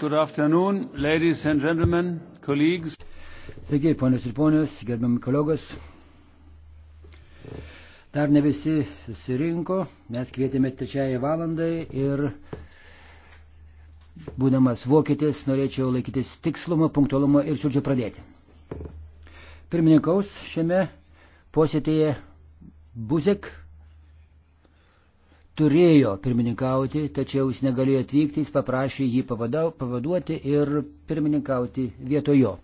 Good afternoon, ladies and gentlemen, colleagues. Sveiki, ponios ir ponios, gerbiami kolegos. Dar ne visi susirinko, mes kvietėme trečiajai valandai ir būdamas vokietis norėčiau laikytis tikslumo, punktualumo ir siūlyčiau pradėti. Pirmininkaus šiame posėdėje Buzek turėjo pirmininkauti, tačiau jis negalėjo atvykti, jis paprašė jį pavadau, pavaduoti ir pirmininkauti vietojo.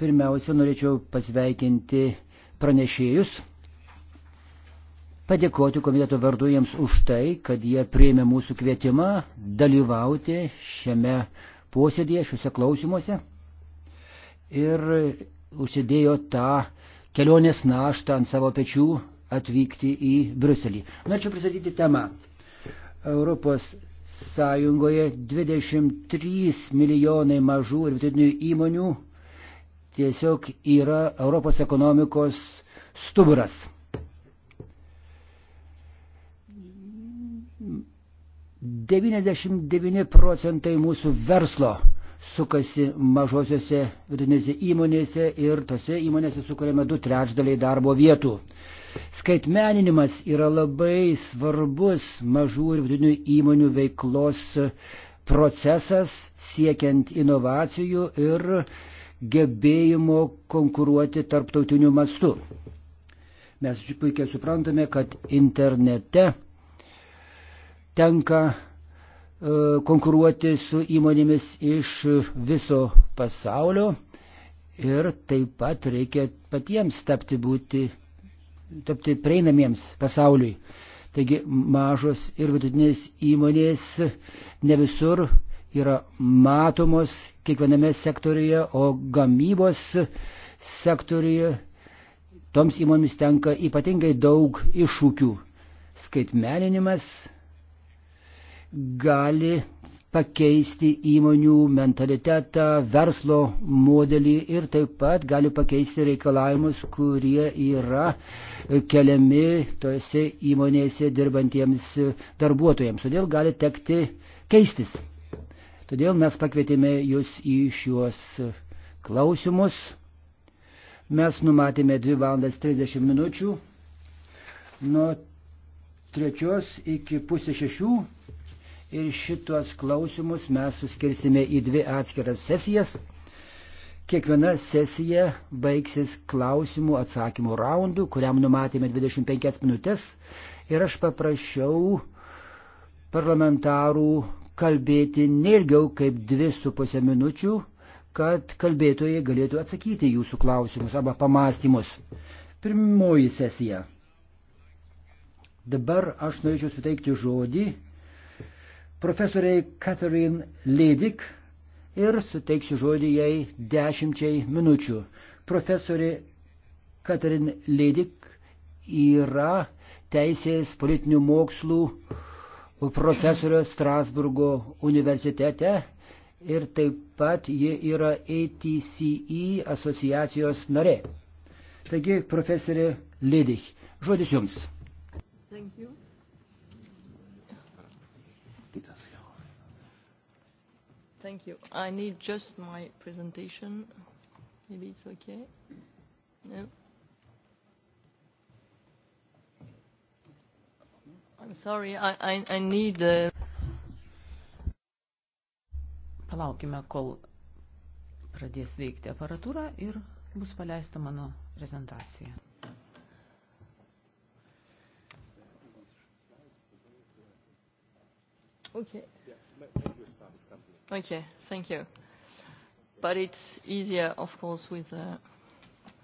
Pirmiausia, norėčiau pasveikinti pranešėjus, padėkoti komiteto vardu jiems už tai, kad jie prieimė mūsų kvietimą dalyvauti šiame posėdėje, šiuose klausimuose ir užsidėjo tą kelionės naštą ant savo pečių, atvykti į Bruselį. Norėčiau pristatyti temą. Europos Sąjungoje 23 milijonai mažų ir vidutinių įmonių tiesiog yra Europos ekonomikos stuburas. Devyniasdešimt devyni procentai mūsų verslo sukasi mažosiuose vidutinėse įmonėse ir tose įmonėse sukūrėme du trečdaliai darbo vietų. Skaitmeninimas yra labai svarbus mažų ir vidutinių įmonių veiklos procesas siekiant inovacijų ir gebėjimo konkuruoti tarptautiniu mastu. Mes puikiai suprantame, kad internete tenka e, konkuruoti su įmonėmis iš viso pasaulio ir taip pat reikia patiems tapti būti tapti prieinamiems pasauliui. Taigi mažos ir vidutinės įmonės ne visur yra matomos kiekviename sektoriuje, o gamybos sektoriuje toms įmonėms tenka ypatingai daug iššūkių. Skaitmeninimas gali pakeisti įmonių mentalitetą, verslo modelį ir taip pat gali pakeisti reikalavimus, kurie yra keliami tose įmonėse dirbantiems darbuotojams. Todėl gali tekti keistis. Todėl mes pakvietėme jūs į šiuos klausimus. Mes numatėme 2 valandas 30 minučių nuo trečios iki pusės šešių ir šituos klausimus mes suskirsime į dvi atskiras sesijas. Kiekviena sesija baigsis klausimų atsakymų raundų, kuriam numatėme 25 minutės ir aš paprašiau parlamentarų kalbėti neilgiau kaip 2,5 minučių, kad kalbėtojai galėtų atsakyti jūsų klausimus arba pamastymus. Pirmoji sesija. Dabar aš norėčiau suteikti žodį profesoriai Catherine Ledik ir suteiksiu žodį jai dešimčiai minučių. Profesorė Catherine Ledik yra teisės politinių mokslų profesorė Strasburgo universitete ir taip pat ji yra ATCE asociacijos narė. Taigi, profesorė Lidich, žodis jums. Thank you. Thank you. I need just my presentation. Maybe it's okay. No. I'm sorry, I, I, I need... Uh... Palaukime, kol pradės veikti aparatūra ir bus paleista mano prezentacija. Okay. Yeah, Okay, thank you. But it's easier, of course, with a,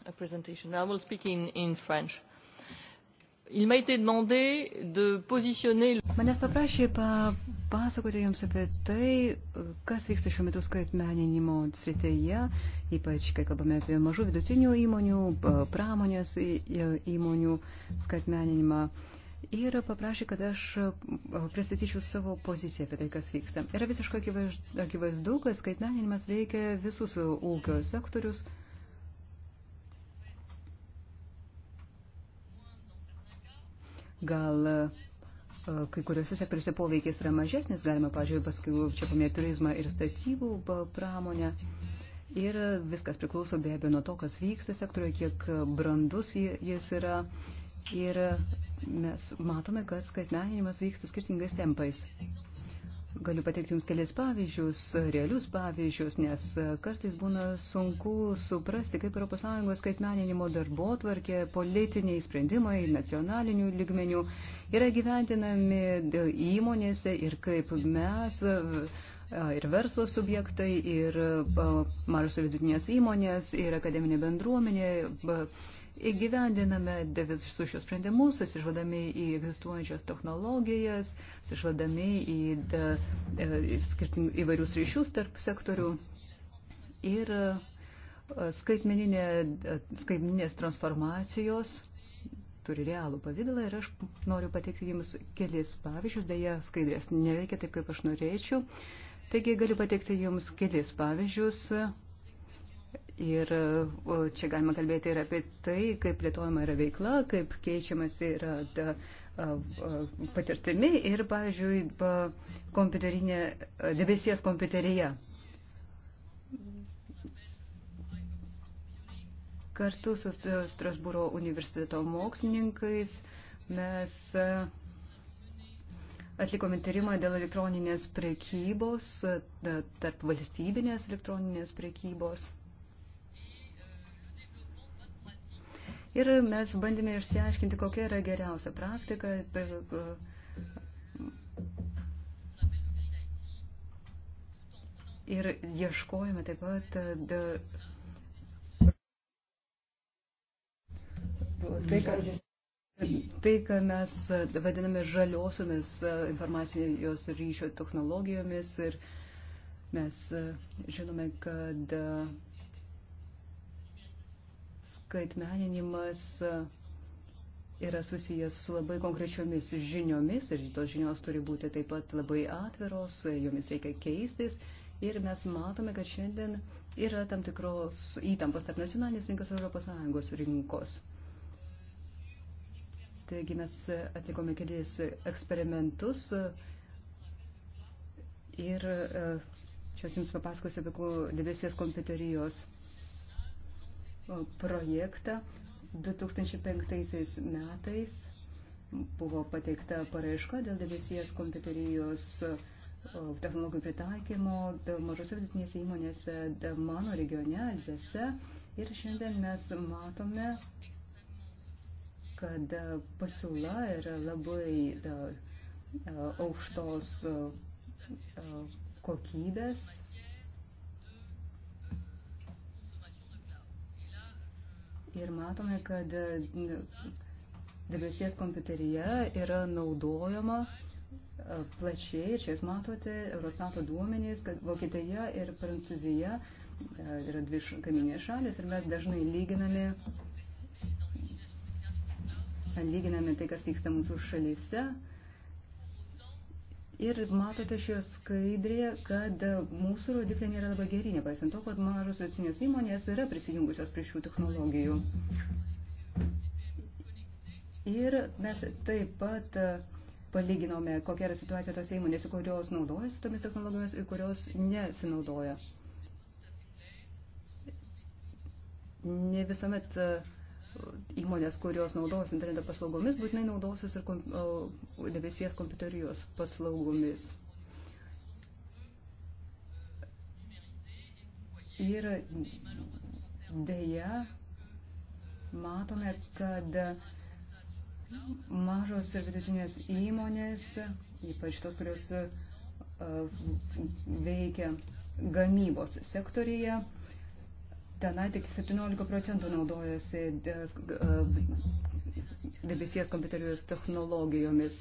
a presentation. I will speak in, in French. Il m'a été demandé de positionner... Manęs paprašė papasakoti jums apie tai, kas vyksta šiuo metu skaitmeninimo srityje, ypač kai kalbame apie mažų vidutinių įmonių, pramonės įmonių skaitmeninimą. Uh, ir paprašė, kad aš e, pristatyčiau savo poziciją apie tai, kas vyksta. Yra visiškai akivaizdu, kad skaitmeninimas veikia visus ūkio sektorius. Gal e, kai kuriuose sektoriuose poveikis yra mažesnis, galima, pažiūrėjau, paskui čia paminėti turizmą ir statybų pramonę. Ir viskas priklauso be abejo nuo to, kas vyksta sektoriuje, kiek brandus jis yra Ir mes matome, kad skaitmeninimas vyksta skirtingais tempais. Galiu pateikti Jums kelias pavyzdžius, realius pavyzdžius, nes kartais būna sunku suprasti, kaip ES skaitmeninimo darbo tvarkė, politiniai sprendimai nacionalinių lygmenių yra gyventinami įmonėse ir kaip mes ir verslo subjektai, ir mažos ir vidutinės įmonės, ir akademinė bendruomenė. Ba, įgyvendiname visus šios sprendimus, atsižvadami į egzistuojančias technologijas, atsižvadami į, de, į skirting, įvairius ryšius tarp sektorių ir e, skaitmeninė, e, skaitmeninės transformacijos turi realų pavydalą ir aš noriu pateikti Jums kelis pavyzdžius, dėja skaidrės neveikia taip, kaip aš norėčiau. Taigi galiu pateikti Jums kelis pavyzdžius Ir čia galima kalbėti ir apie tai, kaip plėtojama yra veikla, kaip keičiamasi yra da, patirtimi ir, pavyzdžiui, kompiuterinė, debesies kompiuterija. Kartu su Strasbūro universiteto mokslininkais mes atlikome tyrimą dėl elektroninės prekybos, tarp valstybinės elektroninės prekybos. Ir mes bandėme išsiaiškinti, kokia yra geriausia praktika. Ir ieškojame taip pat da, tai, ką, tai, ką mes vadiname žaliosiomis informacijos ryšio technologijomis. Ir mes žinome, kad kad meninimas e, yra susijęs su labai konkrečiomis žiniomis ir tos žinios turi būti taip pat labai atviros, jomis reikia keistis. Ir mes matome, kad šiandien yra tam tikros įtampos tarp nacionalinės rinkos ir ES rinkos. Taigi mes atlikome kelis eksperimentus ir e, čia aš jums papasakosiu apie debesijos kompiuterijos projektą. 2005 metais buvo pateikta paraiška dėl debesijos kompiuterijos e, technologijų pritaikymo mažose vidutinėse įmonėse mano regione, Alzėse. Ir šiandien mes matome, kad e, pasiūla yra labai e, aukštos kokybės Ir matome, kad e, debesies kompiuterija yra naudojama e, plačiai, ir čia jūs matote, Eurostato duomenys, kad Vokietija ir Prancūzija e, yra dvi kaiminės šalis ir mes dažnai lyginame, lyginame tai, kas vyksta mūsų šalyse Ir matote šioje skaidrėje, kad mūsų rodikliai nėra labai geri, nepaisant to, kad mažos vidutinės įmonės yra prisijungusios prie šių technologijų. Ir mes taip pat palyginome, kokia yra situacija tose įmonėse, kurios naudojasi tomis technologijomis ir kurios nesinaudoja. Ne visuomet uh, įmonės, kurios naudos interneto paslaugomis, būtinai naudosios ir kom, o, debesies kompiuterijos paslaugomis. Ir dėja, matome, kad mažos ir vidutinės įmonės, ypač tos, kurios veikia gamybos sektorija, tenai tik 17 procentų naudojasi e, debesies kompiuterijos technologijomis.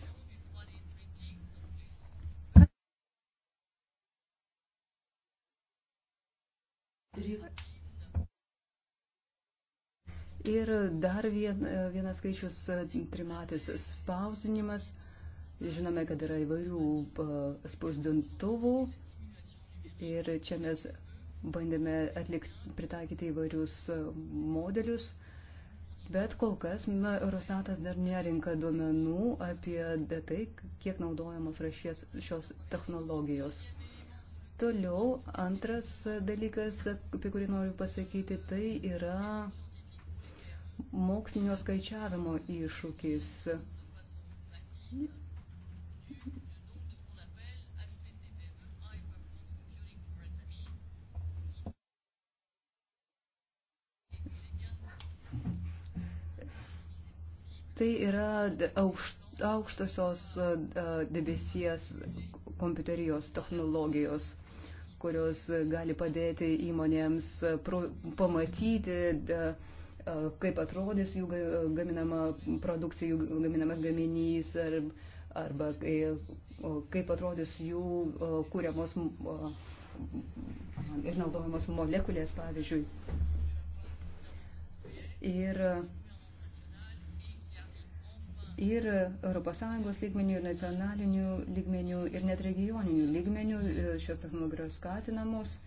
Ir dar vien, e, vienas skaičius e, trimatis spausdinimas. Žinome, kad yra įvairių spausdintuvų ir čia mes bandėme atlikt, pritaikyti įvairius e, modelius, bet kol kas Eurostatas dar nerinka duomenų apie tai, kiek naudojamos yra šios, šios technologijos. Toliau antras dalykas, apie kurį noriu pasakyti, tai yra mokslinio skaičiavimo iššūkis. Tai yra aukštosios debesies kompiuterijos technologijos, kurios gali padėti įmonėms pamatyti, kaip atrodys jų gaminama produkcija, jų gaminamas gaminys, arba kaip atrodys jų kūriamos ir naudojamos molekulės, pavyzdžiui. Ir uh, ir ES lygmenių, ir nacionalinių lygmenių, ir net regioninių lygmenių e, šios technologijos skatinamos.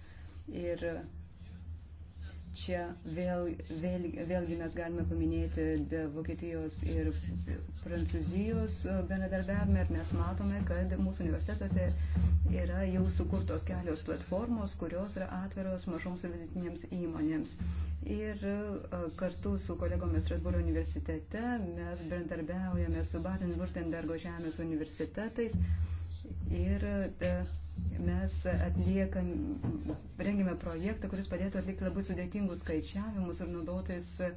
Ir čia vėl, vėl, vėlgi mes galime paminėti Vokietijos ir Prancūzijos e, bendradarbiavimą ir mes matome, kad mūsų universitetuose yra jau sukurtos kelios platformos, kurios yra atviros mažoms ir vidutinėms įmonėms. Ir e, kartu su kolegomis Strasbūro universitete mes bendradarbiaujame su Baden-Württembergo žemės universitetais. Ir, uh, mes atliekam, rengėme projektą, kuris padėtų atlikti labai sudėtingus skaičiavimus ir naudotis e,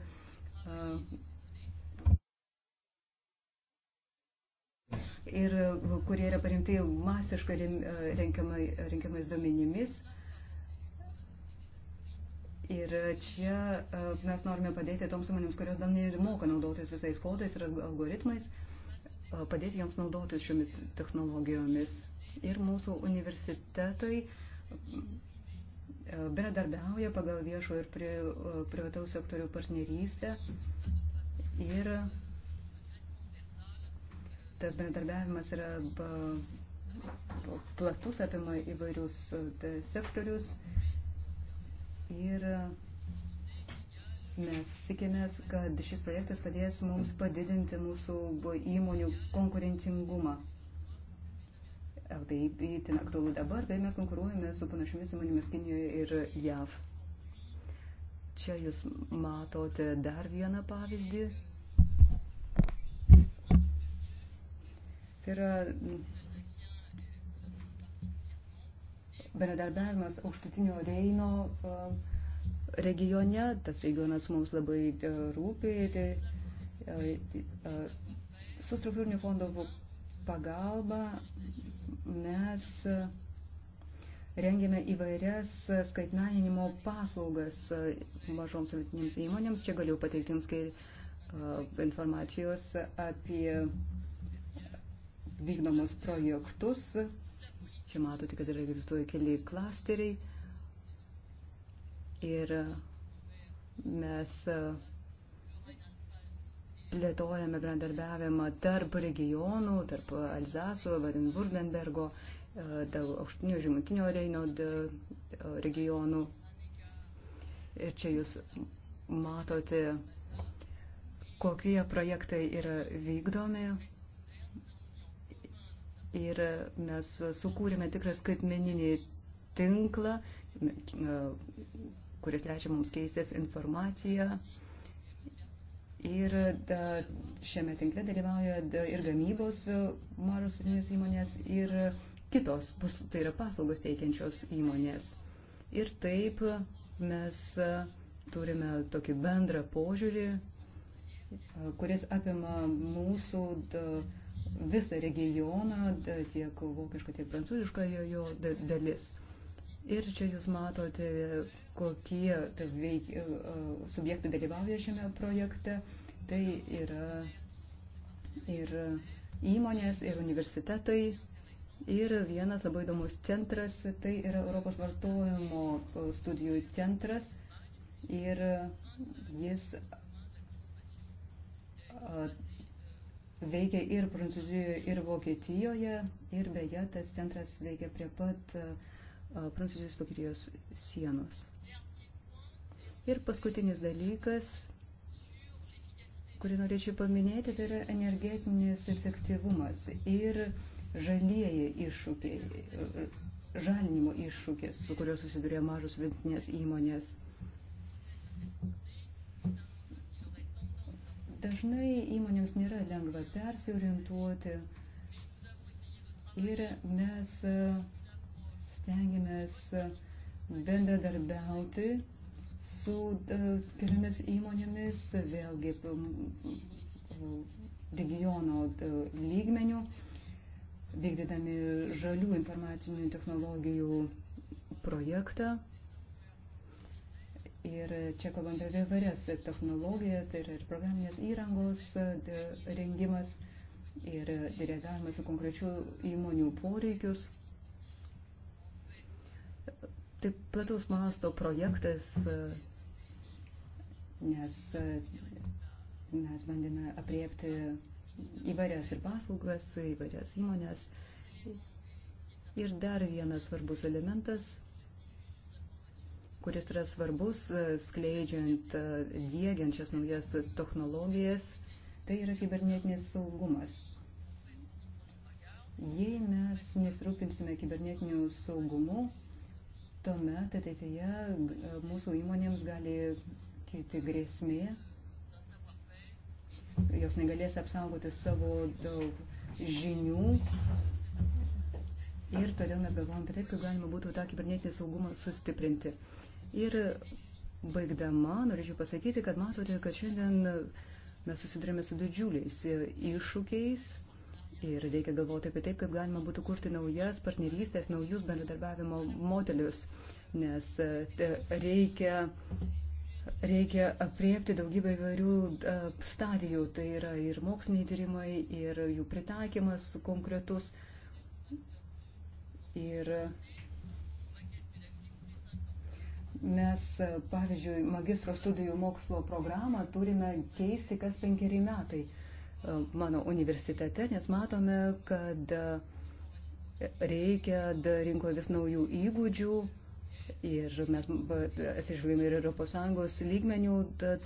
ir kurie yra parimti masiškai e, renkiamais duomenimis. Ir čia e, mes norime padėti toms įmonėms, kurios dar nemoka naudotis visais kodais ir algoritmais, padėti joms naudotis šiomis technologijomis ir mūsų universitetai e, bendradarbiauja pagal viešo ir e, privataus sektorių partnerystę. Ir tas bendradarbiavimas yra platus, apima įvairius e, sektorius. Ir mes tikimės, kad šis projektas padės mums padidinti mūsų įmonių konkurencingumą tai įtin aktualu dabar, kai mes konkuruojame su panašiomis įmonėmis Kinijoje ir JAV. Čia jūs matote dar vieną pavyzdį. Tai yra bendradarbiavimas aukštutinio Reino regione. Tas regionas mums labai rūpi. Tai, su struktūrinių fondų pagalba mes rengiame įvairias skaitmeninimo paslaugas mažoms ir vidutinėms įmonėms. Čia galiu pateikti jums e, informacijos apie vykdomus projektus. Čia matote, kad yra egzistuoja keli klasteriai. Ir mes uh, plėtojame bendradarbiavimą tarp regionų, tarp Alzaso, Vadinburdenbergo, e, aukštinio žemutinio Reino e, regionų. Ir čia jūs matote, kokie projektai yra vykdomi. Ir mes sukūrėme tikrą skaitmeninį tinklą, e, kuris leidžia mums keistis informaciją Ir da, šiame tinkle dalyvauja da, ir gamybos e, mažos vidinės įmonės, ir kitos, tai yra paslaugos teikiančios įmonės. Ir taip mes e, turime tokį bendrą požiūrį, e, kuris apima mūsų da, visą regioną, da, tiek vokišką, tiek prancūzišką jo, jo da, dalis. Da, Ir čia jūs matote, kokie veik, e, e, subjektai dalyvauja šiame projekte. Tai yra ir įmonės, ir universitetai, Ir vienas labai įdomus centras, tai yra Europos vartojimo studijų centras. Ir jis veikia ir Prancūzijoje, ir Vokietijoje. Ir beje, tas centras veikia prie pat uh, Prancūzijos Vokietijos sienos. Ir paskutinis dalykas, kurį norėčiau paminėti, tai yra energetinės efektyvumas ir žalieji iššūkiai, žalinimo iššūkis, su kuriuo susiduria mažos vidutinės įmonės. Dažnai įmonėms nėra lengva persiorientuoti ir mes uh, stengiamės uh, bendradarbiauti su uh, keliomis įmonėmis, vėlgi um, um, regiono uh, lygmenių, vykdydami žalių informacinių technologijų projektą. Ir čia kalbant apie varias technologijas, tai yra ir programinės įrangos rengimas ir reagavimas į konkrečių įmonių poreikius. Tai plataus masto projektas, nes mes bandėme apriepti įvairias ir paslaugas, įvairias įmonės. Ir dar vienas svarbus elementas, kuris yra svarbus skleidžiant, dėgiančias naujas technologijas, tai yra kibernetinis saugumas. Jei mes nesirūpinsime kibernetiniu saugumu, tuomet ateityje e, mūsų įmonėms gali kilti grėsmė, jos negalės apsaugoti savo daug žinių. Ir todėl mes galvojame apie tai, kaip galima būtų tą kibernetinį saugumą sustiprinti. Ir baigdama, norėčiau pasakyti, kad matote, kad šiandien mes susidurėme su didžiuliais e, iššūkiais Ir reikia galvoti apie taip, kaip galima būtų kurti naujas partnerystės, naujus bendradarbiavimo modelius, nes e, reikia, reikia apriepti daugybę įvairių e, stadijų, tai yra ir moksliniai tyrimai, ir jų pritaikymas konkretus. Ir mes, e, pavyzdžiui, magistro studijų mokslo programą turime keisti kas penkeri metai mano universitete, nes matome, kad reikia rinkoje vis naujų įgūdžių ir mes atsižvelgėme ir ES lygmenių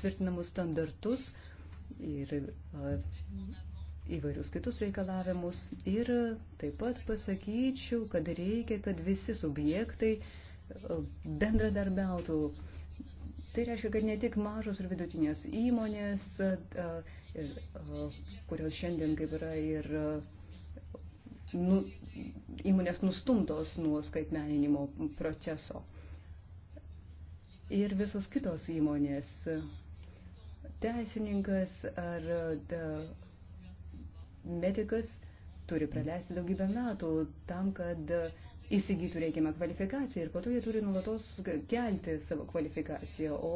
tvirtinamus standartus ir įvairius kitus reikalavimus. Ir taip pat pasakyčiau, kad reikia, kad visi subjektai bendradarbiautų. Tai reiškia, kad ne tik mažos ir vidutinės įmonės, E, kurios šiandien kaip yra ir e, nu, įmonės nustumtos nuo skaitmeninimo proceso. Ir visos kitos įmonės, teisininkas ar da, medikas turi praleisti daugybę metų tam, kad įsigytų reikiamą kvalifikaciją ir po to jie turi nulatos kelti savo kvalifikaciją, o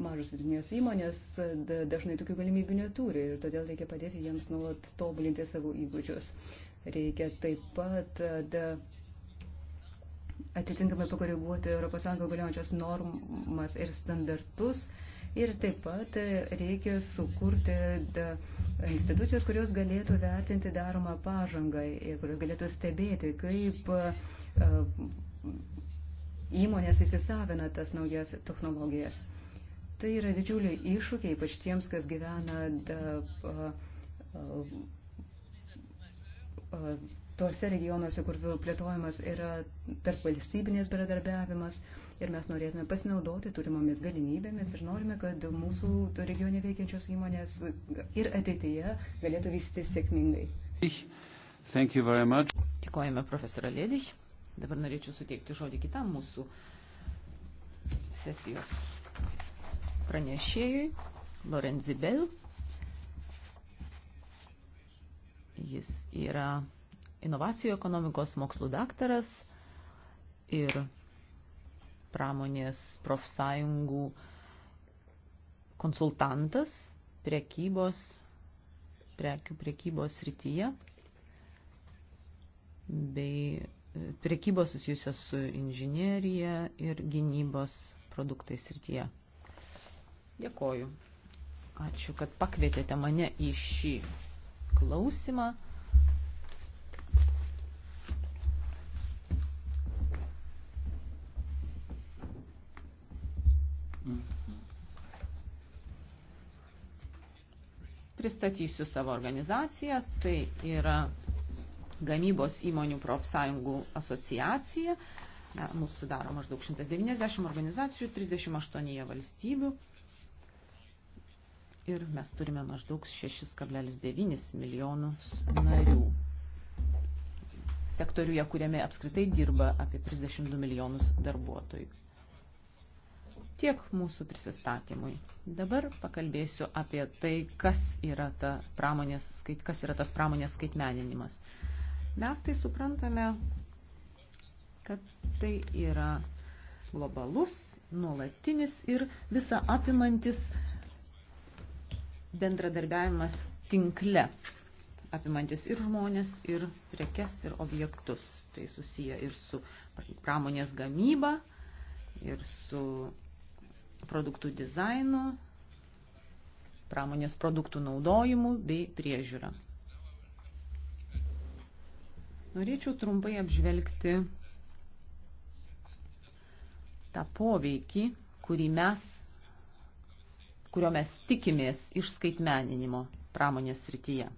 mažos vidutinės įmonės dažnai tokių galimybių neturi ir todėl reikia padėti jiems nuolat tobulinti savo įgūdžius. Reikia taip pat atitinkamai pakoreguoti ES galiojančias normas ir standartus. Ir taip pat reikia sukurti institucijos, kurios galėtų vertinti daromą pažangą ir kurios galėtų stebėti, kaip įmonės įsisavina tas naujas technologijas. Tai yra didžiuliai iššūkiai, ypač tiems, kas gyvena da, a, a, a, tose regionuose, kur plėtojimas yra tarp valstybinės bendradarbiavimas ir mes norėtume pasinaudoti turimomis galimybėmis ir norime, kad mūsų regione veikiančios įmonės ir ateityje galėtų vystytis sėkmingai. Dėkojame profesorą Lėdį. Dabar norėčiau suteikti žodį kitam mūsų sesijos pranešėjui Lorenzi Bell. Jis yra inovacijų ekonomikos mokslų daktaras ir pramonės profsąjungų konsultantas prekybos, prekių prekybos rytyje bei prekybos susijusios su inžinierija ir gynybos produktais rytyje. Dėkoju. Ačiū, kad pakvietėte mane į šį klausimą. Pristatysiu savo organizaciją, tai yra gamybos įmonių profsąjungų asociacija. Mūsų sudaro maždaug 190 organizacijų, 38 valstybių ir mes turime maždaug 6,9 milijonus narių. Sektoriuje, kuriame apskritai dirba apie 32 milijonus darbuotojų. Tiek mūsų prisistatymui. Dabar pakalbėsiu apie tai, kas yra, ta pramonės, kas yra tas pramonės skaitmeninimas. Mes tai suprantame, kad tai yra globalus, nuolatinis ir visa apimantis bendradarbiavimas tinkle, apimantis ir žmonės, ir prekes, ir objektus. Tai susiję ir su pramonės gamyba, ir su produktų dizainu, pramonės produktų naudojimu bei priežiūra. Norėčiau trumpai apžvelgti tą poveikį, kurį mes kurio mes tikimės iš skaitmeninimo pramonės srityje.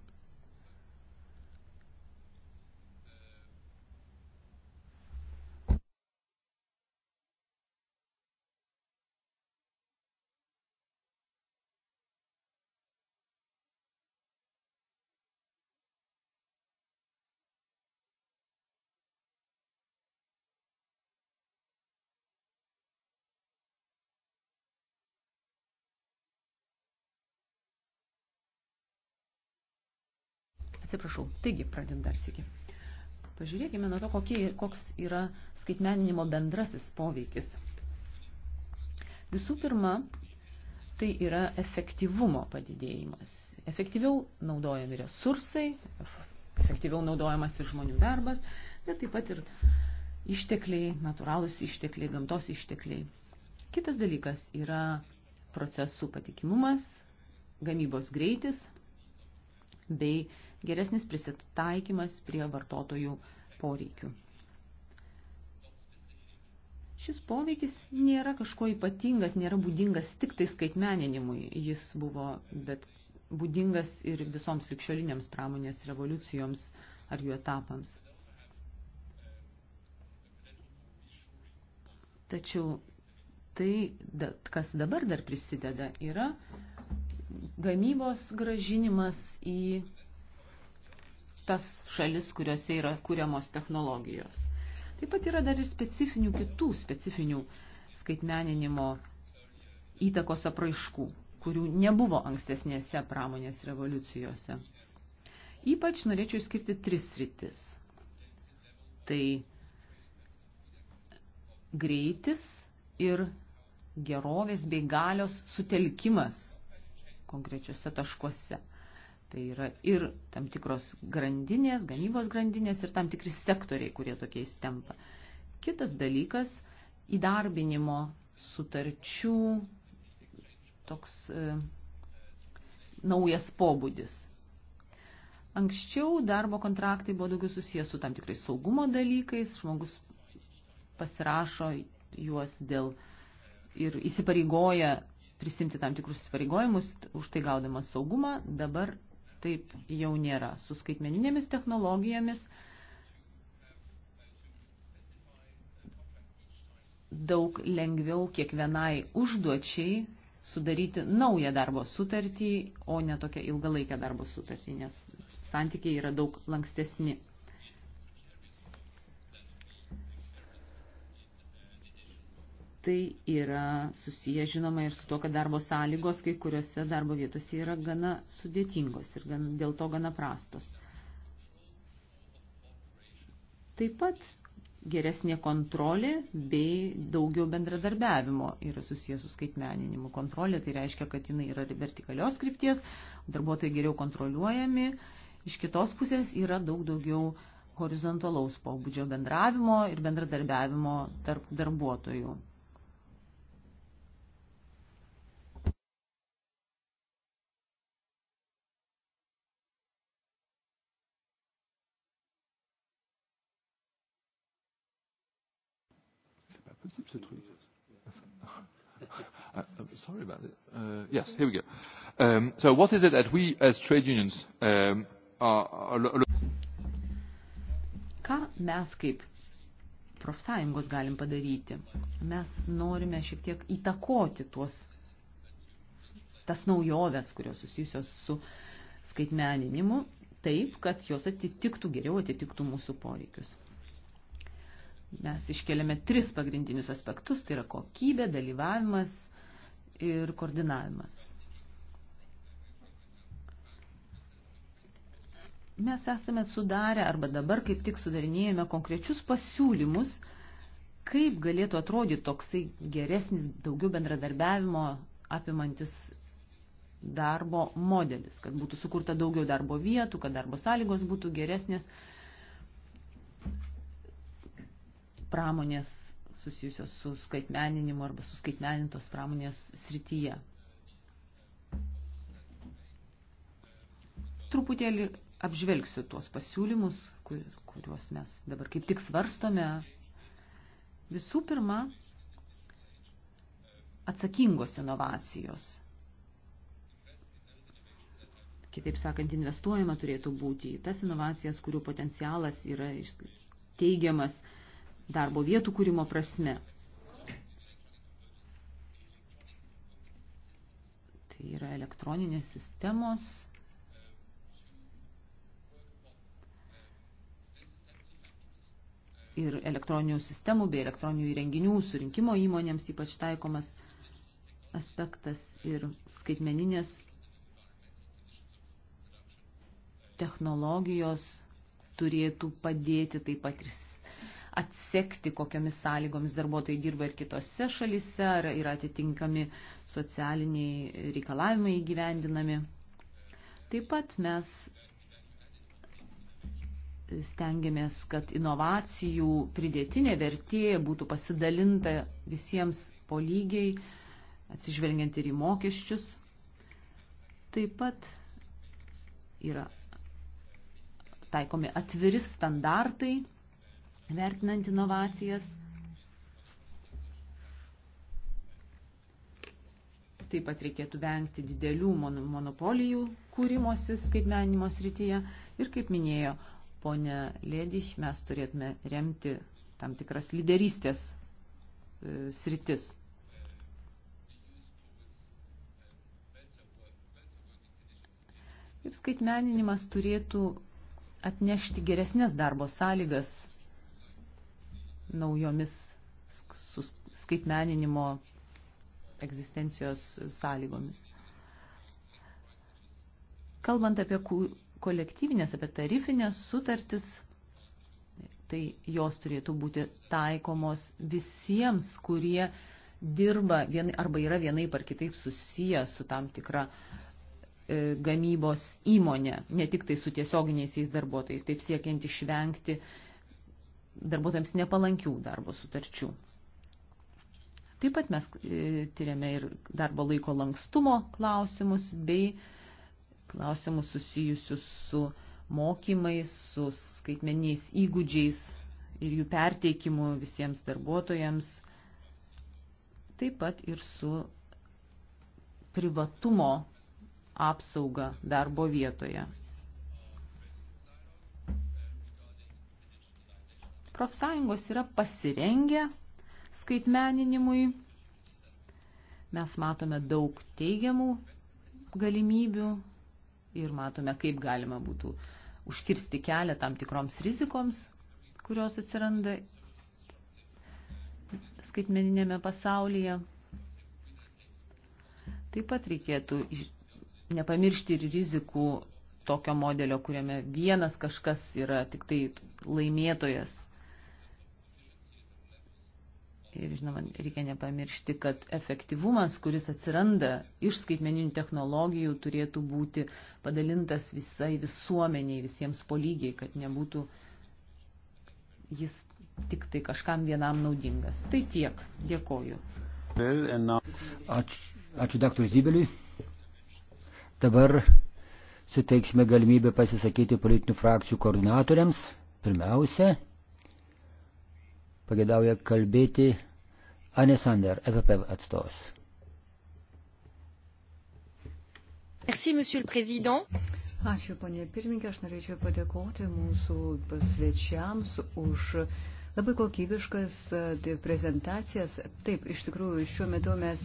Atsiprašau. Taigi, pradėm dar sėki. Pažiūrėkime nuo to, kokie, koks yra skaitmeninimo bendrasis poveikis. Visų pirma, tai yra efektyvumo padidėjimas. Efektyviau naudojami resursai, efektyviau naudojamas ir žmonių darbas, bet taip pat ir ištekliai, natūralūs ištekliai, gamtos ištekliai. Kitas dalykas yra procesų patikimumas, gamybos greitis bei geresnis prisitaikymas prie vartotojų poreikių. Šis poveikis nėra kažko ypatingas, nėra būdingas tik tai skaitmeninimui. Jis buvo bet būdingas ir visoms likščioliniams pramonės revoliucijoms ar jų etapams. Tačiau tai, kas dabar dar prisideda, yra gamybos gražinimas į tas šalis, kuriuose yra kūriamos technologijos. Taip pat yra dar ir specifinių kitų specifinių skaitmeninimo įtakos apraiškų, kurių nebuvo ankstesnėse pramonės revoliucijose. Ypač norėčiau išskirti tris rytis. Tai greitis ir gerovės bei galios sutelkimas konkrečiuose taškuose – Tai yra ir tam tikros grandinės, gamybos grandinės ir tam tikri sektoriai, kurie tokiais tempa. Kitas dalykas - įdarbinimo sutarčių toks e, naujas pobūdis. Anksčiau darbo kontraktai buvo daugiau susijęs su tam tikrais saugumo dalykais, žmogus pasirašo juos dėl ir įsipareigoja prisimti tam tikrus įsipareigojimus, už tai gaudamas saugumą, dabar taip jau nėra. Su skaitmeninėmis technologijomis daug lengviau kiekvienai užduočiai sudaryti naują darbo sutartį, o ne tokią ilgalaikę darbo sutartį, nes santykiai yra daug lankstesni. Tai yra susiję, žinoma, ir su to, kad darbo sąlygos kai kuriuose darbo vietose yra gana sudėtingos ir gan, dėl to gana prastos. Taip pat geresnė kontrolė bei daugiau bendradarbiavimo yra susijęs su skaitmeninimu. Kontrolė tai reiškia, kad jinai yra vertikalios krypties, darbuotojai geriau kontroliuojami, iš kitos pusės yra daug daugiau horizontalaus pobūdžio bendravimo ir bendradarbiavimo tarp darbuotojų. What's up, Citroën? I'm sorry about it. Uh, yes, here we go. Um, so what is it that we as trade unions um, are, are Ką mes kaip profsąjungos galim padaryti? Mes norime šiek tiek įtakoti tuos, tas naujoves, kurios susijusios su skaitmeninimu, taip, kad jos atitiktų geriau, atitiktų mūsų poreikius. Mes iškeliame tris pagrindinius aspektus, tai yra kokybė, dalyvavimas ir koordinavimas. Mes esame sudarę arba dabar kaip tik sudarinėjame konkrečius pasiūlymus, kaip galėtų atrodyti toksai geresnis, daugiau bendradarbiavimo apimantis darbo modelis, kad būtų sukurta daugiau darbo vietų, kad darbo sąlygos būtų geresnės, pramonės susijusios su skaitmeninimu arba su skaitmenintos pramonės srityje. Truputėlį apžvelgsiu tuos pasiūlymus, kur, kuriuos mes dabar kaip tik svarstome. Visų pirma, atsakingos inovacijos. Kitaip sakant, investuojama turėtų būti į tas inovacijas, kurių potencialas yra teigiamas uh, darbo vietų kūrimo prasme. Tai yra elektroninės sistemos. Ir elektroninių sistemų bei elektroninių įrenginių surinkimo įmonėms ypač taikomas aspektas ir skaitmeninės technologijos turėtų padėti taip pat ir atsekti, kokiamis sąlygomis darbuotojai dirba ir kitose šalise, ar yra atitinkami socialiniai reikalavimai įgyvendinami. Taip pat mes stengiamės, kad inovacijų pridėtinė vertė būtų pasidalinta visiems po lygiai, atsižvelgiant ir į mokesčius. Taip pat yra taikomi atviri standartai vertinant inovacijas. Taip pat reikėtų vengti didelių monopolijų kūrimosi skaitmenimo srityje. Ir kaip minėjo ponė Lėdiš, mes turėtume remti tam tikras lyderystės e, sritis. Ir skaitmeninimas turėtų atnešti geresnės darbo sąlygas naujomis skaitmeninimo egzistencijos sąlygomis. Kalbant apie kolektyvinės, apie tarifinės sutartis, tai jos turėtų būti taikomos visiems, kurie dirba vienai, arba yra vienai par kitaip susiję su tam tikra e, gamybos įmonė, ne tik tai su tiesioginiais darbuotojais, taip siekiant išvengti darbuotojams nepalankių darbo sutarčių. Taip pat mes e, tyriame ir darbo laiko lankstumo klausimus bei klausimus susijusius su mokymais, su skaitmeniais įgūdžiais ir jų perteikimu visiems darbuotojams, taip pat ir su privatumo apsauga darbo vietoje. Profsąjungos yra pasirengę skaitmeninimui. Mes matome daug teigiamų galimybių ir matome, kaip galima būtų užkirsti kelią tam tikroms rizikoms, kurios atsiranda skaitmeninėme pasaulyje. Taip pat reikėtų nepamiršti ir rizikų tokio modelio, kuriame vienas kažkas yra tik tai laimėtojas Ir žinoma, reikia nepamiršti, kad efektyvumas, kuris atsiranda iš skaitmeninių technologijų, turėtų būti padalintas visai visuomeniai, visiems polygiai, kad nebūtų jis tik tai kažkam vienam naudingas. Tai tiek. Dėkoju. Ačiū, ačiū daktarui Zybeliui. Dabar suteiksime galimybę pasisakyti politinių frakcijų koordinatoriams. Pirmiausia, pagėdauja kalbėti Anesander, EPP atstovas. Merci, monsieur le président. Ačiū, ponė pirmininkė, aš norėčiau padėkoti mūsų pasvečiams už labai kokybiškas e, tai prezentacijas. Taip, iš tikrųjų, šiuo metu mes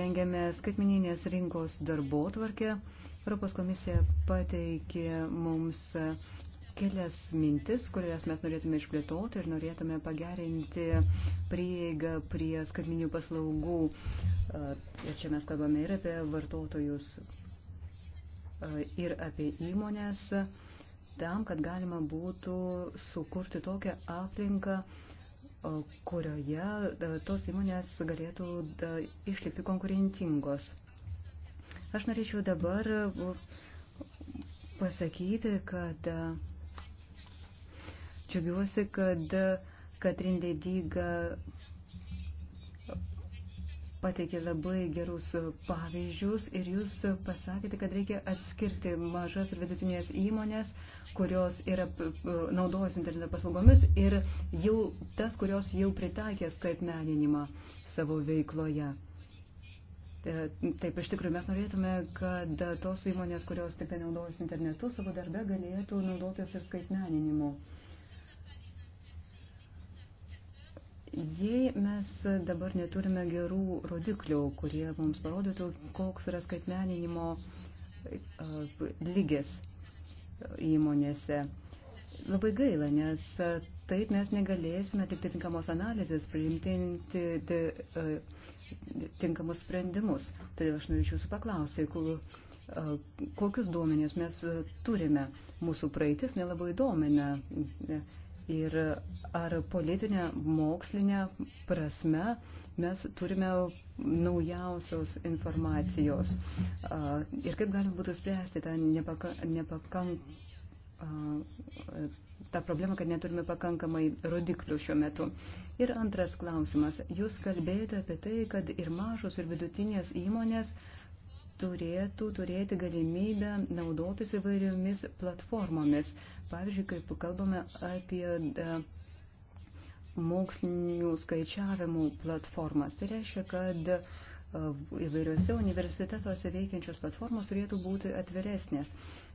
rengiame skaitmininės rinkos darbo tvarkę. Europos komisija pateikė mums kelias mintis, kurias mes norėtume išplėtoti ir norėtume pagerinti prieigą prie skaitminių paslaugų. Ir čia mes kalbame ir apie vartotojus, ir apie įmonės, tam, kad galima būtų sukurti tokią aplinką, kurioje tos įmonės galėtų išlikti konkurentingos. Aš norėčiau dabar pasakyti, kad Džiugiuosi, kad Katrin Dėdyga pateikė labai gerus pavyzdžius ir jūs pasakėte, kad reikia atskirti mažas ir vidutinės įmonės, kurios yra naudojus interneto paslaugomis ir jau tas, kurios jau pritaikė skaitmeninimą savo veikloje. Taip, iš tikrųjų, mes norėtume, kad tos įmonės, kurios tik tai naudojus internetu savo darbe, galėtų naudotis ir skaitmeninimu. Jei mes dabar neturime gerų rodiklių, kurie mums parodytų, koks yra skaitmeninimo e, lygis įmonėse, labai gaila, nes taip mes negalėsime atlikti tinkamos analizės, priimti e, tinkamus sprendimus. Todėl aš norėčiau jūsų paklausti, e, kokius duomenys mes turime. Mūsų praeitis nelabai domina Ir ar politinė, mokslinė prasme mes turime naujausios informacijos ir kaip galima būtų spręsti tą nepaka, nepakank, tą problemą, kad neturime pakankamai rodiklių šiuo metu. Ir antras klausimas. Jūs kalbėjote apie tai, kad ir mažos, ir vidutinės įmonės turėtų turėti galimybę naudotis įvairiomis platformomis. Pavyzdžiui, kaip kalbame apie e, mokslinių skaičiavimų platformas, tai reiškia, kad e, įvairiuose universitetuose veikiančios platformos turėtų būti atviresnės.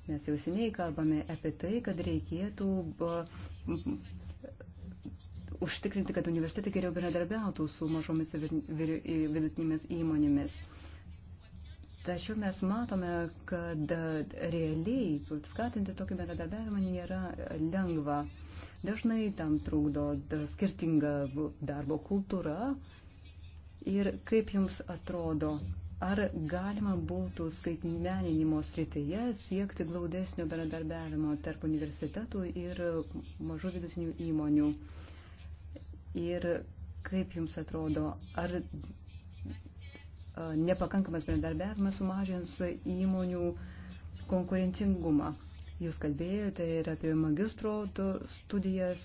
Mes jau seniai kalbame apie tai, kad reikėtų e, užtikrinti, kad universitetai geriau bendradarbiautų su mažomis vidutinėmis įmonėmis. Tačiau mes matome, kad realiai skatinti tokį bendradarbiavimą nėra lengva. Dažnai tam trūkdo skirtinga darbo kultūra. Ir kaip jums atrodo, ar galima būtų skaitmeninimo srityje siekti glaudesnio bendradarbiavimo tarp universitetų ir mažų vidutinių įmonių? Ir kaip jums atrodo, ar nepakankamas bendarbiavimas sumažins įmonių konkurencingumą. Jūs kalbėjote ir apie magistro studijas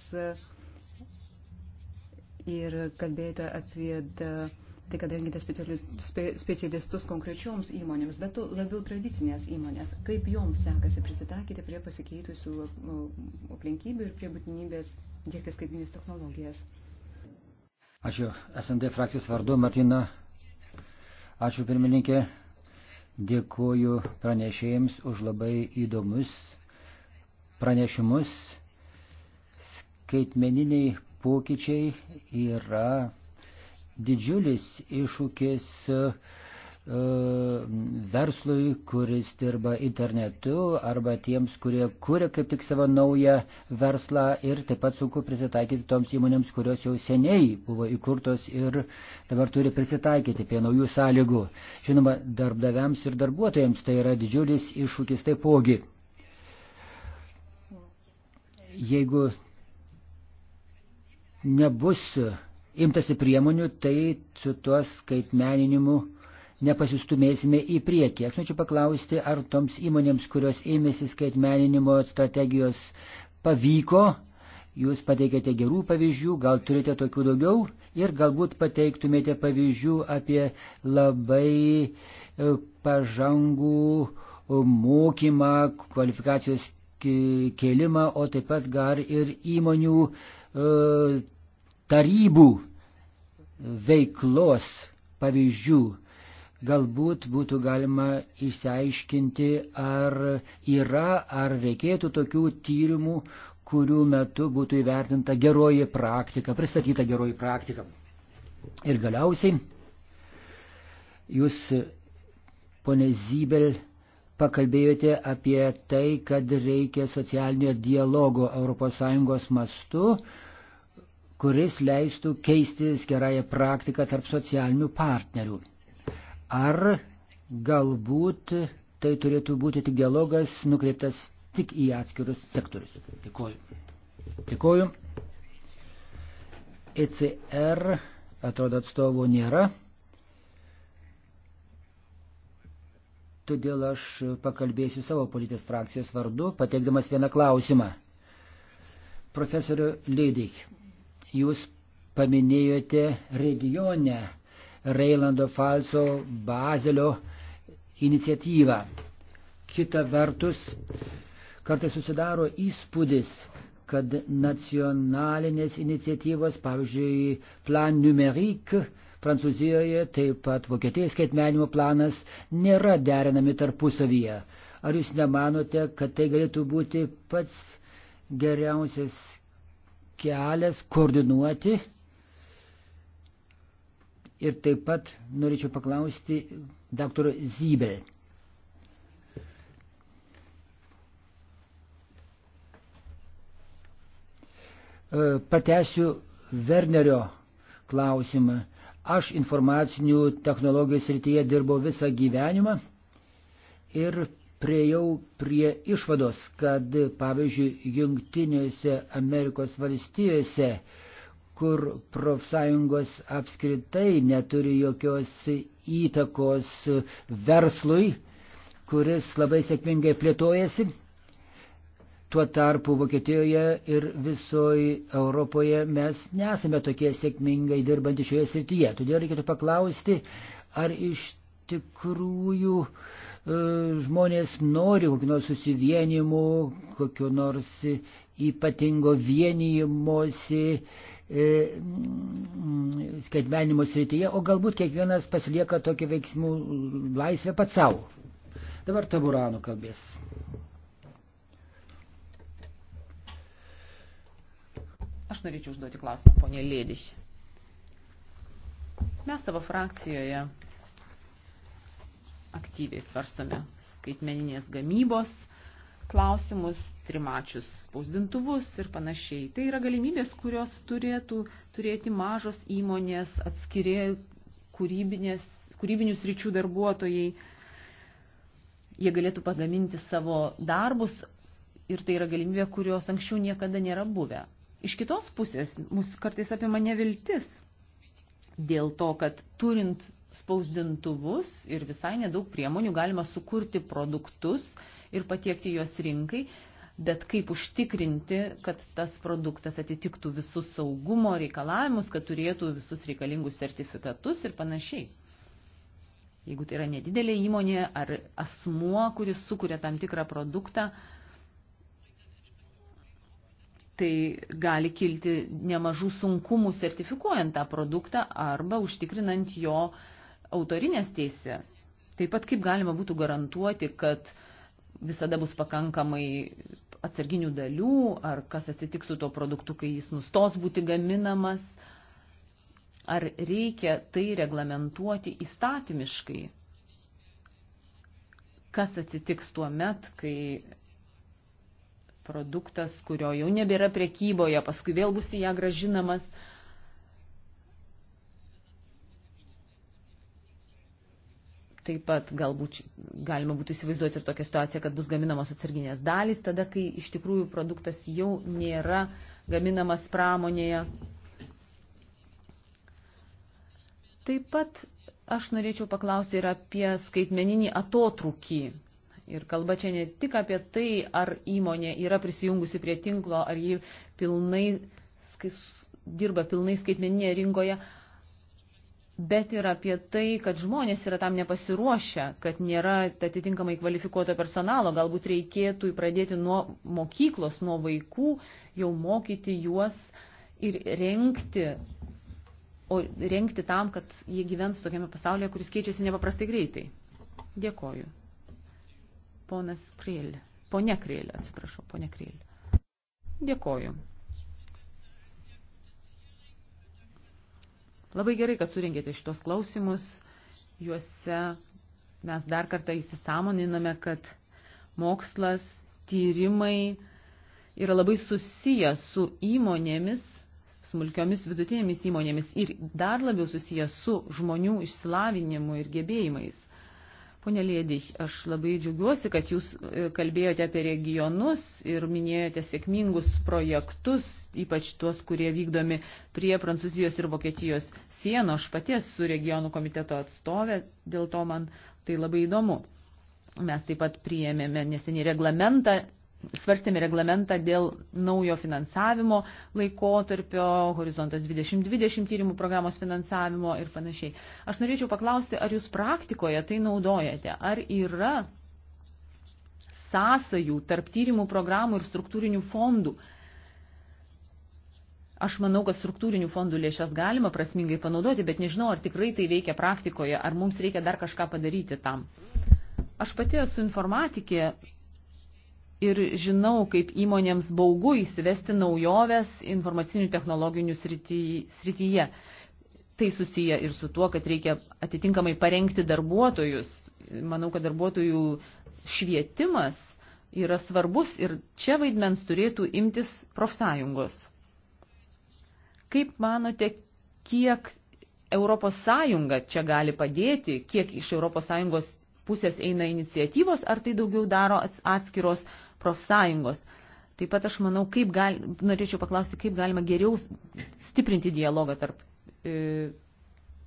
ir kalbėjote apie tai, kad rengite specialistus konkrečioms įmonėms, bet labiau tradicinės įmonės. Kaip joms sekasi prisitaikyti prie pasikeitusių aplinkybių ir prie būtinybės dėkti skaitminės technologijas? Ačiū. SND frakcijos vardu Martina Ačiū pirmininkė. Dėkuoju pranešėjams už labai įdomus pranešimus. Skaitmeniniai pokyčiai yra didžiulis iššūkis uh, E, verslui, kuris dirba internetu arba tiems, kurie kūrė kaip tik savo naują verslą ir taip pat sunku prisitaikyti toms įmonėms, kurios jau seniai buvo įkurtos ir dabar turi prisitaikyti prie naujų sąlygų. Žinoma, darbdaviams ir darbuotojams tai yra didžiulis iššūkis taipogi. Jeigu nebus imtasi priemonių, tai su tuo skaitmeninimu nepasistumėsime į priekį. Aš norėčiau paklausti, ar toms įmonėms, kurios ėmėsi skaitmeninimo strategijos, pavyko. Jūs pateikėte gerų pavyzdžių, gal turite tokių daugiau ir galbūt pateiktumėte pavyzdžių apie labai e, pažangų e, mokymą, kvalifikacijos kėlimą, o taip pat gal ir įmonių e, tarybų veiklos pavyzdžių galbūt būtų galima išsiaiškinti, ar yra, ar reikėtų tokių tyrimų, kurių metu būtų įvertinta geroji praktika, pristatyta geroji praktika. Ir galiausiai jūs, ponė Zybel, pakalbėjote apie tai, kad reikia socialinio dialogo ES mastu, kuris leistų keistis gerąją praktiką tarp socialinių partnerių. Ar galbūt tai turėtų būti tik dialogas nukreiptas tik į atskirus sektorius? Dėkuoju. Dėkuoju. ECR atrodo atstovų nėra. Todėl aš pakalbėsiu savo politinės frakcijos vardu, pateikdamas vieną klausimą. Profesoriu Leidik, jūs paminėjote regionę Reilando Falso Bazelio iniciatyvą. Kita vertus, kartais susidaro įspūdis, kad nacionalinės iniciatyvos, pavyzdžiui, Plan Numerik, Prancūzijoje, taip pat Vokietijos skaitmenimo planas nėra derinami tarpusavyje. Ar jūs nemanote, kad tai galėtų būti pats geriausias kelias koordinuoti Ir taip pat norėčiau paklausti daktaro Zybel. E, Patesiu Wernerio klausimą. Aš informacinių technologijų srityje dirbau visą gyvenimą ir priejau prie išvados, kad pavyzdžiui, Junktinėse Amerikos valstijose uh, kur profsąjungos apskritai neturi jokios įtakos verslui, kuris labai sėkmingai plėtojasi. Tuo tarpu Vokietijoje ir visoje Europoje mes nesame tokie sėkmingai dirbantys šioje srityje. Todėl reikėtų paklausti, ar iš tikrųjų e, žmonės nori kokio nors susivienimo, kokio nors ypatingo vienijimosi, E, mm, skaitmenimo srityje, o galbūt kiekvienas pasilieka tokį veiksmų laisvę pat savo. Dabar Taburano kalbės. Aš norėčiau užduoti klausimą, ponė Lėdiš. Mes savo frakcijoje aktyviai svarstome skaitmeninės gamybos klausimus, trimačius spausdintuvus ir panašiai. Tai yra galimybės, kurios turėtų turėti mažos įmonės, atskiri kūrybinius ryčių darbuotojai. Jie galėtų pagaminti savo darbus ir tai yra galimybė, kurios anksčiau niekada nėra buvę. Iš kitos pusės mūsų kartais apima neviltis dėl to, kad turint spausdintuvus ir visai nedaug priemonių galima sukurti produktus, uh, ir patiekti juos rinkai, bet kaip užtikrinti, kad tas produktas atitiktų visus saugumo reikalavimus, kad turėtų visus reikalingus sertifikatus ir panašiai. Jeigu tai yra nedidelė įmonė ar asmuo, kuris sukuria tam tikrą produktą, tai gali kilti nemažų sunkumų sertifikuojant tą produktą arba užtikrinant jo autorinės teisės. Taip pat kaip galima būtų garantuoti, kad uh, visada bus pakankamai atsarginių dalių, ar kas atsitiks su tuo produktu, kai jis nustos būti gaminamas, ar reikia tai reglamentuoti įstatymiškai, kas atsitiks tuo met, kai produktas, kurio jau nebėra prekyboje, paskui vėl bus į ją gražinamas, uh, Taip pat galbūt galima būtų įsivaizduoti ir tokią situaciją, kad bus gaminamos atsarginės dalys, tada, kai iš tikrųjų produktas jau nėra gaminamas pramonėje. Taip pat aš norėčiau paklausti ir apie skaitmeninį atotrukį. Ir kalba čia ne tik apie tai, ar įmonė yra prisijungusi prie tinklo, ar ji pilnai skais, dirba pilnai skaitmeninėje rinkoje, bet ir apie tai, kad žmonės yra tam nepasiruošę, kad nėra atitinkamai kvalifikuoto personalo. Galbūt reikėtų pradėti nuo mokyklos, nuo vaikų, jau mokyti juos ir renkti, o renkti tam, kad jie gyvens tokiame pasaulyje, kuris keičiasi nepaprastai greitai. Dėkoju. Ponas Krėlė. Pone Krėlė, atsiprašau, pone Krėlė. Dėkoju. Labai gerai, kad surinkėte šitos klausimus. Juose mes dar kartą įsisamoniname, kad mokslas, tyrimai yra labai susiję su įmonėmis, smulkiomis vidutinėmis įmonėmis ir dar labiau susiję su žmonių išsilavinimu ir gebėjimais. Pone Lėdich, aš labai džiaugiuosi, kad jūs e, kalbėjote apie regionus ir minėjote sėkmingus projektus, ypač tuos, kurie vykdomi prie Prancūzijos ir Vokietijos sienų. Aš paties su regionų komiteto atstovė, dėl to man tai labai įdomu. Mes taip pat priėmėme neseniai reglamentą svarstėme reglamentą dėl naujo finansavimo laikotarpio, horizontas 2020 tyrimų programos finansavimo ir panašiai. Aš norėčiau paklausti, ar jūs praktikoje tai naudojate, ar yra sąsajų tarp tyrimų programų ir struktūrinių fondų. Aš manau, kad struktūrinių fondų lėšas galima prasmingai panaudoti, bet nežinau, ar tikrai tai veikia praktikoje, ar mums reikia dar kažką padaryti tam. Aš pati esu informatikė ir žinau, kaip įmonėms baugu įsivesti naujoves informacinių technologinių srityje. Tai susiję ir su tuo, kad reikia atitinkamai parengti darbuotojus. Manau, kad darbuotojų švietimas yra svarbus ir čia vaidmens turėtų imtis profsąjungos. Kaip manote, kiek ES čia gali padėti, kiek iš ES pusės eina iniciatyvos, ar tai daugiau daro atskiros profsąjungos. Taip pat aš manau, kaip gal, norėčiau paklausti, kaip galima geriau stiprinti dialogą tarp e,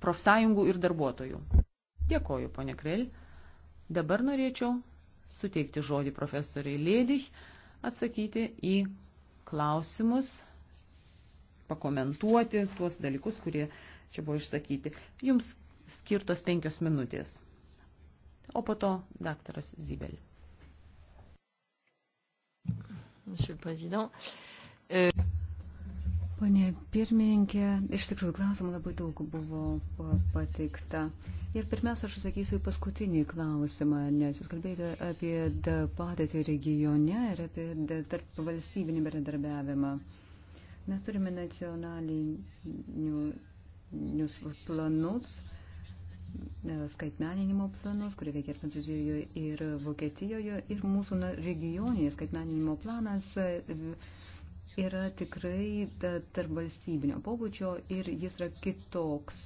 profsąjungų ir darbuotojų. Dėkoju, ponė Krell. Dabar norėčiau suteikti žodį profesoriai Lėdich, atsakyti į klausimus, pakomentuoti tuos dalykus, kurie čia buvo išsakyti. Jums skirtos penkios minutės. O po to daktaras Zibelis. Monsieur le Président. Euh, Pone pirmininkė, iš tikrųjų klausimų labai daug buvo pateikta. Ir pirmiausia, aš atsakysiu paskutinį klausimą, nes jūs kalbėjote apie padėtį regione ir apie tarp valstybinį bendradarbiavimą. Mes turime nacionalinius planus, E, skaitmeninimo planus, kurie veikia ir Prancūzijoje, ir Vokietijoje, ir mūsų regioninis skaitmeninimo planas e, yra tikrai e, tarp valstybinio pobūdžio ir jis yra kitoks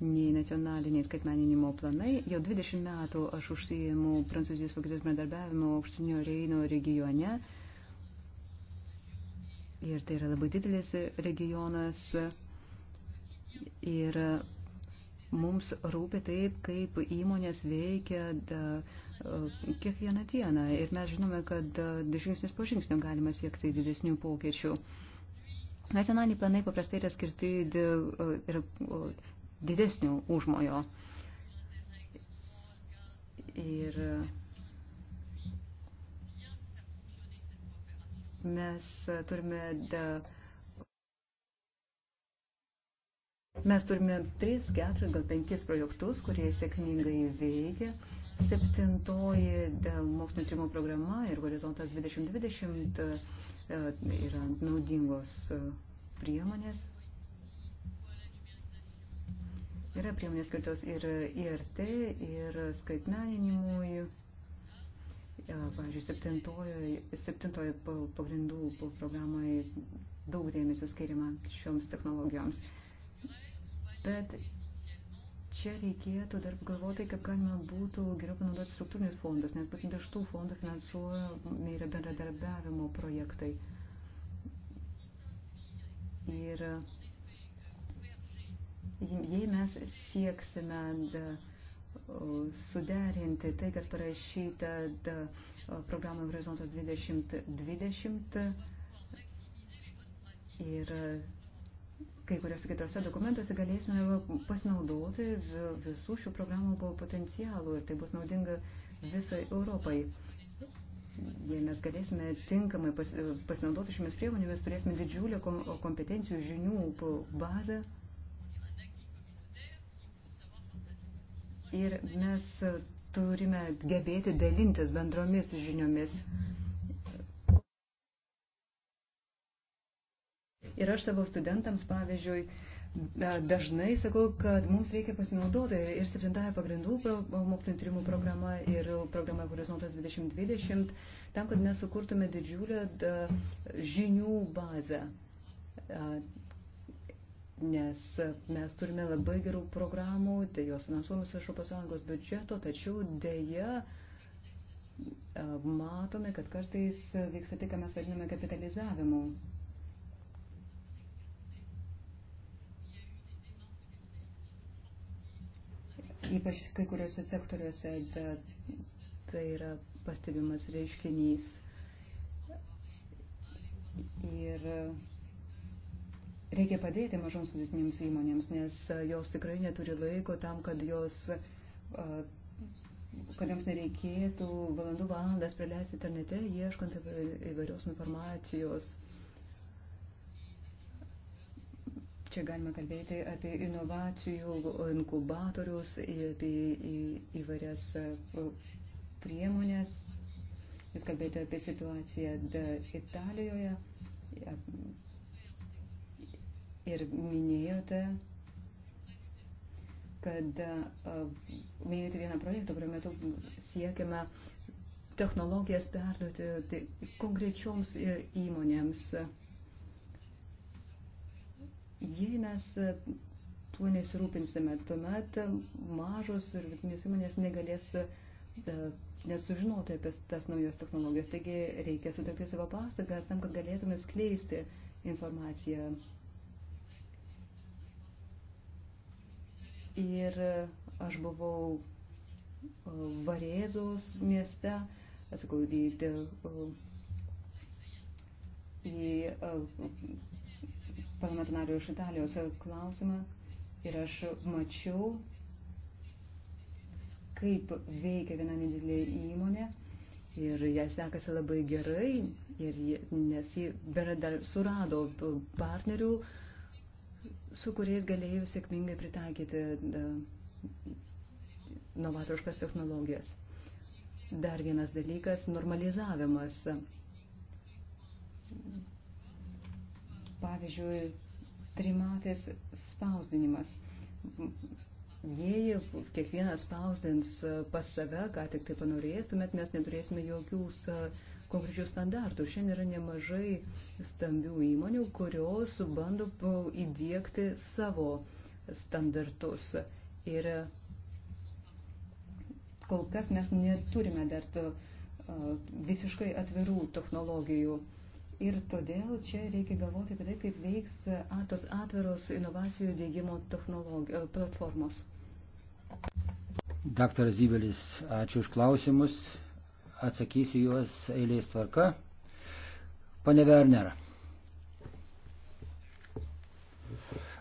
nei nacionaliniai skaitmeninimo planai. Jau 20 metų aš užsijimu Prancūzijos Vokietijos bendarbiavimo aukštinio Reino regione. Ir tai yra labai didelis regionas. Ir mums rūpi taip, kaip įmonės veikia da, kiekvieną dieną. Ir mes žinome, kad žingsnis po žingsnio galima siekti didesnių pokyčių. Nacionaliniai planai paprastai yra skirti di, yra, didesnio užmojo. Ir mes turime da, Mes turime 3, 4, gal 5 projektus, kurie sėkmingai veikia. Septintoji mokslinio tyrimų programa ir horizontas 2020 e, yra naudingos e, priemonės. Yra priemonės skirtos ir IRT, ir skaitmeninimui. E, pavyzdžiui, septintojo, septintojo pagrindų programai daug dėmesio skiriama šioms technologijoms. Bet čia reikėtų dar galvoti, kaip galima būtų geriau panaudoti struktūrinius fondus, nes būtent iš tų fondų finansuojami yra bendradarbiavimo projektai. Ir jei mes sieksime da, suderinti tai, kas parašyta da, programoje Horizontas 2020 ir kai kuriuose kitose dokumentuose galėsime pasinaudoti visų šių programų potencialų ir tai bus naudinga visai Europai. Jei mes galėsime tinkamai pas, pasinaudoti šiomis priemonėmis, turėsime didžiulę kom, kompetencijų žinių bazę. Ir mes turime gebėti dalintis bendromis žiniomis. Mhm Ir aš savo studentams, pavyzdžiui, dažnai sakau, kad mums reikia pasinaudoti ir septintąją pagrindų mokslinio tyrimų programą ir programą Horizontas 2020, tam, kad mes sukurtume didžiulę žinių bazę. Nes mes turime labai gerų programų, tai jos finansuojamos iš Europos Sąjungos biudžeto, tačiau dėja matome, kad kartais vyksta tai, ką mes vadiname kapitalizavimu. ypač kai kuriuose sektoriuose, bet tai yra pastebimas reiškinys. Ir reikia padėti mažoms vidutinėms įmonėms, nes jos tikrai neturi laiko tam, kad jos kad jums nereikėtų valandų valandas praleisti internete, ieškant įvairios informacijos. Čia galima kalbėti apie inovacijų inkubatorius, apie įvairias priemonės. Jūs kalbėjote apie situaciją Italijoje ir minėjote, kad minėjote vieną projektą, kurio metu siekiame technologijas perduoti tai konkrečioms e, įmonėms. Jei mes e, tuo nesirūpinsime, tuomet mažos ir vidutinės įmonės negalės e, nesužinoti apie tas naujas technologijas. Taigi reikia sutelkti savo pastangas tam, kad galėtume skleisti informaciją. Ir e, aš buvau Varėzos mieste, atsakau, į, į parlamento nario iš Italijos klausimą ir aš mačiau, kaip veikia viena nedidelė įmonė ir ją sekasi labai gerai, ir, nes ji dar surado partnerių, su kuriais galėjo sėkmingai pritaikyti da, novatoriškas technologijas. Dar vienas dalykas - normalizavimas Pavyzdžiui, trimatės spausdinimas. Jei kiekvienas spausdins pas save, ką tik tai panorės, tuomet mes neturėsime jokių konkrečių standartų. Šiandien yra nemažai stambių įmonių, kurios bando įdėkti savo standartus. Ir kol kas mes neturime dar to, visiškai atvirų technologijų. Uh, Ir todėl čia reikia galvoti apie tai, kaip veiks tos atviros inovacijų dėgymo e, platformos. Daktaras Zybelis, ačiū už klausimus. Atsakysiu juos eilės tvarka. Pane Vernera,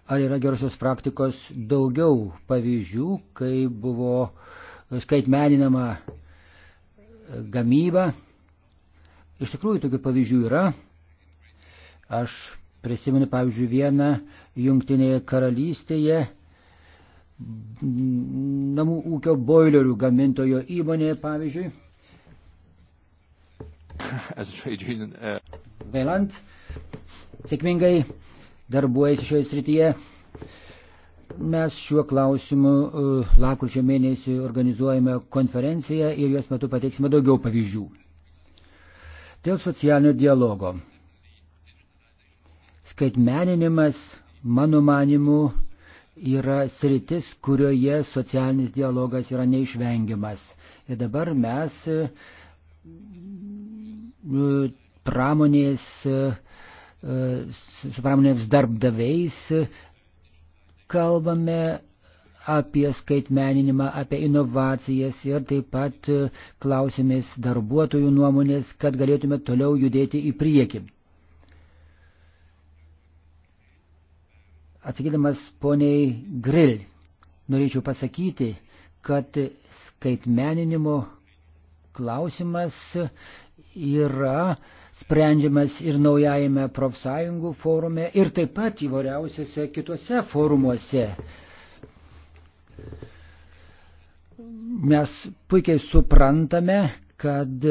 ar yra gerosios praktikos daugiau pavyzdžių, kai buvo skaitmeninama gamyba? Iš tikrųjų, tokių pavyzdžių yra. Aš prisimenu, pavyzdžiui, vieną jungtinėje karalystėje namų ūkio boilerių gamintojo įmonėje, pavyzdžiui. Vailant uh, sėkmingai darbuojasi šioje srityje. Mes šiuo klausimu uh, lakrūčio mėnesį organizuojame konferenciją ir jos metu pateiksime daugiau pavyzdžių. Dėl socialinio dialogo Skaitmeninimas, mano manimu, yra sritis, kurioje socialinis dialogas yra neišvengiamas. Ir dabar mes e, pramonės, e, su pramonės darbdaviais e, kalbame apie skaitmeninimą, apie inovacijas ir taip pat klausimės darbuotojų nuomonės, kad galėtume toliau judėti į priekį. Atsakydamas poniai Grill, norėčiau pasakyti, kad skaitmeninimo klausimas yra sprendžiamas ir naujajame profsąjungų forume ir taip pat įvairiausiose kitose forumuose. Mes puikiai suprantame, kad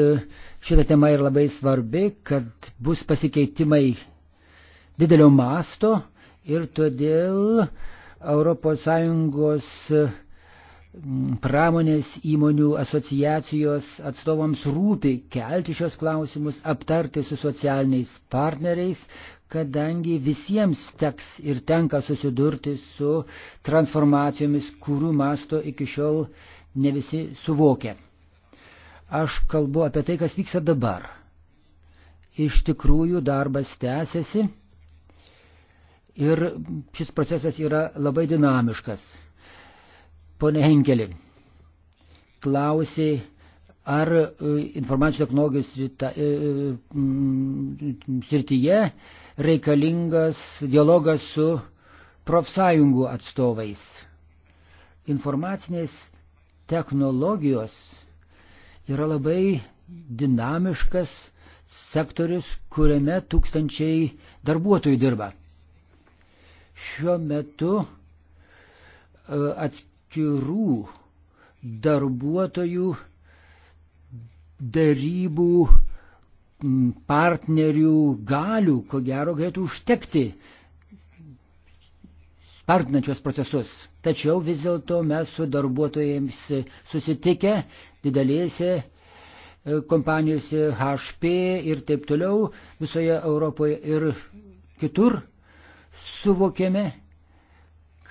šita tema yra labai svarbi, kad bus pasikeitimai didelio masto ir todėl ES mm, pramonės įmonių asociacijos atstovams rūpi kelti šios klausimus, aptarti su socialiniais partneriais, kadangi visiems teks ir tenka susidurti su transformacijomis, kurių masto iki šiol ne visi suvokia. Aš kalbu apie tai, kas vyksta dabar. Iš tikrųjų darbas tęsiasi ir šis procesas yra labai dinamiškas. Pone Henkeli, klausė, ar e, informacijų technologijos e, srityje reikalingas dialogas su profsąjungų atstovais. Informacinės technologijos yra labai dinamiškas sektorius, kuriame tūkstančiai darbuotojų dirba. Šiuo metu e, atskirų darbuotojų darybų partnerių galių, ko gero, galėtų užtekti spartinančios procesus. Tačiau vis dėlto mes su darbuotojams susitikę didelėse e, kompanijose HP ir taip toliau visoje Europoje ir kitur suvokėme,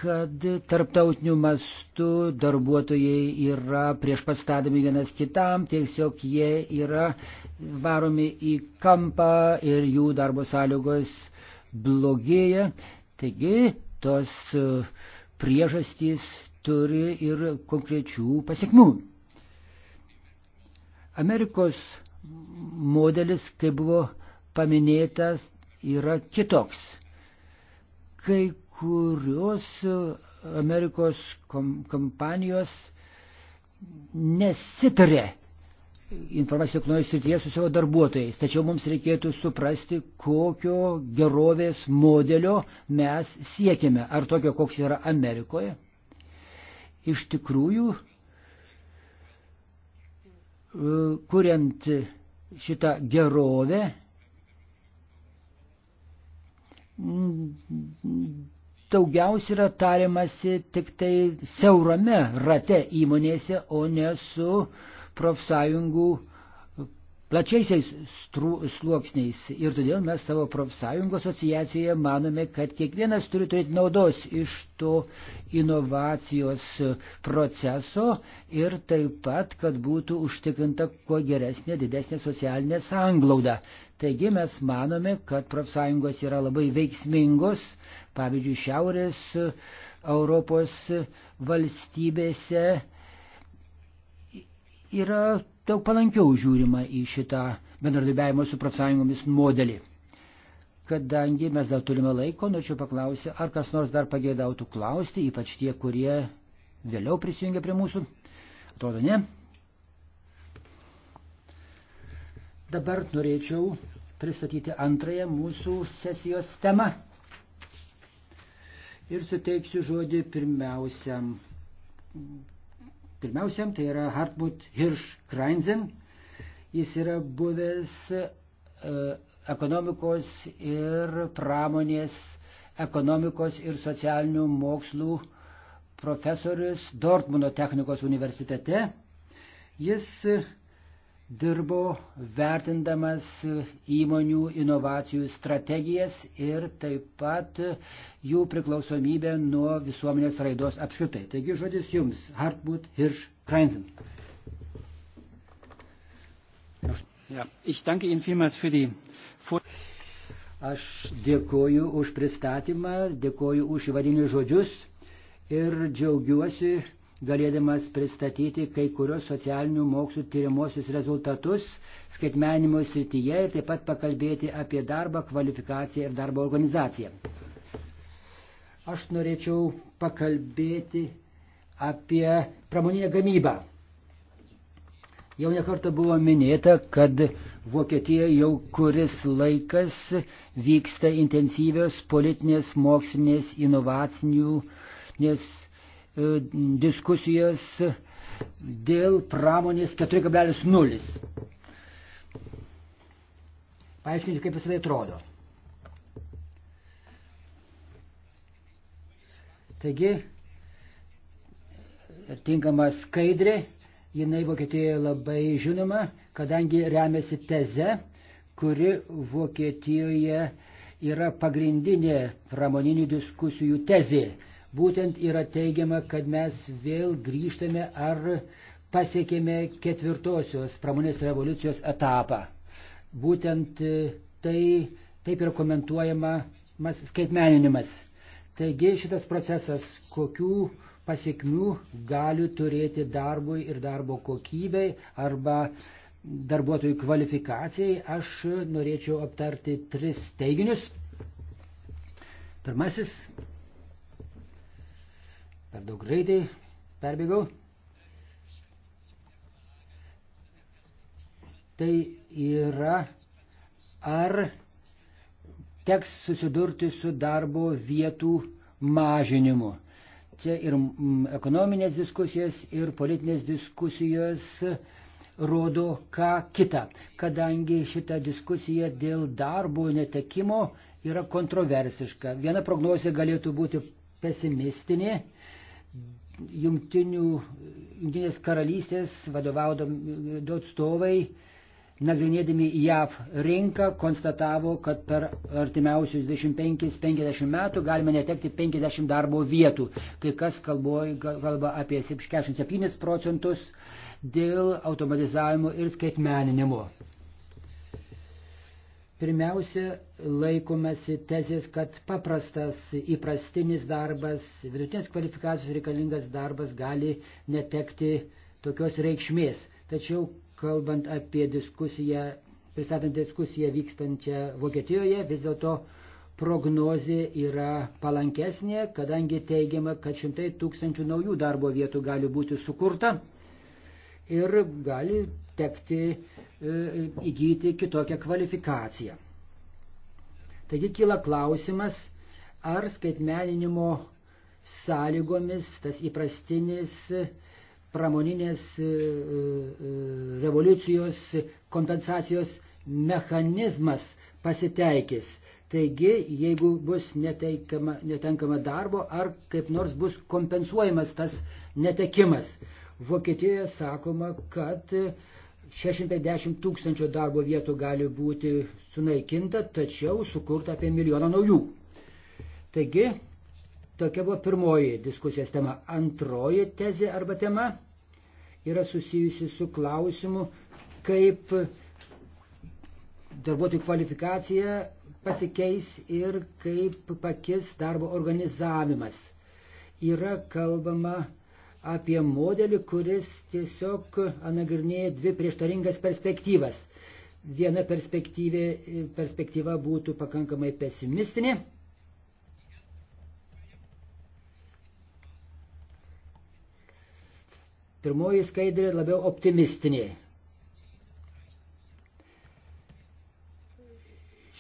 kad tarptautiniu mastu darbuotojai yra prieš pastatomi vienas kitam, tiesiog jie yra varomi į kampą ir jų darbo sąlygos blogėja. Taigi tos e, priežastys turi ir konkrečių pasiekmių. Amerikos modelis, kaip buvo paminėtas, yra kitoks kai kurios Amerikos kom kompanijos nesitarė informacijos technologijos srityje su savo darbuotojais. Tačiau mums reikėtų suprasti, kokio gerovės modelio mes siekime. Ar tokio, koks yra Amerikoje. Iš tikrųjų, e, kuriant šitą gerovę, daugiausia yra tariamasi tik tai siaurame rate įmonėse, o ne su profsąjungų uh, plačiaisiais sluoksniais ir todėl mes savo profsąjungų asociacijoje manome, kad kiekvienas turi turėti naudos iš to inovacijos proceso ir taip pat, kad būtų užtikrinta kuo geresnė, didesnė socialinė sanglauda. Taigi mes manome, kad profsąjungos yra labai veiksmingos, pavyzdžiui, Šiaurės Europos valstybėse yra daug palankiau žiūrima į šitą bendradarbiavimo su profsąjungomis modelį. Kadangi mes dar turime laiko, norėčiau paklausti, ar kas nors dar pageidautų klausti, ypač tie, kurie vėliau prisijungia prie mūsų. Atrodo, ne. Dabar norėčiau pristatyti antrąją mūsų sesijos temą. Ir suteiksiu žodį pirmiausiam Pirmiausiam tai yra Hartmut Hirsch Kreinzen. Jis yra buvęs e, ekonomikos ir pramonės, ekonomikos ir socialinių mokslų profesorius Dortmundo technikos universitete. Jis dirbo vertindamas įmonių inovacijų strategijas ir taip pat jų priklausomybę nuo visuomenės raidos apskritai. Taigi žodis jums, Hartmut Hirsch Kreinsen. Ja, ich danke Ihnen vielmals für die Aš dėkoju už pristatymą, dėkoju už įvadinius žodžius ir džiaugiuosi, galėdamas pristatyti kai kurios socialinių mokslų tyrimuosius rezultatus skaitmenimo srityje ir taip pat pakalbėti apie darbą, kvalifikaciją ir darbo organizaciją. Aš norėčiau pakalbėti apie pramoninę gamybą. Jau nekarta buvo minėta, kad Vokietijoje jau kuris laikas vyksta intensyvios politinės, mokslinės, inovacinių, nes E, diskusijas dėl pramonės 4,0. Paaiškinsiu, kaip visą tai atrodo. Taigi, tinkama skaidrė, jinai Vokietijoje labai žinoma, kadangi remiasi teze, kuri Vokietijoje yra pagrindinė pramoninių diskusijų tezė būtent yra teigiama, kad mes vėl grįžtame ar pasiekėme ketvirtosios pramonės revoliucijos etapą. Būtent e, tai taip yra komentuojama skaitmeninimas. Taigi šitas procesas, kokių pasiekmių gali turėti darbui ir darbo kokybei arba darbuotojų kvalifikacijai, aš norėčiau aptarti tris teiginius. Pirmasis Per daug greitai perbėgau. Tai yra, ar teks susidurti su darbo vietų mažinimu. Čia ir mm, ekonominės diskusijos, ir politinės diskusijos rodo ką kitą, kadangi šita diskusija dėl darbo netekimo yra kontroversiška. Viena prognozija galėtų būti pesimistinė, jungtinių, jungtinės karalystės vadovaudomi atstovai, nagrinėdami JAV rinką, konstatavo, kad per artimiausius 25-50 metų galime netekti 50 darbo vietų. Kai kas kalboj, kalba apie 67 procentus dėl automatizavimo ir skaitmeninimo. Pirmiausia, laikomasi tezės, kad paprastas įprastinis darbas, vidutinės kvalifikacijos reikalingas darbas gali netekti tokios reikšmės. Tačiau, kalbant apie diskusiją, pristatant diskusiją vykstančią Vokietijoje, vis dėlto prognozė yra palankesnė, kadangi teigiama, kad šimtai tūkstančių naujų darbo vietų gali būti sukurta ir gali tekti e, įgyti kitokią kvalifikaciją. Taigi kyla klausimas, ar skaitmeninimo sąlygomis tas įprastinis pramoninės e, e, revoliucijos kompensacijos mechanizmas pasiteikis. Taigi, jeigu bus netenkama, netenkama darbo, ar kaip nors bus kompensuojamas tas netekimas. Vokietijoje sakoma, kad 610 tūkstančių darbo vietų gali būti sunaikinta, tačiau sukurta apie milijoną naujų. Taigi, tokia buvo pirmoji diskusijos tema. Antroji tezė arba tema yra susijusi su klausimu, kaip darbuotojų kvalifikacija pasikeis ir kaip pakis darbo organizavimas. Yra kalbama apie modelį, kuris tiesiog anagrinėja dvi prieštaringas perspektyvas. Viena perspektyva būtų pakankamai pesimistinė. Pirmoji skaidrė labiau optimistinė.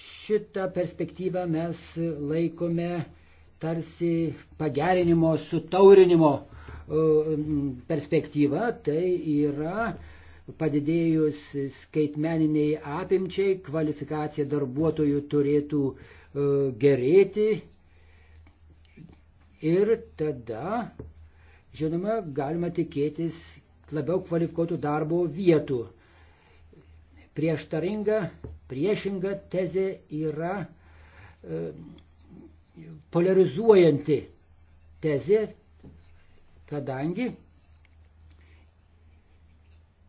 Šitą perspektyvą mes laikome tarsi pagerinimo, sutaurinimo perspektyva tai yra padidėjus skaitmeniniai apimčiai, kvalifikacija darbuotojų turėtų gerėti ir tada, žinoma, galima tikėtis labiau kvalifikuotų darbo vietų. Prieštaringa, priešinga tezė yra e, polarizuojanti tezė, kadangi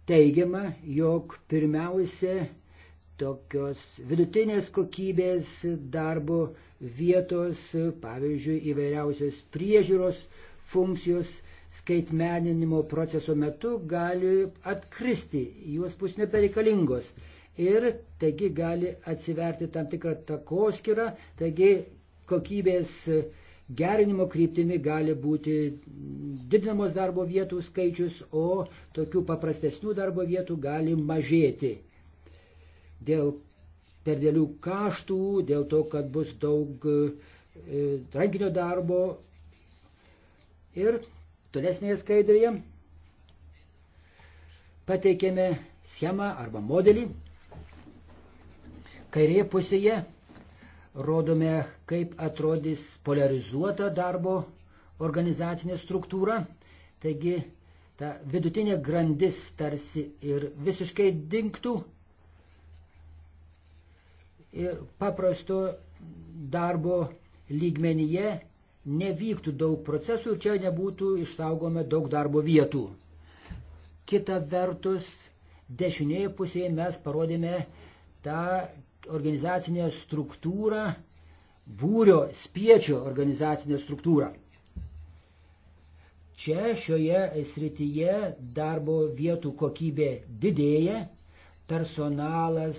teigiama, jog pirmiausia tokios vidutinės kokybės darbo vietos, pavyzdžiui, įvairiausios priežiūros funkcijos skaitmeninimo proceso metu gali atkristi, juos bus nebereikalingos. Ir taigi gali atsiverti tam tikrą takoskirą, taigi kokybės uh, gerinimo kryptimi gali būti didinamos darbo vietų skaičius, o tokių paprastesnių darbo vietų gali mažėti. Dėl perdėlių kaštų, dėl to, kad bus daug e, rankinio darbo. Ir tolesnėje skaidrėje pateikėme schemą arba modelį. Kairėje pusėje rodome, kaip atrodys polarizuota darbo organizacinė struktūra. Taigi ta vidutinė grandis tarsi ir visiškai dinktų. Ir paprasto darbo lygmenyje nevyktų daug procesų ir čia nebūtų išsaugome daug darbo vietų. Kita vertus, dešinėje pusėje mes parodėme tą organizacinę struktūrą, būrio spiečio organizacinę struktūrą. Čia šioje srityje darbo vietų kokybė didėja, personalas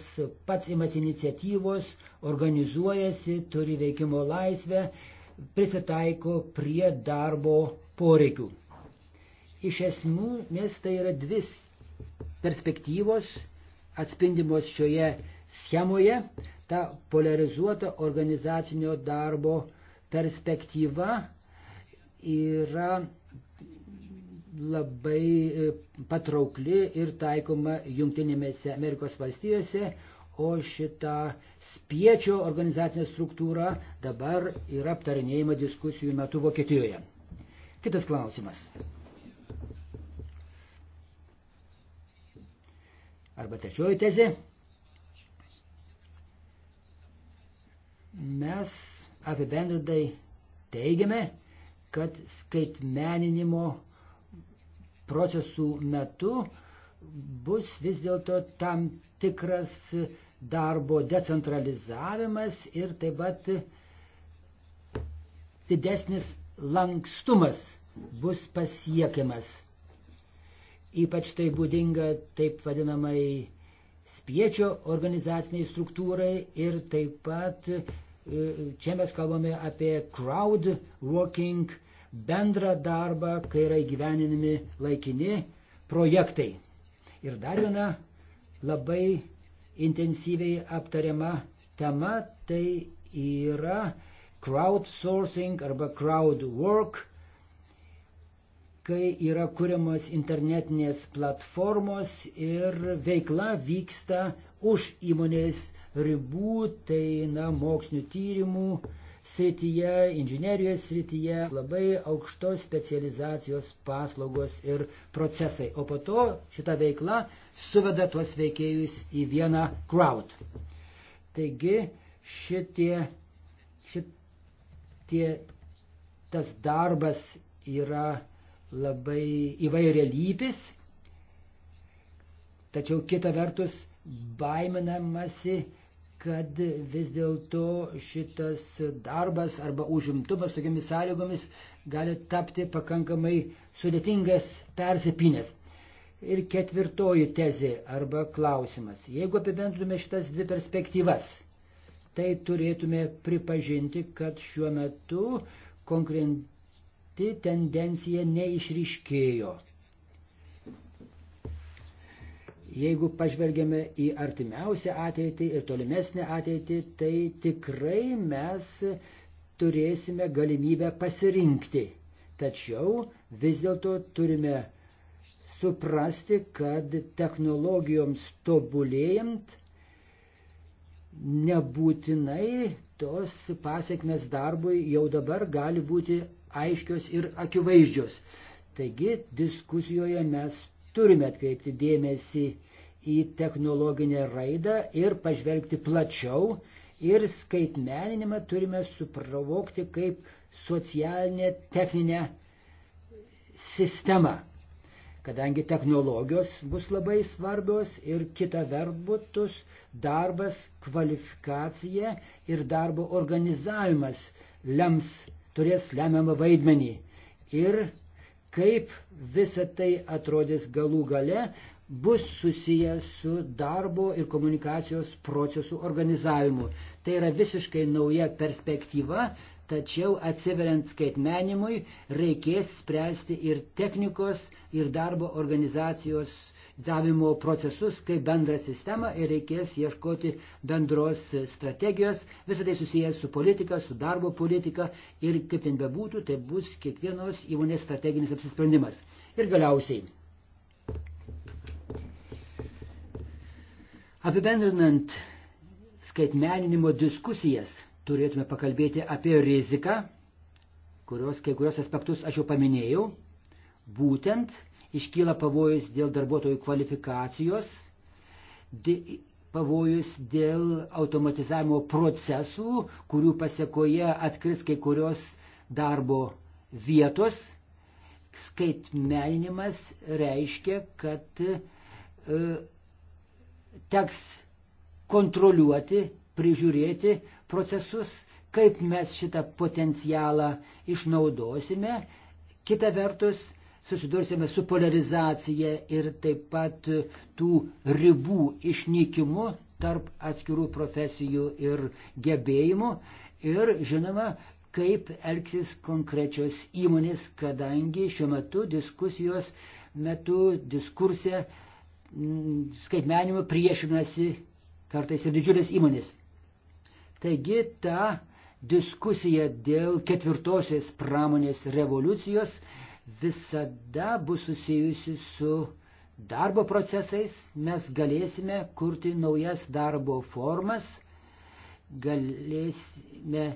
pats imasi iniciatyvos, organizuojasi, turi veikimo laisvę, prisitaiko prie darbo poreikių. Iš esmų, nes tai yra dvi perspektyvos atspindimos šioje schemoje ta polarizuota organizacinio darbo perspektyva yra labai e, patraukli ir taikoma Junktinėse Amerikos valstijose, o šita spiečio organizacinė struktūra dabar yra aptarinėjama diskusijų metu Vokietijoje. Kitas klausimas. Arba trečioji tezė. mes apibendrintai teigiame, kad skaitmeninimo procesų metu bus vis dėlto tam tikras darbo decentralizavimas ir taip pat didesnis lankstumas bus pasiekiamas. Ypač tai būdinga taip vadinamai spiečio organizaciniai struktūrai ir taip pat E, čia mes kalbame apie crowd working, bendrą darbą, kai yra įgyveninami laikini projektai. Ir dar viena labai intensyviai aptariama tema tai yra crowdsourcing arba crowd work, kai yra kuriamos internetinės platformos ir veikla vyksta už įmonės ribų, tai na, mokslinių tyrimų srityje, inžinerijos srityje labai aukštos specializacijos paslaugos ir procesai. O po to šita veikla suveda tuos veikėjus į vieną crowd. Taigi šitie, šitie tas darbas yra labai įvairialypis, tačiau kita vertus baiminamasi kad vis dėlto šitas darbas arba užimtumas tokiamis sąlygomis gali tapti pakankamai sudėtingas persipinės. Ir ketvirtoji tezė arba klausimas. Jeigu apibendrume šitas dvi perspektyvas, tai turėtume pripažinti, kad šiuo metu konkrenti tendencija neišryškėjo. Jeigu pažvelgiame į artimiausią ateitį ir tolimesnę ateitį, tai tikrai mes turėsime galimybę pasirinkti. Tačiau vis dėlto turime suprasti, kad technologijoms tobulėjant nebūtinai tos pasiekmes darbui jau dabar gali būti aiškios ir akivaizdžios. Taigi diskusijoje mes Turime atkreipti dėmesį į technologinę raidą ir pažvelgti plačiau ir skaitmeninimą turime suprovokti kaip socialinę techninę sistemą kadangi technologijos bus labai svarbios ir kita vertus darbas, kvalifikacija ir darbo organizavimas lems, turės lemiamą vaidmenį. Ir kaip visa tai atrodys galų gale, bus susiję su darbo ir komunikacijos procesų organizavimu. Tai yra visiškai nauja perspektyva, tačiau atsiveriant skaitmenimui reikės spręsti ir technikos, ir darbo organizacijos davimo procesus kaip bendrą sistemą ir reikės ieškoti bendros strategijos. Visą tai susijęs su politika, su darbo politika ir kaip ten bebūtų, tai bus kiekvienos įmonės strateginis apsisprendimas. Ir galiausiai. Apibendrinant skaitmeninimo diskusijas, turėtume pakalbėti apie riziką, kurios kai kurios aspektus aš jau paminėjau, būtent iškyla pavojus dėl darbuotojų kvalifikacijos, dė, pavojus dėl automatizavimo procesų, kurių pasiekoje atkris kai kurios darbo vietos. Skaitmeninimas reiškia, kad e, teks kontroliuoti, prižiūrėti procesus, kaip mes šitą potencialą išnaudosime. Kita vertus, susidursime su polarizacija ir taip pat tų ribų išnykimu tarp atskirų profesijų ir gebėjimų. Ir žinoma, kaip elgsis konkrečios įmonės, kadangi šiuo metu diskusijos metu diskursė mm, skaitmenimo priešinasi kartais ir didžiulės įmonės. Taigi ta diskusija dėl ketvirtosios pramonės revoliucijos visada bus susijusi su darbo procesais, mes galėsime kurti naujas darbo formas, galėsime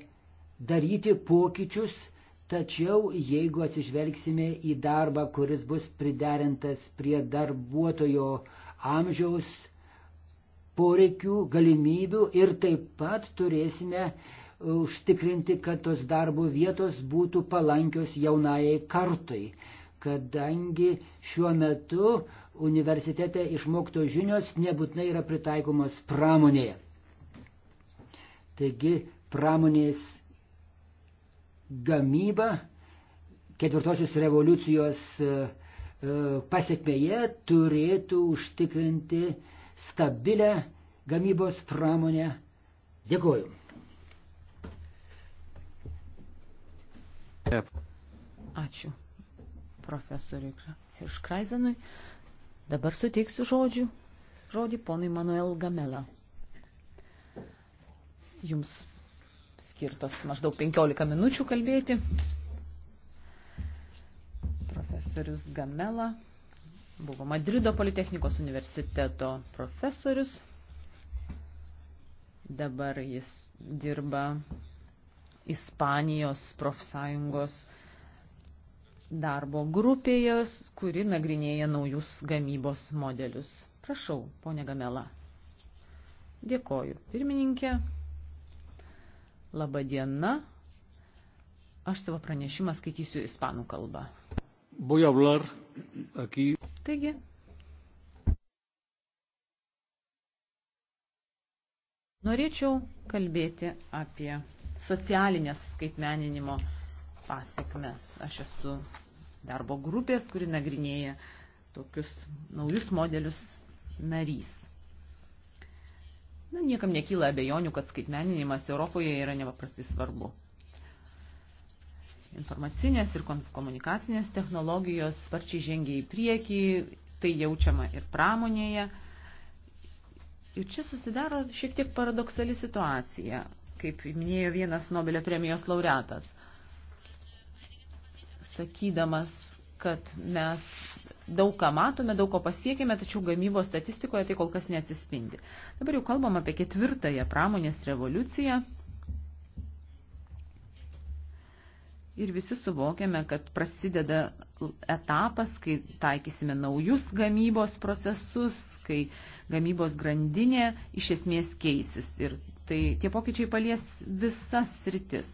daryti pokyčius, tačiau jeigu atsižvelgsime į darbą, kuris bus priderintas prie darbuotojo amžiaus, poreikių, galimybių ir taip pat turėsime užtikrinti, kad tos darbo vietos būtų palankios jaunajai kartai, kadangi šiuo metu universitete išmoktos žinios nebūtinai yra pritaikomos pramonėje. Taigi pramonės gamyba ketvirtosios revoliucijos e, e, pasiekmeje turėtų užtikrinti stabilę gamybos pramonę. Dėkuoju. Ačiū profesoriui Hirškraizenui. Dabar suteiksiu žodžių. Žodį ponui Manuel Gamela. Jums skirtos maždaug 15 minučių kalbėti. Profesorius Gamela buvo Madrido Politechnikos universiteto profesorius. Dabar jis dirba Ispanijos profsąjungos darbo grupėje, kuri nagrinėja naujus gamybos modelius. Prašau, ponė Gamela. Dėkoju, pirmininkė. Labą dieną. Aš savo pranešimą skaitysiu ispanų kalbą. Voy a hablar aquí. Taigi. Norėčiau kalbėti apie socialinės skaitmeninimo pasiekmes. Aš esu darbo grupės, kuri nagrinėja tokius naujus modelius narys. Na, niekam nekyla abejonių, kad skaitmeninimas Europoje yra nepaprastai svarbu. Informacinės ir komunikacinės technologijos sparčiai žengia į priekį, tai jaučiama ir pramonėje. Ir čia susidaro šiek tiek paradoksali situacija kaip minėjo vienas Nobelio premijos laureatas, sakydamas, kad mes daug ką matome, daug ko pasiekėme, tačiau gamybos statistikoje tai kol kas neatsispindi. Dabar jau kalbam apie ketvirtąją pramonės revoliuciją ir visi suvokiame, kad prasideda etapas, kai taikysime naujus gamybos procesus, kai gamybos grandinė iš esmės keisis. Ir tai tie pokyčiai palies visas sritis.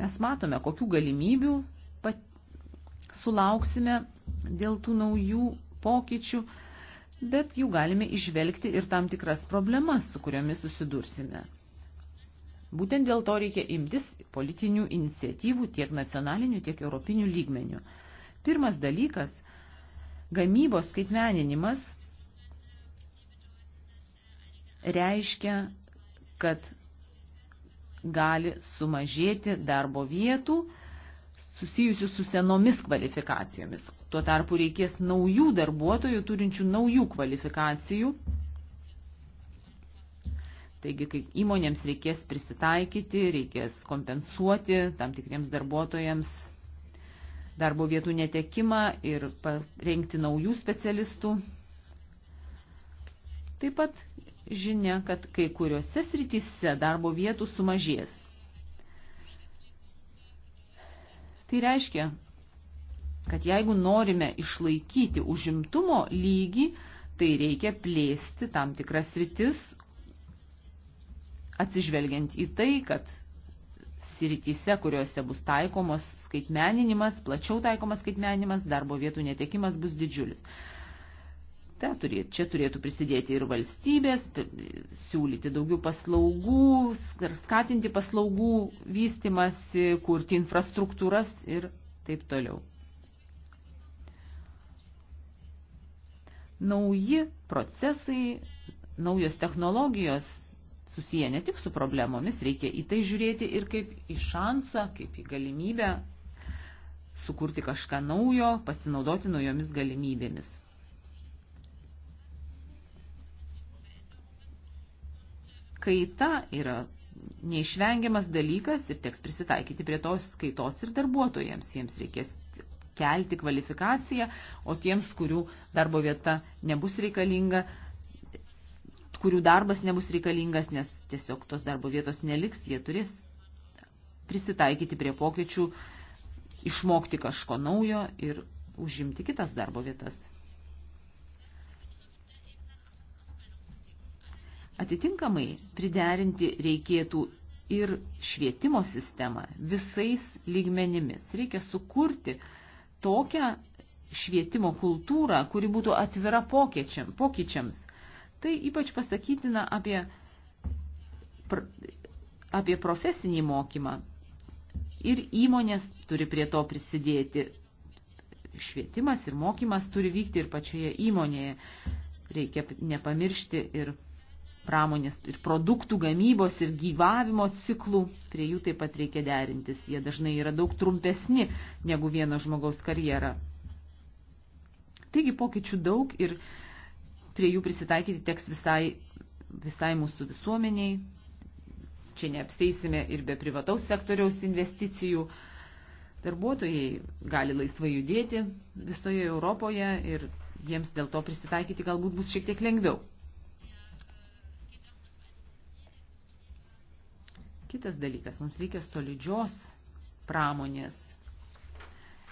Mes matome, kokių galimybių pat, sulauksime dėl tų naujų pokyčių, bet jų galime išvelgti ir tam tikras problemas, su kuriomis susidursime. Būtent dėl to reikia imtis politinių iniciatyvų tiek nacionalinių, tiek europinių lygmenių. Pirmas dalykas – gamybos skaitmeninimas reiškia, kad gali sumažėti darbo vietų susijusių su senomis kvalifikacijomis. Tuo tarpu reikės naujų darbuotojų turinčių naujų kvalifikacijų Taigi, kai įmonėms reikės prisitaikyti, reikės kompensuoti tam tikriems darbuotojams darbo vietų netekimą ir parengti naujų specialistų. Taip pat žinia, kad kai kuriuose srityse darbo vietų sumažės. Tai reiškia, kad jeigu norime išlaikyti užimtumo lygį, tai reikia plėsti tam tikras sritis, atsižvelgiant į tai, kad srityse, kuriuose bus taikomos skaitmeninimas, plačiau taikomas skaitmeninimas, darbo vietų netekimas bus didžiulis. Ta, turėt, čia turėtų prisidėti ir valstybės, siūlyti daugiau paslaugų, skatinti paslaugų vystimas, kurti infrastruktūras ir taip toliau. Nauji procesai, naujos technologijos susiję ne tik su problemomis, reikia į tai žiūrėti ir kaip į šansą, kaip į galimybę sukurti kažką naujo, pasinaudoti naujomis galimybėmis. Kaita yra neišvengiamas dalykas ir teks prisitaikyti prie tos kaitos ir darbuotojams. Jiems reikės kelti kvalifikaciją, o tiems, kurių darbo vieta nebus reikalinga, kurių darbas nebus reikalingas, nes tiesiog tos darbo vietos neliks, jie turės prisitaikyti prie pokyčių, išmokti kažko naujo ir užimti kitas darbo vietas. Atitinkamai priderinti reikėtų ir švietimo sistemą visais lygmenimis. Reikia sukurti tokią švietimo kultūrą, kuri būtų atvira pokyčiams, Tai ypač pasakytina apie, apie profesinį mokymą. Ir įmonės turi prie to prisidėti. Švietimas ir mokymas turi vykti ir pačioje įmonėje. Reikia nepamiršti ir pramonės ir produktų gamybos ir gyvavimo ciklų, prie jų taip pat reikia derintis. Jie dažnai yra daug trumpesni negu vieno žmogaus karjera. Taigi pokyčių daug ir prie jų prisitaikyti teks visai, visai mūsų visuomeniai. Čia neapseisime ir be privataus sektoriaus investicijų. Darbuotojai gali laisvai judėti visoje Europoje ir jiems dėl to prisitaikyti galbūt bus šiek tiek lengviau. Kitas dalykas, mums reikia solidžios pramonės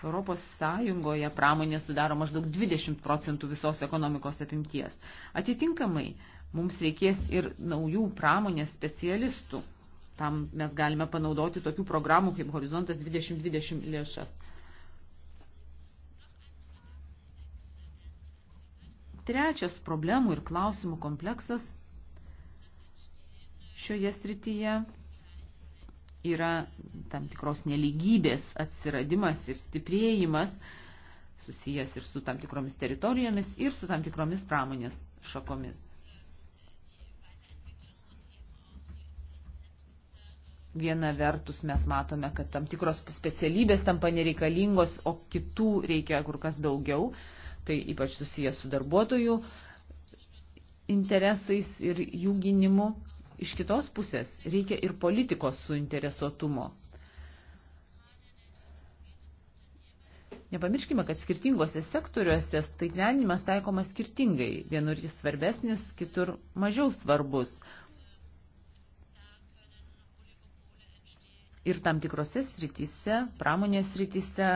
Europos Sąjungoje pramonė sudaro maždaug 20 procentų visos ekonomikos apimties. Atitinkamai, mums reikės ir naujų pramonės specialistų. Tam mes galime panaudoti tokių programų kaip Horizontas 2020 lėšas. Trečias problemų ir klausimų kompleksas šioje srityje yra tam tikros neligybės atsiradimas ir stiprėjimas susijęs ir su tam tikromis teritorijomis, ir su tam tikromis pramonės šakomis. Viena vertus mes matome, kad tam tikros specialybės tampa nereikalingos, o kitų reikia kur kas daugiau. Tai ypač susijęs su darbuotojų interesais ir jų gynimu iš kitos pusės reikia ir politikos suinteresuotumo. Nepamirškime, kad skirtingose sektoriuose skaitmeninimas taikomas skirtingai. Vienur jis svarbesnis, kitur mažiau svarbus. Ir tam tikrose srityse, pramonės srityse,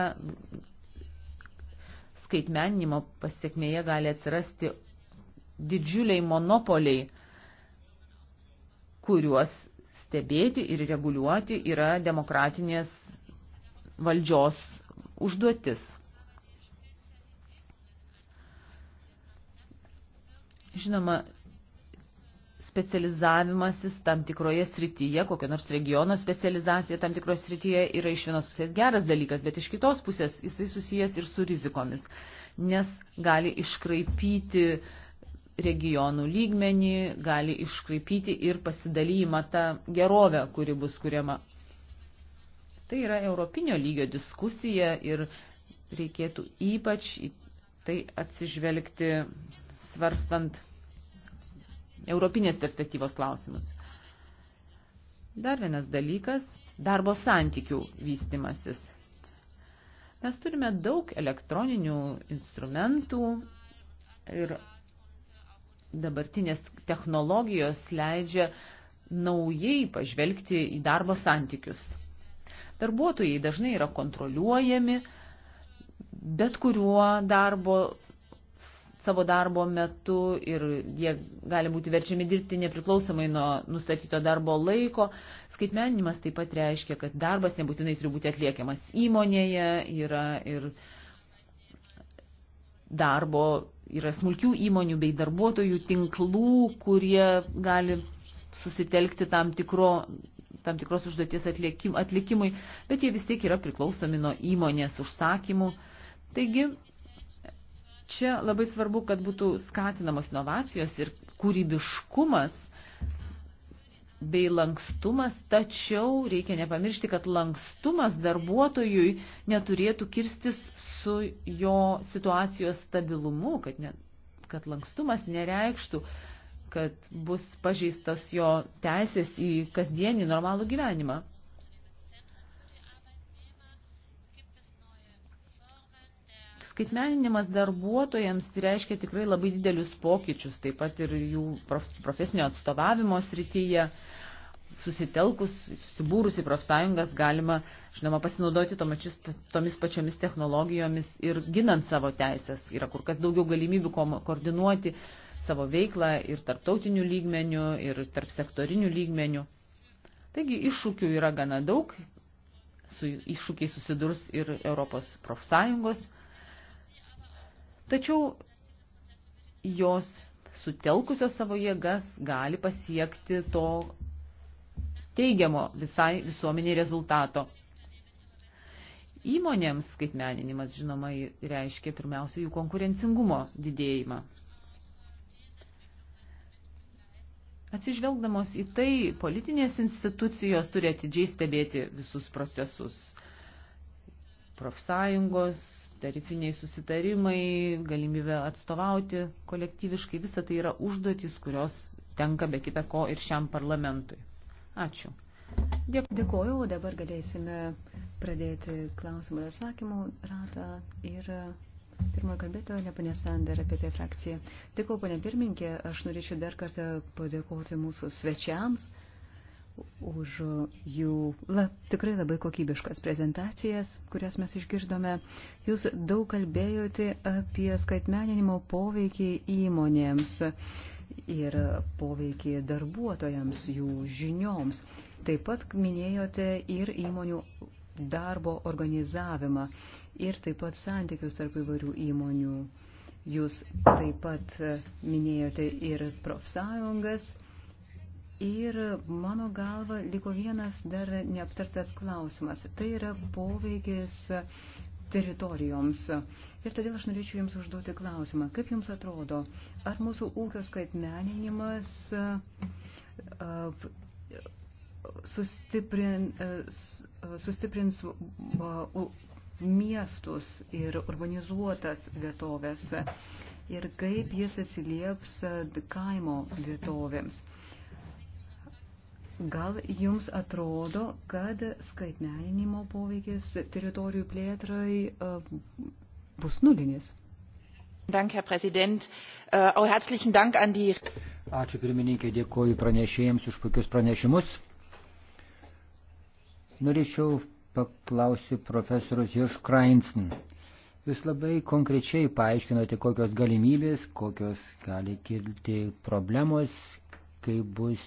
skaitmeninimo pasiekmėje gali atsirasti didžiuliai monopoliai kuriuos stebėti ir reguliuoti yra demokratinės valdžios užduotis. Žinoma, specializavimasis tam tikroje srityje, kokio nors regiono specializacija tam tikroje srityje yra iš vienos pusės geras dalykas, bet iš kitos pusės jisai susijęs ir su rizikomis, nes gali iškraipyti uh, regionų lygmenį, gali iškraipyti ir pasidalyjimą tą gerovę, kuri bus kuriama. Tai yra europinio lygio diskusija ir reikėtų ypač į tai atsižvelgti svarstant europinės perspektyvos klausimus. Dar vienas dalykas – darbo santykių vystimasis. Mes turime daug elektroninių instrumentų ir dabartinės technologijos leidžia naujai pažvelgti į darbo santykius. Darbuotojai dažnai yra kontroliuojami, bet kuriuo darbo, savo darbo metu ir jie gali būti verčiami dirbti nepriklausomai nuo nustatyto darbo laiko. Skaitmeninimas taip pat reiškia, kad darbas nebūtinai turi būti atliekamas įmonėje, yra ir darbo yra smulkių įmonių bei darbuotojų tinklų, kurie gali susitelkti tam, tikro, tam tikros užduoties atlikim, atlikimui, bet jie vis tiek yra priklausomi nuo įmonės užsakymų. Taigi, čia labai svarbu, kad būtų skatinamos inovacijos ir kūrybiškumas – bei lankstumas, tačiau reikia nepamiršti, kad lankstumas darbuotojui neturėtų kirstis su jo situacijos stabilumu, kad, ne, kad lankstumas nereikštų, kad bus pažeistas jo teisės į kasdienį normalų gyvenimą. Skaitmeninimas darbuotojams reiškia tikrai labai didelius pokyčius, taip pat ir jų profesinio atstovavimo srityje susitelkus, susibūrusi profsąjungas galima, žinoma, pasinaudoti tomačius, tomis pačiomis technologijomis ir ginant savo teisės. Yra kur kas daugiau galimybių koordinuoti savo veiklą ir tarptautinių lygmenių, ir tarp sektorinių lygmenių. Taigi iššūkių yra gana daug, su iššūkiai susidurs ir Europos profsąjungos. Tačiau jos sutelkusios savo jėgas gali pasiekti to, teigiamo visai visuomeniai rezultato. Įmonėms skaitmeninimas, žinoma, reiškia pirmiausia jų konkurencingumo didėjimą. Atsižvelgdamos į tai, politinės institucijos turi atidžiai stebėti visus procesus. Profsąjungos, tarifiniai susitarimai, galimybė atstovauti kolektyviškai, visa tai yra užduotis, kurios tenka be kita ko ir šiam parlamentui. Ačiū. Dėkuoju, o dabar galėsime pradėti klausimų ir atsakymų ratą ir Pirmoji kalbėtoja, ne panė Sander, apie tai frakciją. Dėkuoju, panė pirminkė, aš norėčiau dar kartą padėkoti mūsų svečiams už jų la, tikrai labai kokybiškas prezentacijas, kurias mes išgirdome. Jūs daug kalbėjote apie skaitmeninimo poveikį įmonėms. Uh, ir poveikį darbuotojams, jų žinioms. Taip pat minėjote ir įmonių darbo organizavimą ir taip pat santykius tarp įvairių įmonių. Jūs taip pat minėjote ir profsąjungas. Ir mano galva liko vienas dar neaptartas klausimas. Tai yra poveikis teritorijoms. Ir todėl aš norėčiau Jums užduoti klausimą, kaip Jums atrodo, ar mūsų ūkio skaitmeninimas sustiprin, sustiprins miestus ir urbanizuotas vietovės ir kaip jis atsilieps kaimo vietovėms. Gal jums atrodo, kad skaitmeninimo poveikis teritorijų plėtrai e, bus nulinis? Dank, Herr Präsident. Äh, auch herzlichen Dank an die. Ačiū pirmininkai, dėkoju pranešėjams už puikius pranešimus. Norėčiau paklausti profesorius Josh Krainsn. Jūs labai konkrečiai paaiškinote, kokios galimybės, kokios gali kilti problemos, kai bus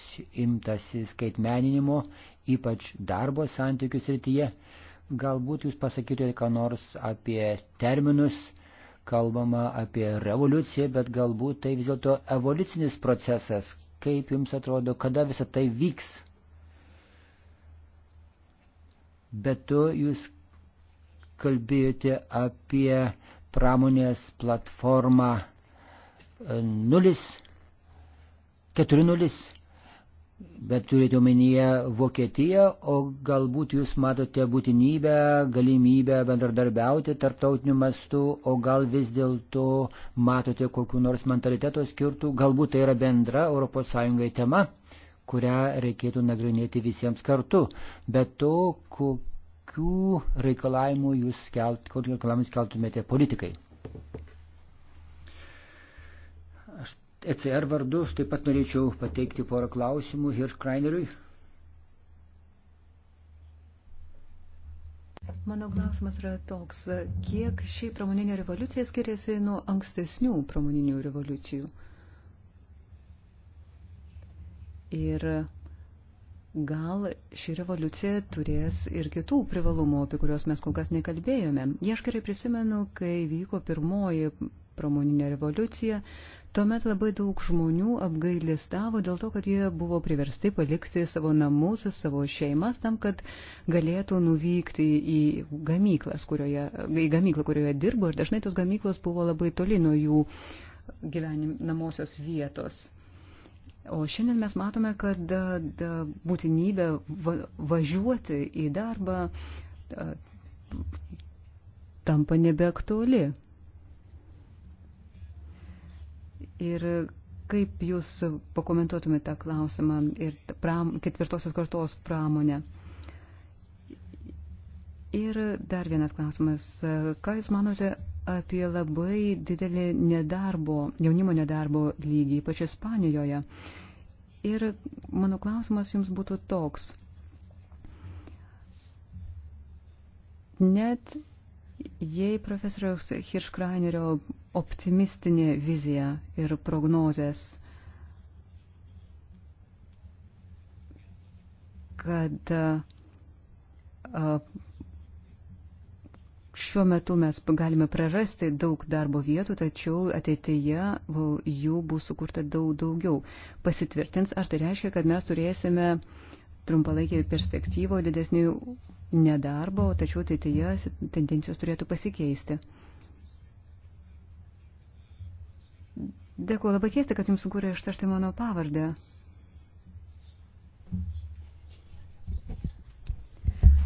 imtasi skaitmeninimo, ypač darbo santykių srityje. Galbūt jūs pasakytumėte ką nors apie terminus, kalbama apie revoliuciją, bet galbūt tai vis dėlto evoliucinis procesas. Kaip jums atrodo, kada visa tai vyks? Bet tu jūs kalbėjote apie pramonės platformą e, nulis 4-0. Bet turite omenyje Vokietiją, o galbūt jūs matote būtinybę, galimybę bendradarbiauti tarptautiniu mastu, o gal vis dėlto matote kokiu nors mentaliteto skirtų, galbūt tai yra bendra ES tema, kurią reikėtų nagrinėti visiems kartu. Bet to, kokių reikalavimų jūs kelt, reikalavimų keltumėte politikai. ECR vardu taip pat norėčiau pateikti porą klausimų Hirškraineriui. Mano klausimas yra toks, kiek ši pramoninė revoliucija skiriasi nuo ankstesnių pramoninių revoliucijų? Ir gal ši revoliucija turės ir kitų privalumų, apie kuriuos mes kol kas nekalbėjome. Aš gerai prisimenu, kai vyko pirmoji pramoninė revoliucija, Tuomet labai daug žmonių apgailistavo dėl to, kad jie buvo priversti palikti savo namus, savo šeimas tam, kad galėtų nuvykti į, gamyklas, kurioje, į gamyklą, kurioje dirbo ir dažnai tos gamyklos buvo labai toli nuo jų gyvenamosios vietos. O šiandien mes matome, kad da, da, būtinybė va, važiuoti į darbą da, tampa nebeaktuali. Ir kaip Jūs pakomentuotumėte tą klausimą ir pram, ketvirtosios kartos pramonę? Ir dar vienas klausimas. Ką Jūs manote apie labai didelį nedarbo, jaunimo nedarbo lygį, ypač Ispanijoje? Ir mano klausimas Jums būtų toks. Net jei profesoriaus Hirškrainerio optimistinė vizija ir prognozės, kad šiuo metu mes galime prarasti daug darbo vietų, tačiau ateityje jų bus sukurta daug daugiau. Pasitvirtins, ar tai reiškia, kad mes turėsime trumpalaikį perspektyvą didesnių nedarbo, tačiau ateityje tendencijos turėtų pasikeisti. Dėkuoju, labai keista, kad jums sunku yra ištarti mano pavardę.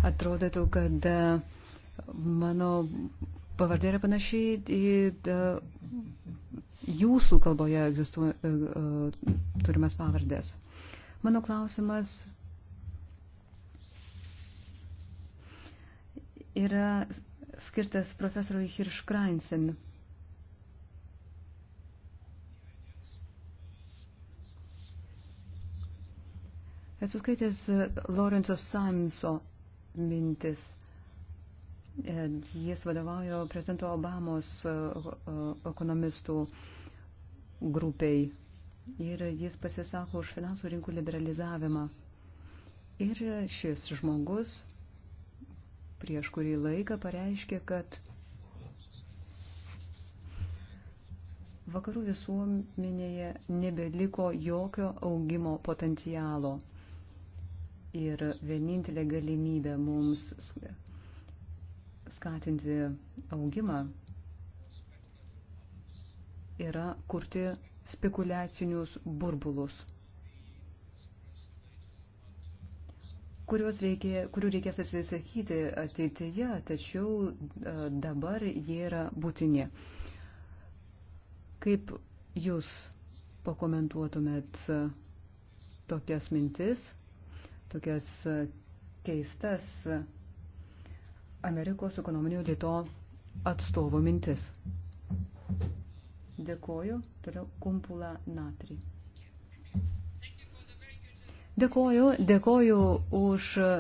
Atrodytų, kad e, mano pavardė yra panašiai į e, jūsų kalboje egzistuoja e, turimas pavardės. Mano klausimas yra skirtas profesoriui Hirškrainsen. Esu skaitęs e, Lorenzo Sanso mintis. E, jis vadovaujo prezidento Obamos e, ekonomistų grupiai ir jis pasisako už finansų rinkų liberalizavimą. Ir šis žmogus prieš kurį laiką pareiškė, kad vakarų visuomenėje nebeliko jokio augimo potencialo ir vienintelė galimybė mums skatinti augimą yra kurti spekuliacinius burbulus, reikia, kurių reikės atsisakyti ateityje, tačiau e, dabar jie yra būtini. Kaip jūs pakomentuotumėt tokias mintis? tokias e, keistas e, Amerikos ekonominio lito atstovo mintis. Dėkoju, toliau kumpula natri. Dėkoju, dėkoju už e,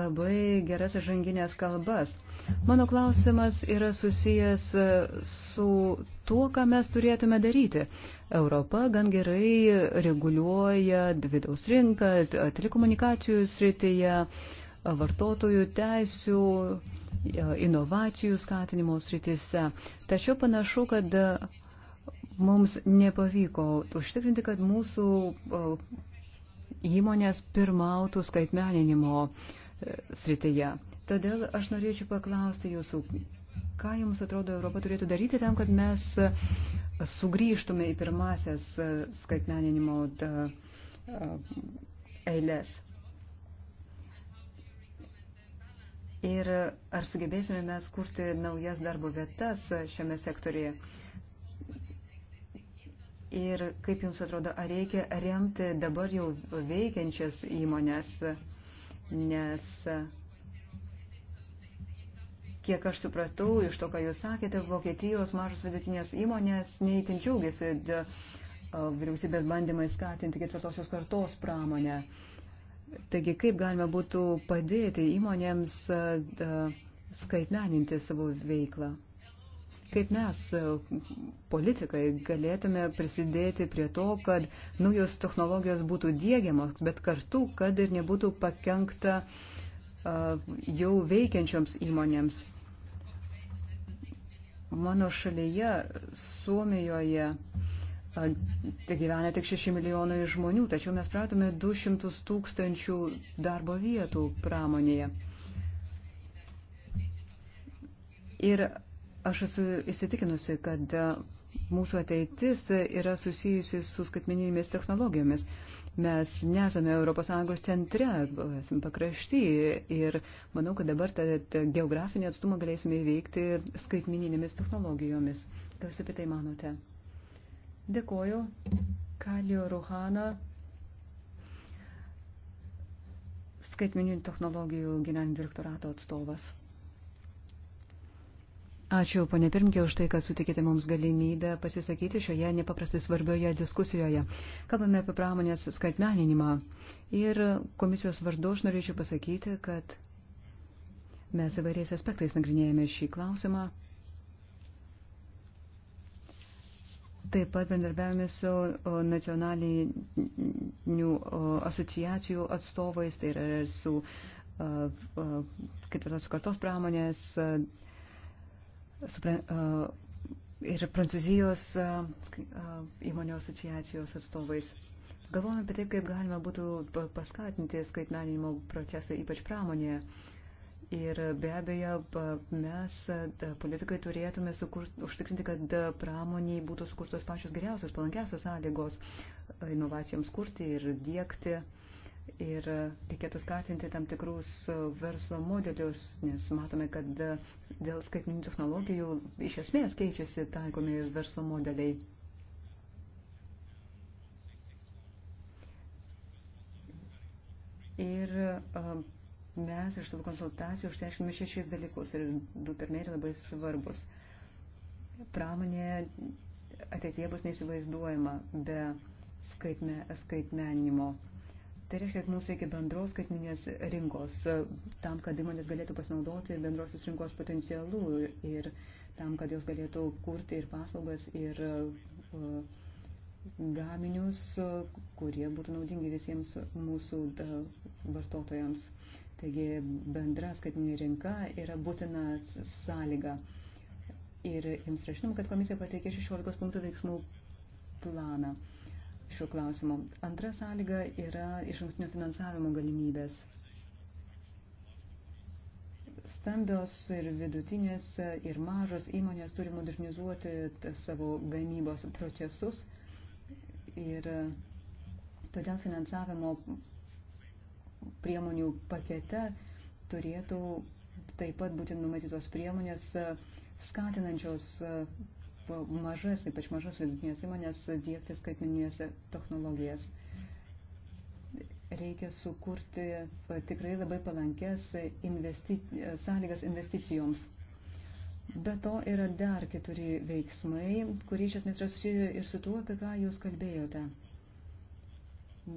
labai geras žanginės kalbas. Mano klausimas yra susijęs e, su tuo, ką mes turėtume daryti. Europa gan gerai reguliuoja vidaus rinką, telekomunikacijų srityje, vartotojų teisių, e, inovacijų skatinimo srityse. Tačiau panašu, kad e, mums nepavyko užtikrinti, kad mūsų įmonės pirmautų skaitmeninimo srityje. Todėl aš norėčiau paklausti jūsų, ką jums atrodo Europa turėtų daryti tam, kad mes sugrįžtume į pirmasias e, skaitmeninimo e, eilės. Ir ar sugebėsime mes kurti naujas darbo vietas šiame sektorėje? Ir kaip jums atrodo, ar reikia remti dabar jau veikiančias įmonės, nes uh, Kiek aš supratau, iš to, ką jūs sakėte, Vokietijos mažos vidutinės įmonės neįtin džiaugiasi vyriausybės bandymai skatinti ketvirtosios kartos pramonę. Taigi, kaip galima būtų padėti įmonėms skaitmeninti savo veiklą? Kaip mes, politikai, galėtume prisidėti prie to, kad naujos technologijos būtų dėgiamos, bet kartu, kad ir nebūtų pakengta uh, jau veikiančioms įmonėms. Mano šalyje, Suomijoje, tai gyvena tik 6 milijonai žmonių, tačiau mes pratome 200 tūkstančių darbo vietų pramonėje. Ir aš esu įsitikinusi, kad mūsų ateitis yra susijusi su skaitmeninėmis technologijomis. Mes nesame ES centre, esame pakrašty ir manau, kad dabar tą geografinį atstumą galėsime įveikti skaitmininėmis technologijomis. Ką jūs apie tai manote? Dėkoju. Kalio Ruhana, skaitmeninių technologijų generalinio direktorato atstovas. Ačiū, ponė Pirmkė, už tai, kad sutikite mums galimybę pasisakyti šioje nepaprastai svarbioje diskusijoje. Kalbame apie pramonės skaitmeninimą. Ir komisijos vardu aš norėčiau pasakyti, kad mes įvairiais aspektais nagrinėjame šį klausimą. Taip pat bendarbiavame su nacionalinių asociacijų atstovais, tai yra su ketvirtos kartos pramonės. O, supra, ir Prancūzijos įmonių asociacijos atstovais. Galvojame apie tai, kaip galima būtų paskatinti skaitmeninimo procesą, ypač pramonėje. Ir be abejo, mes, da, politikai, turėtume sukurt, užtikrinti, kad da, pramoniai būtų sukurtos pačios geriausios, palankiausios sąlygos inovacijoms kurti ir dėkti. Uh, ir reikėtų skatinti tam tikrus verslo modelius, nes matome, kad dėl skaitminių technologijų iš esmės keičiasi taikomi verslo modeliai. Ir mes iš savo konsultacijų užteiškiname šešis dalykus ir du pirmieji labai svarbus. Pramonė ateitie bus neįsivaizduojama be skaitme, skaitmenimo. Tai reiškia, kad mums reikia bendros skaitminės rinkos e, tam, kad įmonės galėtų pasinaudoti bendrosios rinkos potencialų ir tam, kad jos galėtų kurti ir paslaugas, ir e, gaminius, e, kurie būtų naudingi visiems mūsų vartotojams. Taigi bendra skaitminė rinka yra būtina sąlyga. Ir jums rašinam, kad komisija pateikė 16 punktų veiksmų planą šiuo klausimu. Antra sąlyga yra iš ankstinio finansavimo galimybės. Stambios ir vidutinės ir mažos įmonės turi modernizuoti savo gamybos procesus ir todėl finansavimo priemonių pakete turėtų taip pat būti numatytos priemonės skatinančios mažas, ypač mažas vidutinės įmonės dėkti skaitmeninės technologijas. Reikia sukurti e, tikrai labai palankės e, investi e, sąlygas investicijoms. Be to yra dar keturi veiksmai, kurie iš esmės yra susiję ir su tuo, apie ką jūs kalbėjote.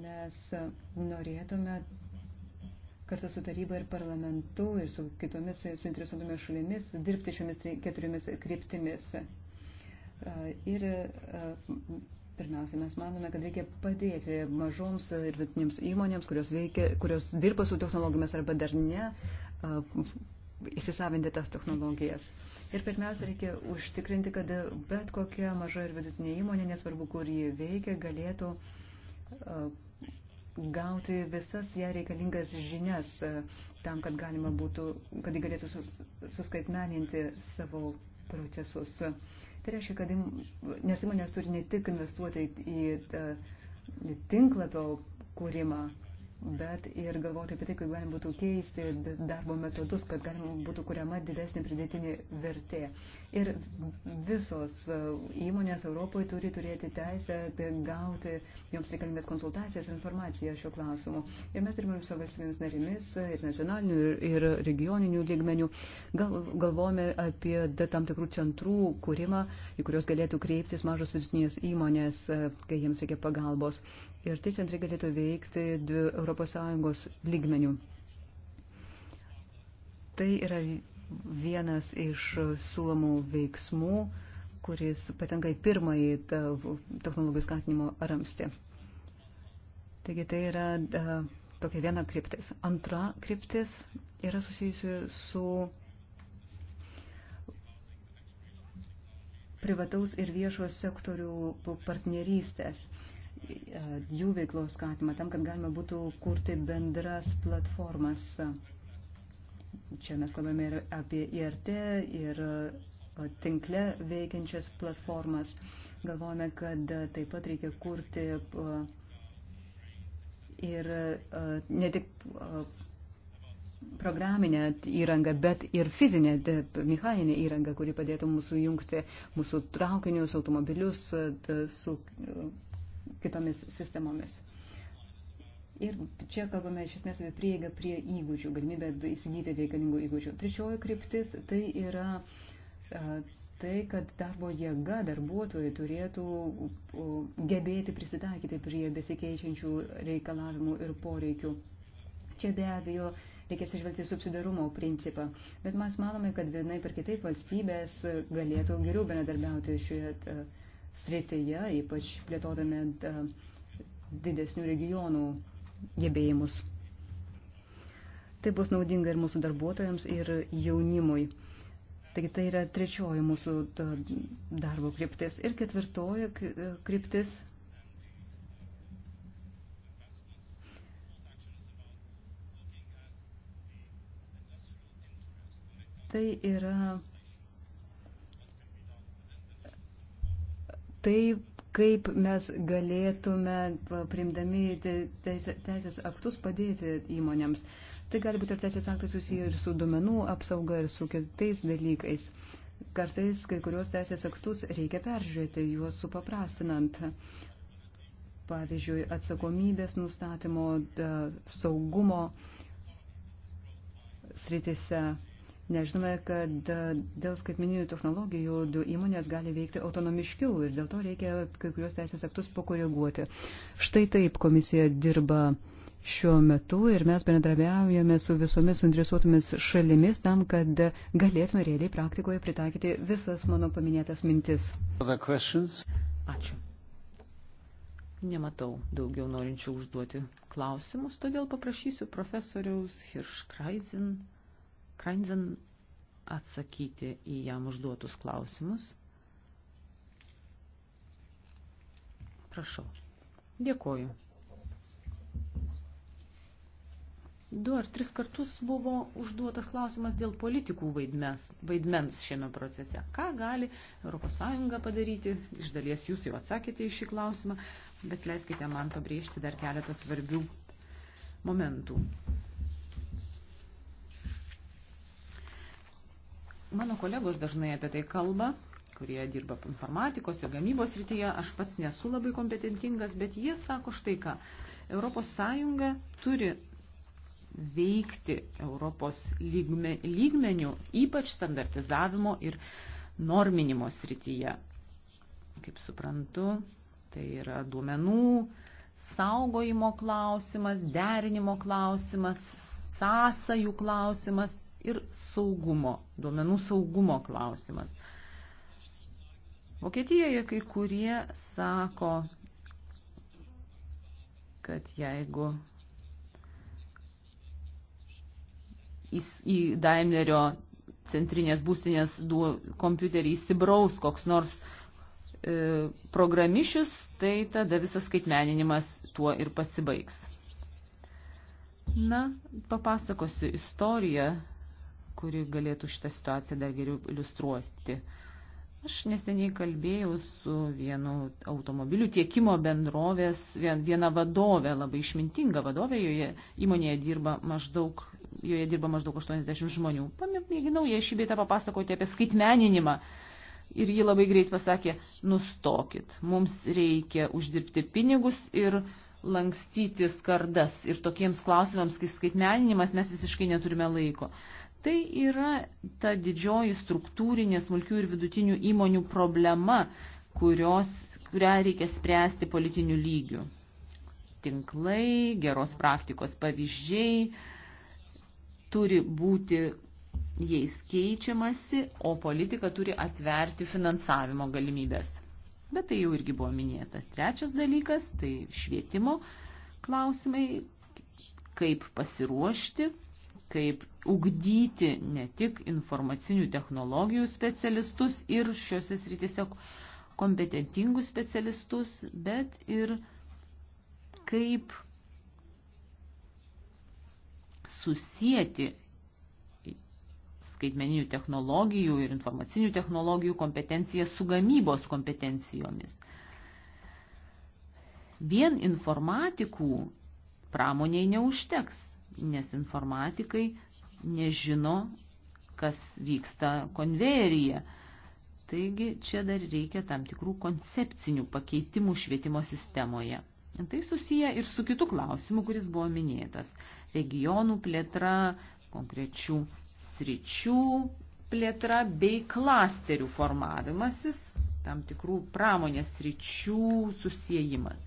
Mes norėtume kartu su taryba ir parlamentu ir su kitomis suinteresuotomis šalimis dirbti šiomis keturiomis kryptimis. E, ir e, pirmiausia, mes manome, kad reikia padėti mažoms ir vidutinėms įmonėms, kurios, veikia, kurios dirba su technologijomis arba dar ne, e, įsisavinti tas technologijas. Ir pirmiausia, reikia užtikrinti, kad bet kokia maža ir vidutinė įmonė, nesvarbu, kur ji veikia, galėtų gauti visas ją reikalingas žinias tam, kad galima būtų, kad ji galėtų sus, suskaitmeninti savo procesus. Tai reiškia, kad nes įmonės turi ne tik investuoti į tinklapio kūrimą, bet ir galvoti apie tai, kaip galima būtų keisti darbo metodus, kad galima būtų kuriama didesnė pridėtinė vertė. Ir visos e, įmonės Europoje turi turėti teisę e, gauti joms reikalingas konsultacijas ir informaciją šiuo klausimu. Ir mes dirbame su valstybėmis narimis e, ir nacionaliniu, ir regioniniu lygmeniu. Gal, galvome apie tam tikrų centrų kūrimą, į kuriuos galėtų kreiptis mažos vidutinės įmonės, kai jiems reikia pagalbos. Ir tie centrai galėtų veikti dvi ES lygmenių. Tai yra vienas iš siūlomų veiksmų, kuris patenka į pirmąjį technologijų skatinimo ramstį. Taigi tai yra da, tokia viena kryptis. Antra kryptis yra susijusi su privataus ir viešo sektorių partnerystės. Uh, E, jų veiklos skatimą, tam, kad galima būtų kurti bendras platformas. Čia mes kalbame ir apie IRT, ir e, tinkle veikiančias platformas. Galvojame, kad e, taip pat reikia kurti ir ne tik programinę įrangą, bet ir fizinę, mechaninę įrangą, kuri padėtų mūsų jungti mūsų traukinius, automobilius su kitomis sistemomis. Ir čia kalbame iš esmės apie prieigą prie įgūdžių, galimybę įsigyti reikalingų įgūdžių. Trečioji kryptis tai yra tai, kad darbo jėga darbuotojai turėtų gebėti prisitaikyti prie besikeičiančių reikalavimų ir poreikių. Čia be abejo reikės išvelgti subsidarumo principą, bet mes manome, kad vienai per kitaip valstybės galėtų geriau bendradarbiauti šioje srityje, ypač plėtodami e, didesnių regionų gebėjimus. Tai bus naudinga ir mūsų darbuotojams, ir jaunimui. Taigi tai yra trečioji mūsų darbo kryptis. Ir ketvirtoji e, kryptis. Tai yra taip, kaip mes galėtume, priimdami teisės aktus, padėti įmonėms. Tai gali būti ir teisės aktai susiję ir su duomenų apsauga, ir su kitais dalykais. Kartais kai kurios teisės aktus reikia peržiūrėti, juos supaprastinant. Pavyzdžiui, atsakomybės nustatymo, saugumo sritise Nežinome, kad e, dėl skaitmeninių technologijų du įmonės gali veikti autonomiškiau ir dėl to reikia kai kurios teisės aktus pakoreguoti. Štai taip komisija dirba šiuo metu ir mes bendradarbiaujame su visomis suinteresuotomis šalimis tam, kad galėtume realiai praktikoje pritaikyti visas mano paminėtas mintis. Ačiū. Nematau daugiau norinčių užduoti klausimus, todėl paprašysiu profesoriaus Hirškraizen Kranzen atsakyti į jam užduotus klausimus. Prašau. Dėkoju. Du ar tris kartus buvo užduotas klausimas dėl politikų vaidmens, vaidmens šiame procese. Ką gali ES padaryti? Iš dalies jūs jau atsakėte į šį klausimą, bet leiskite man pabrėžti dar keletą svarbių momentų. Mano kolegos dažnai apie tai kalba, kurie dirba informatikos ir gamybos rytyje. Aš pats nesu labai kompetentingas, bet jie sako štai ką. Europos Sąjunga turi veikti Europos lygmenių, ypač standartizavimo ir norminimo srityje. Kaip suprantu, tai yra duomenų saugojimo klausimas, derinimo klausimas, sąsajų klausimas ir saugumo, duomenų saugumo klausimas. Vokietijoje kai kurie sako, kad jeigu į Daimlerio centrinės būstinės du, kompiuterį įsibraus koks nors e, programišius, tai tada visas skaitmeninimas tuo ir pasibaigs. Na, papasakosiu istoriją kuri galėtų šitą situaciją dar geriau iliustruoti. Aš neseniai kalbėjau su vienu automobilių tiekimo bendrovės, viena vadovė, labai išmintinga vadovė, joje įmonėje dirba maždaug, joje dirba maždaug 80 žmonių. Pamėginau jie šį beitą papasakoti apie skaitmeninimą. Ir ji labai greit pasakė, nustokit, mums reikia uždirbti pinigus ir lankstyti skardas. Ir tokiems klausimams, kaip skaitmeninimas, mes visiškai neturime laiko. Tai yra ta didžioji struktūrinė smulkių ir vidutinių įmonių problema, kurios, kurią reikia spręsti politinių lygių. Tinklai, geros praktikos pavyzdžiai turi būti jais keičiamasi, o politika turi atverti finansavimo galimybės. Bet tai jau irgi buvo minėta. Trečias dalykas - tai švietimo klausimai, kaip pasiruošti kaip ugdyti ne tik informacinių technologijų specialistus ir šiuose srityse kompetentingus specialistus, bet ir kaip susijęti skaitmeninių technologijų ir informacinių technologijų kompetenciją su gamybos kompetencijomis. Vien informatikų pramoniai neužteks nes informatikai nežino, kas vyksta konvejeryje. Taigi čia dar reikia tam tikrų koncepcinių pakeitimų švietimo sistemoje. Tai susiję ir su kitu klausimu, kuris buvo minėtas. Regionų plėtra, konkrečių sričių plėtra bei klasterių formavimasis, tam tikrų pramonės sričių susijimas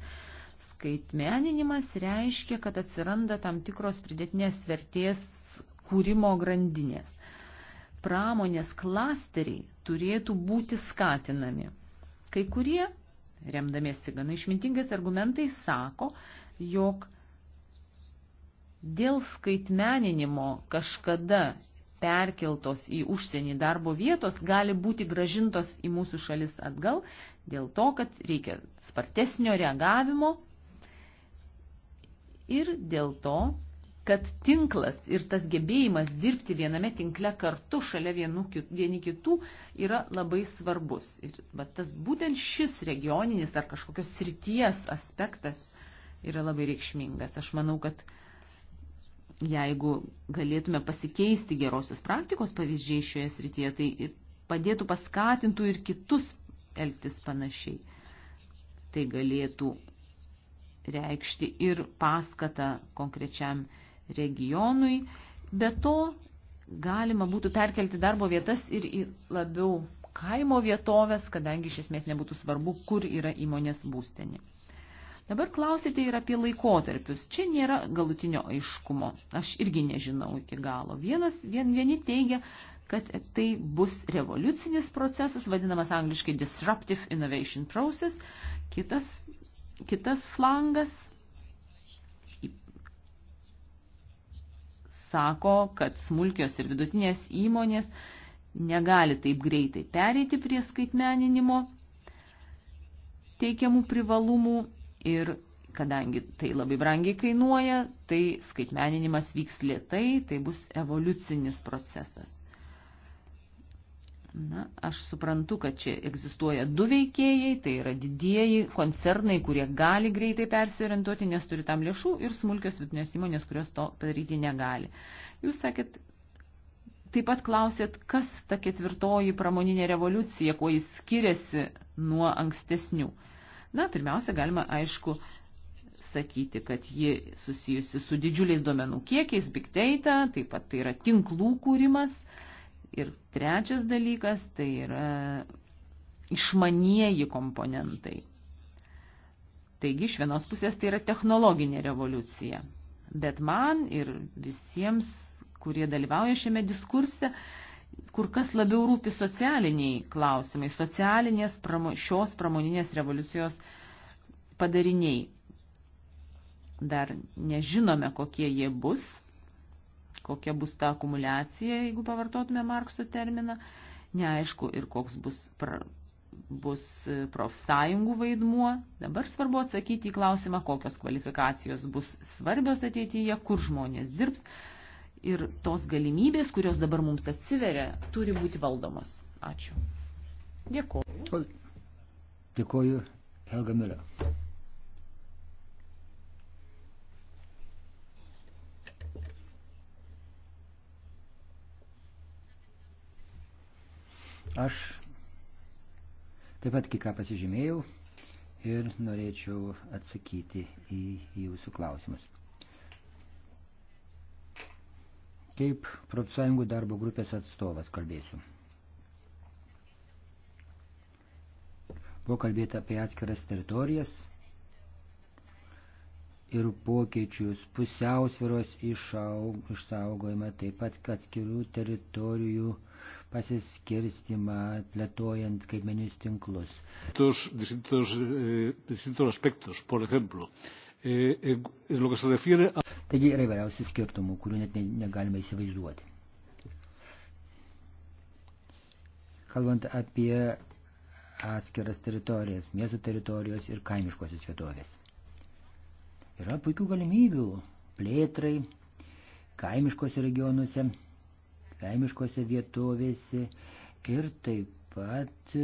skaitmeninimas reiškia, kad atsiranda tam tikros pridėtinės vertės kūrimo grandinės. Pramonės klasteriai turėtų būti skatinami. Kai kurie, remdamiesi gana išmintingais argumentais, sako, jog dėl skaitmeninimo kažkada perkeltos į užsienį darbo vietos gali būti gražintos į mūsų šalis atgal dėl to, kad reikia spartesnio reagavimo ir dėl to, kad tinklas ir tas gebėjimas dirbti viename tinkle kartu šalia vienų, vieni kitų yra labai svarbus. Ir bet tas būtent šis regioninis ar kažkokios srities aspektas yra labai reikšmingas. Aš manau, kad jeigu galėtume pasikeisti gerosios praktikos pavyzdžiai šioje srityje, tai padėtų paskatintų ir kitus elgtis panašiai. Tai galėtų reikšti ir paskatą konkrečiam regionui. Be to, galima būtų perkelti darbo vietas ir į labiau kaimo vietovės, kadangi iš esmės nebūtų svarbu, kur yra įmonės būstenė. Dabar klausite ir apie laikotarpius. Čia nėra galutinio aiškumo. Aš irgi nežinau iki galo. Vienas, vien, vieni teigia, kad tai bus revoliucinis procesas, vadinamas angliškai disruptive innovation process. Kitas kitas flangas sako, kad smulkios ir vidutinės įmonės negali taip greitai pereiti prie skaitmeninimo teikiamų privalumų ir kadangi tai labai brangiai kainuoja, tai skaitmeninimas vyks lietai, tai bus evoliucinis procesas. Na, aš suprantu, kad čia egzistuoja du veikėjai, tai yra didieji koncernai, kurie gali greitai persiorientuoti, nes turi tam lėšų, ir smulkios vidutinės įmonės, kurios to padaryti negali. Jūs sakėt, taip pat klausėt, kas ta ketvirtoji pramoninė revoliucija, kuo jis skiriasi nuo ankstesnių. Na, pirmiausia, galima, aišku, sakyti, kad ji susijusi su didžiuliais duomenų kiekiais, big data, taip pat tai yra tinklų kūrimas. Uh, Ir trečias dalykas tai yra išmanieji komponentai. Taigi, iš vienos pusės tai yra technologinė revoliucija. Bet man ir visiems, kurie dalyvauja šiame diskurse, kur kas labiau rūpi socialiniai klausimai, socialinės pramo, šios pramoninės revoliucijos padariniai. Dar nežinome, kokie jie bus, kokia bus ta akumuliacija, jeigu pavartotume Markso terminą, neaišku ir koks bus, pra, bus e, profsąjungų vaidmuo. Dabar svarbu atsakyti į klausimą, kokios kvalifikacijos bus svarbios ateityje, kur žmonės dirbs ir tos galimybės, kurios dabar mums atsiveria, turi būti valdomos. Ačiū. Dėkuoju. Dėkuoju, Helga Miller. Aš taip pat kai ką pasižymėjau ir norėčiau atsakyti į jūsų klausimus. Kaip profsąjungų darbo grupės atstovas kalbėsiu. Buvo kalbėta apie atskiras teritorijas ir pokyčius, pusiausviros išsaugojimą, taip pat atskirų teritorijų pasiskirstimą, plėtojant kaimenius tinklus. Tos distintos, eh, distintos aspektus, por ejemplo, eh, en, en lo que se refiere a... Taigi yra įvairiausių skirtumų, kurių net negalime įsivaizduoti. Kalbant apie atskiras teritorijas, miestų teritorijos ir kaimiškosios vietovės. Yra puikių galimybių plėtrai kaimiškose regionuose kaimiškose vietovėse ir taip pat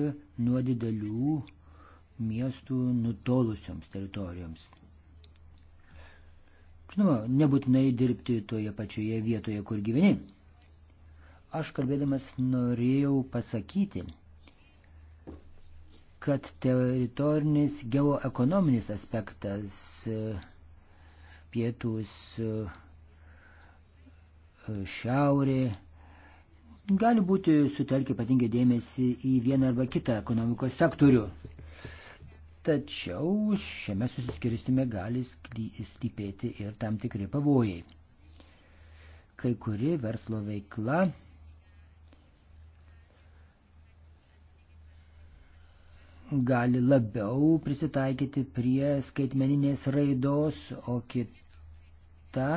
nuo didelių miestų nutolusioms teritorijoms. Žinoma, nebūtinai dirbti toje pačioje vietoje, kur gyveni. Aš kalbėdamas norėjau pasakyti, kad teritorinis geoekonominis aspektas pietus, šiaurė, gali būti sutelkę ypatingą dėmesį į vieną arba kitą ekonomikos sektorių. Tačiau šiame susiskirstime gali slypėti ir tam tikri pavojai. Kai kuri verslo veikla gali labiau prisitaikyti prie skaitmeninės raidos, o kita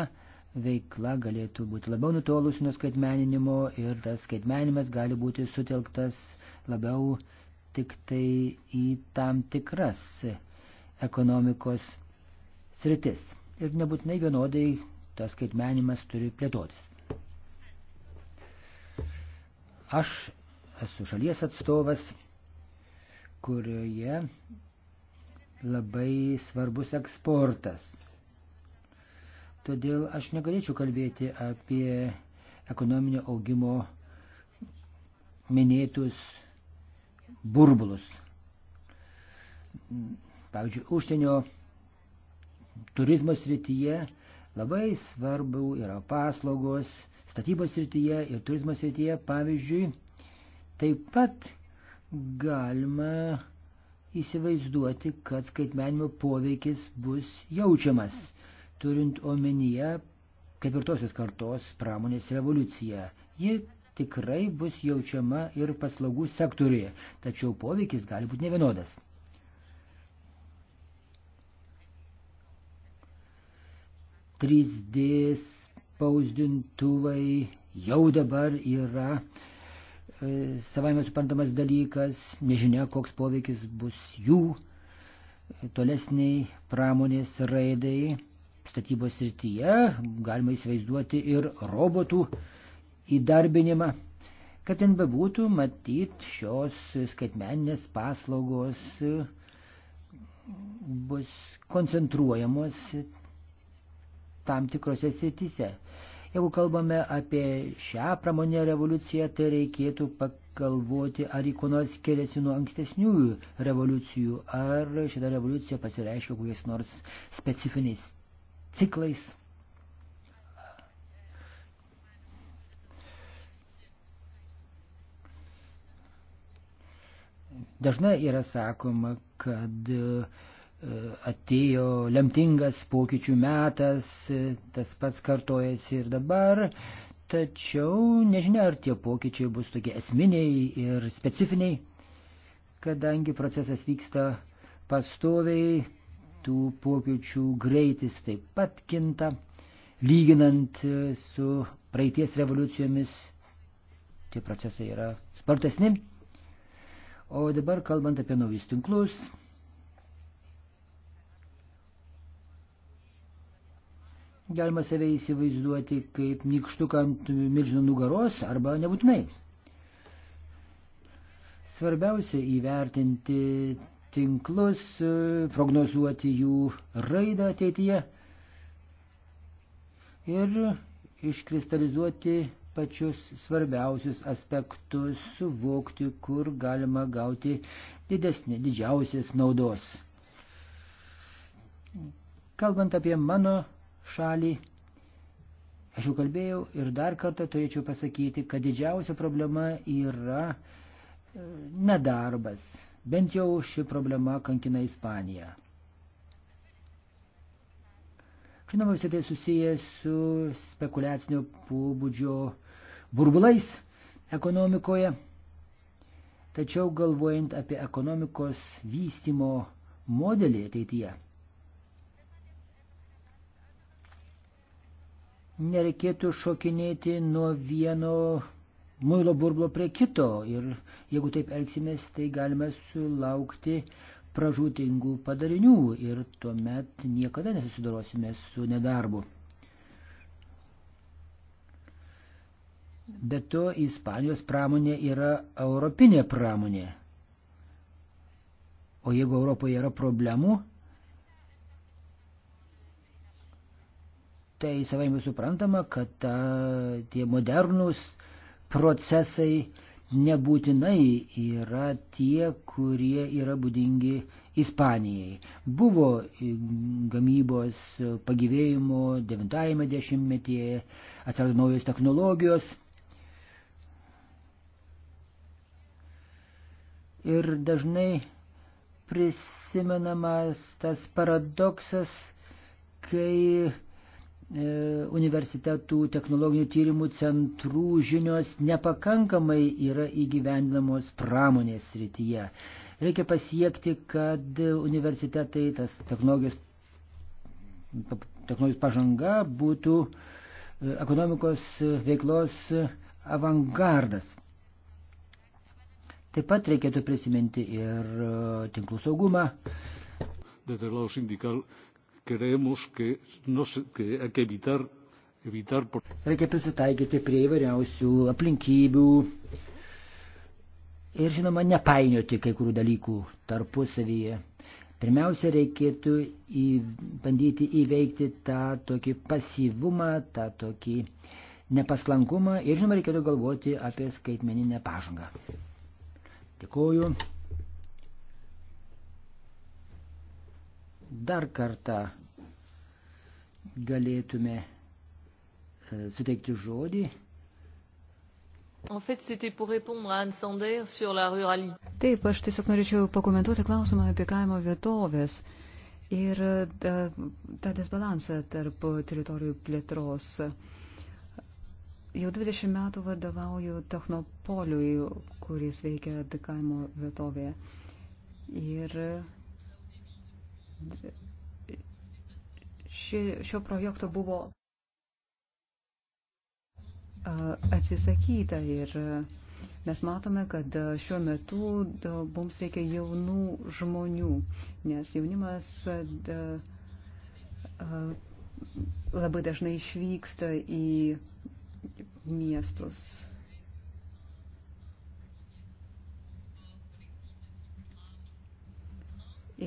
veikla galėtų būti labiau nutolus nuo skaitmeninimo ir tas skaitmenimas gali būti sutelktas labiau tik tai į tam tikras ekonomikos sritis. Ir nebūtinai vienodai tas skaitmenimas turi plėtotis. Aš esu šalies atstovas, kurioje labai svarbus eksportas. Todėl aš negalėčiau kalbėti apie ekonominio augimo minėtus burbulus. Pavyzdžiui, užsienio turizmo srityje labai svarbu yra paslaugos, statybos srityje ir turizmo srityje, pavyzdžiui, taip pat galima įsivaizduoti, kad skaitmenimo poveikis bus jaučiamas turint omenyje ketvirtosios kartos pramonės revoliuciją. Ji tikrai bus jaučiama ir paslaugų sektoriuje, tačiau poveikis gali būti nevienodas. Trys D spausdintuvai jau dabar yra e, savaime suprantamas dalykas, nežinia, koks poveikis bus jų e, tolesniai pramonės raidai statybos srityje, galima įsivaizduoti ir robotų įdarbinimą. Kad ten bebūtų, matyt, šios skaitmeninės paslaugos e, bus koncentruojamos tam tikrose srityse. Jeigu kalbame apie šią pramonę revoliuciją, tai reikėtų pagalvoti, ar į ko nors skiriasi nuo ankstesniųjų revoliucijų, ar šita revoliucija pasireiškia kokiais nors specifiniais ciklais. Dažnai yra sakoma, kad e, atėjo lemtingas pokyčių metas, e, tas pats kartojasi ir dabar, tačiau nežinia, ar tie pokyčiai bus tokie esminiai ir specifiniai, kadangi procesas vyksta pastoviai, tų pokyčių greitis taip pat kinta, lyginant e, su praeities revoliucijomis, tie procesai yra spartesni. O dabar kalbant apie naujus tinklus, galima save įsivaizduoti kaip nykštuką ant milžino nugaros arba nebūtinai. Svarbiausia įvertinti tinklus, e, prognozuoti jų raidą ateityje ir iškristalizuoti pačius svarbiausius aspektus, suvokti, kur galima gauti didesnį, didžiausias naudos. Kalbant apie mano šalį, aš jau kalbėjau ir dar kartą turėčiau pasakyti, kad didžiausia problema yra e, nedarbas. Bent jau ši problema kankina Ispaniją. Žinoma, visą tai susiję su spekuliacinio pobūdžio burbulais ekonomikoje. Tačiau galvojant apie ekonomikos vystimo modelį ateityje, nereikėtų šokinėti nuo vieno muilo burblo prie kito ir jeigu taip elgsimės, tai galime sulaukti pražūtingų padarinių ir tuomet niekada nesusidorosime su nedarbu. Bet to Ispanijos pramonė yra europinė pramonė. O jeigu Europoje yra problemų, tai savai suprantama, kad ta, tie modernūs procesai nebūtinai yra tie, kurie yra būdingi Ispanijai. Buvo gamybos pagyvėjimo 90-ame dešimtmetyje, atsirado naujos technologijos. Ir dažnai prisimenamas tas paradoksas, kai E, universitetų, technologinių tyrimų centrų žinios nepakankamai yra įgyvendinamos pramonės srityje. Reikia pasiekti, kad universitetai, tas technologijos, technologijos pažanga būtų e, ekonomikos veiklos avangardas. Taip pat reikėtų prisiminti ir e, tinklų saugumą. That allows indical creemos que, no, que hay que evitar. evitar por... Reikia prisitaikyti prie įvairiausių aplinkybių ir, žinoma, nepainioti kai kurių dalykų tarpusavyje. Pirmiausia, reikėtų į, bandyti įveikti tą tokį pasyvumą, tą tokį nepaslankumą ir, žinoma, reikėtų galvoti apie skaitmeninę pažangą. Dėkuoju. dar kartą galėtume e, suteikti žodį. En fait, c'était pour répondre à Anne Sander sur la ruralité. Taip, aš tiesiog norėčiau pakomentuoti klausimą apie kaimo vietovės ir tą, e, tą disbalansą tarp teritorijų plėtros. Jau 20 metų vadovauju technopoliui, kuris veikia kaimo vietovėje. Ir ši, šio projekto buvo atsisakyta ir mes matome, kad šiuo metu mums reikia jaunų žmonių, nes jaunimas labai dažnai išvyksta į miestus.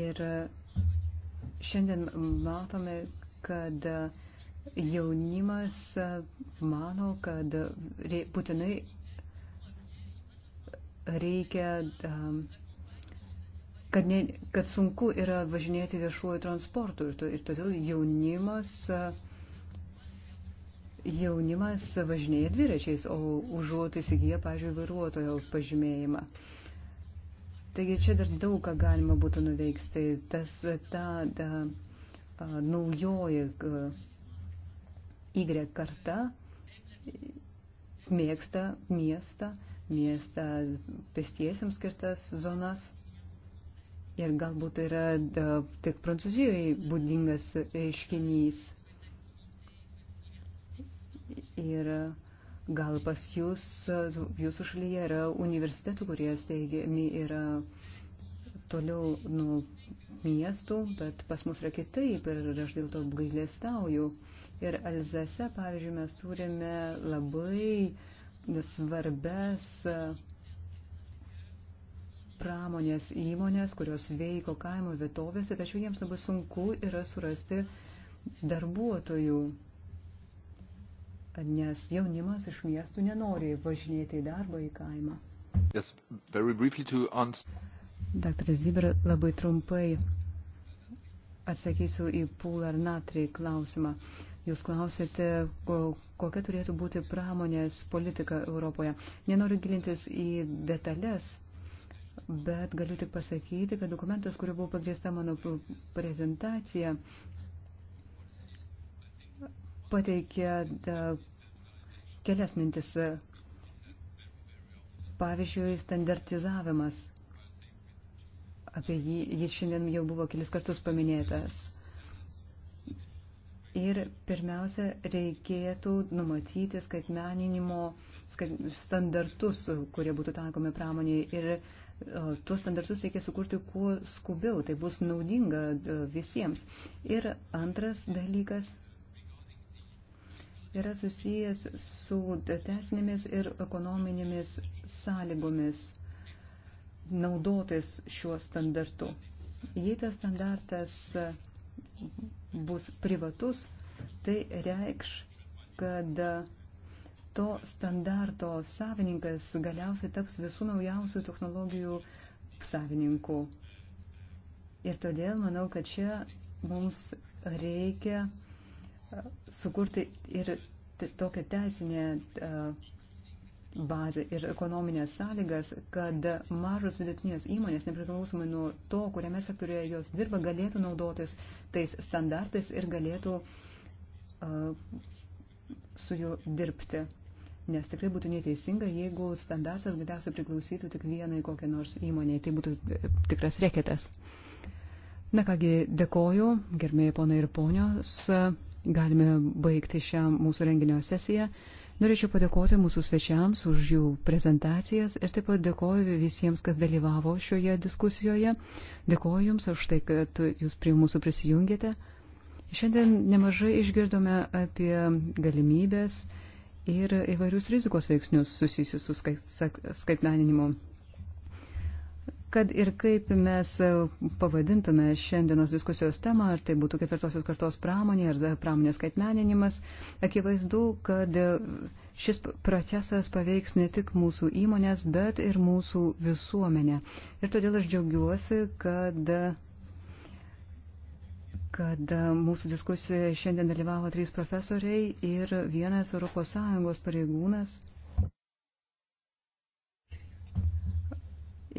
Ir Šiandien matome, kad jaunimas mano, kad būtinai reikia, um, kad, ne, kad sunku yra važinėti viešuoju transportu ir, to, ir todėl jaunimas, jaunimas važinėja dviračiais, o užuot įsigyja, pažiūrėjau, vairuotojo pažymėjimą. Taigi čia dar daug ką galima būtų nuveikti. Tas ta, ta a, naujoji a, Y karta mėgsta miestą, miestą pestiesiams skirtas zonas. Ir galbūt tai yra da, tik Prancūzijoje būdingas reiškinys. Ir a, Gal pas jūs, jūsų šalyje yra universitetų, kurie steigiami yra toliau nuo miestų, bet pas mus yra kitaip ir aš dėl to gailestauju. Ir Alzase, pavyzdžiui, mes turime labai svarbes e, pramonės įmonės, kurios veiko kaimo vietovėse, tačiau jiems labai sunku yra surasti darbuotojų nes jaunimas iš miestų nenori važinėti į darbą į kaimą. Yes, Daktaras Zibra, labai trumpai atsakysiu į pūl ar natrį klausimą. Jūs klausėte, kokia turėtų būti pramonės politika Europoje. Nenoriu gilintis į detalės, bet galiu tik pasakyti, kad dokumentas, kuriuo buvo pagrįsta mano prezentacija, pateikė kelias mintis. Pavyzdžiui, standartizavimas. Apie jį jis šiandien jau buvo kelis kartus paminėtas. Ir pirmiausia, reikėtų numatyti skaitmeninimo standartus, kurie būtų taikomi pramoniai. Ir tuos standartus reikia sukurti kuo skubiau, tai bus naudinga visiems. Ir antras dalykas yra susijęs su tesnėmis ir ekonominėmis sąlygomis naudotis šiuo standartu. Jei tas standartas bus privatus, tai reikš, kad to standarto savininkas galiausiai taps visų naujausių technologijų savininku. Ir todėl manau, kad čia mums reikia uh, sukurti ir tokią teisinę bazę ir ekonominės sąlygas, kad mažos vidutinės įmonės, nepriklausomai nuo to, kuriame sektorėje jos dirba, galėtų naudotis tais standartais ir galėtų uh, su juo dirbti. Nes tikrai būtų neteisinga, jeigu standartas galiausiai priklausytų tik vienai kokiai nors įmoniai. Tai būtų e, tikras reketas. Na kągi, dėkoju, gerbėjai ponai ir ponios galime baigti šią mūsų renginio sesiją. Norėčiau padėkoti mūsų svečiams už jų prezentacijas ir taip pat dėkoju visiems, kas dalyvavo šioje diskusijoje. Dėkoju Jums už tai, kad Jūs prie mūsų prisijungėte. Šiandien nemažai išgirdome apie galimybės ir įvairius rizikos veiksnius susijusius su skaitmeninimu kad ir kaip mes pavadintume šiandienos diskusijos temą, ar tai būtų ketvirtosios kartos pramonė, ar pramonės skaitmeninimas, akivaizdu, kad šis procesas paveiks ne tik mūsų įmonės, bet ir mūsų visuomenę. Ir todėl aš džiaugiuosi, kad kad mūsų diskusijoje šiandien dalyvavo trys profesoriai ir vienas ES pareigūnas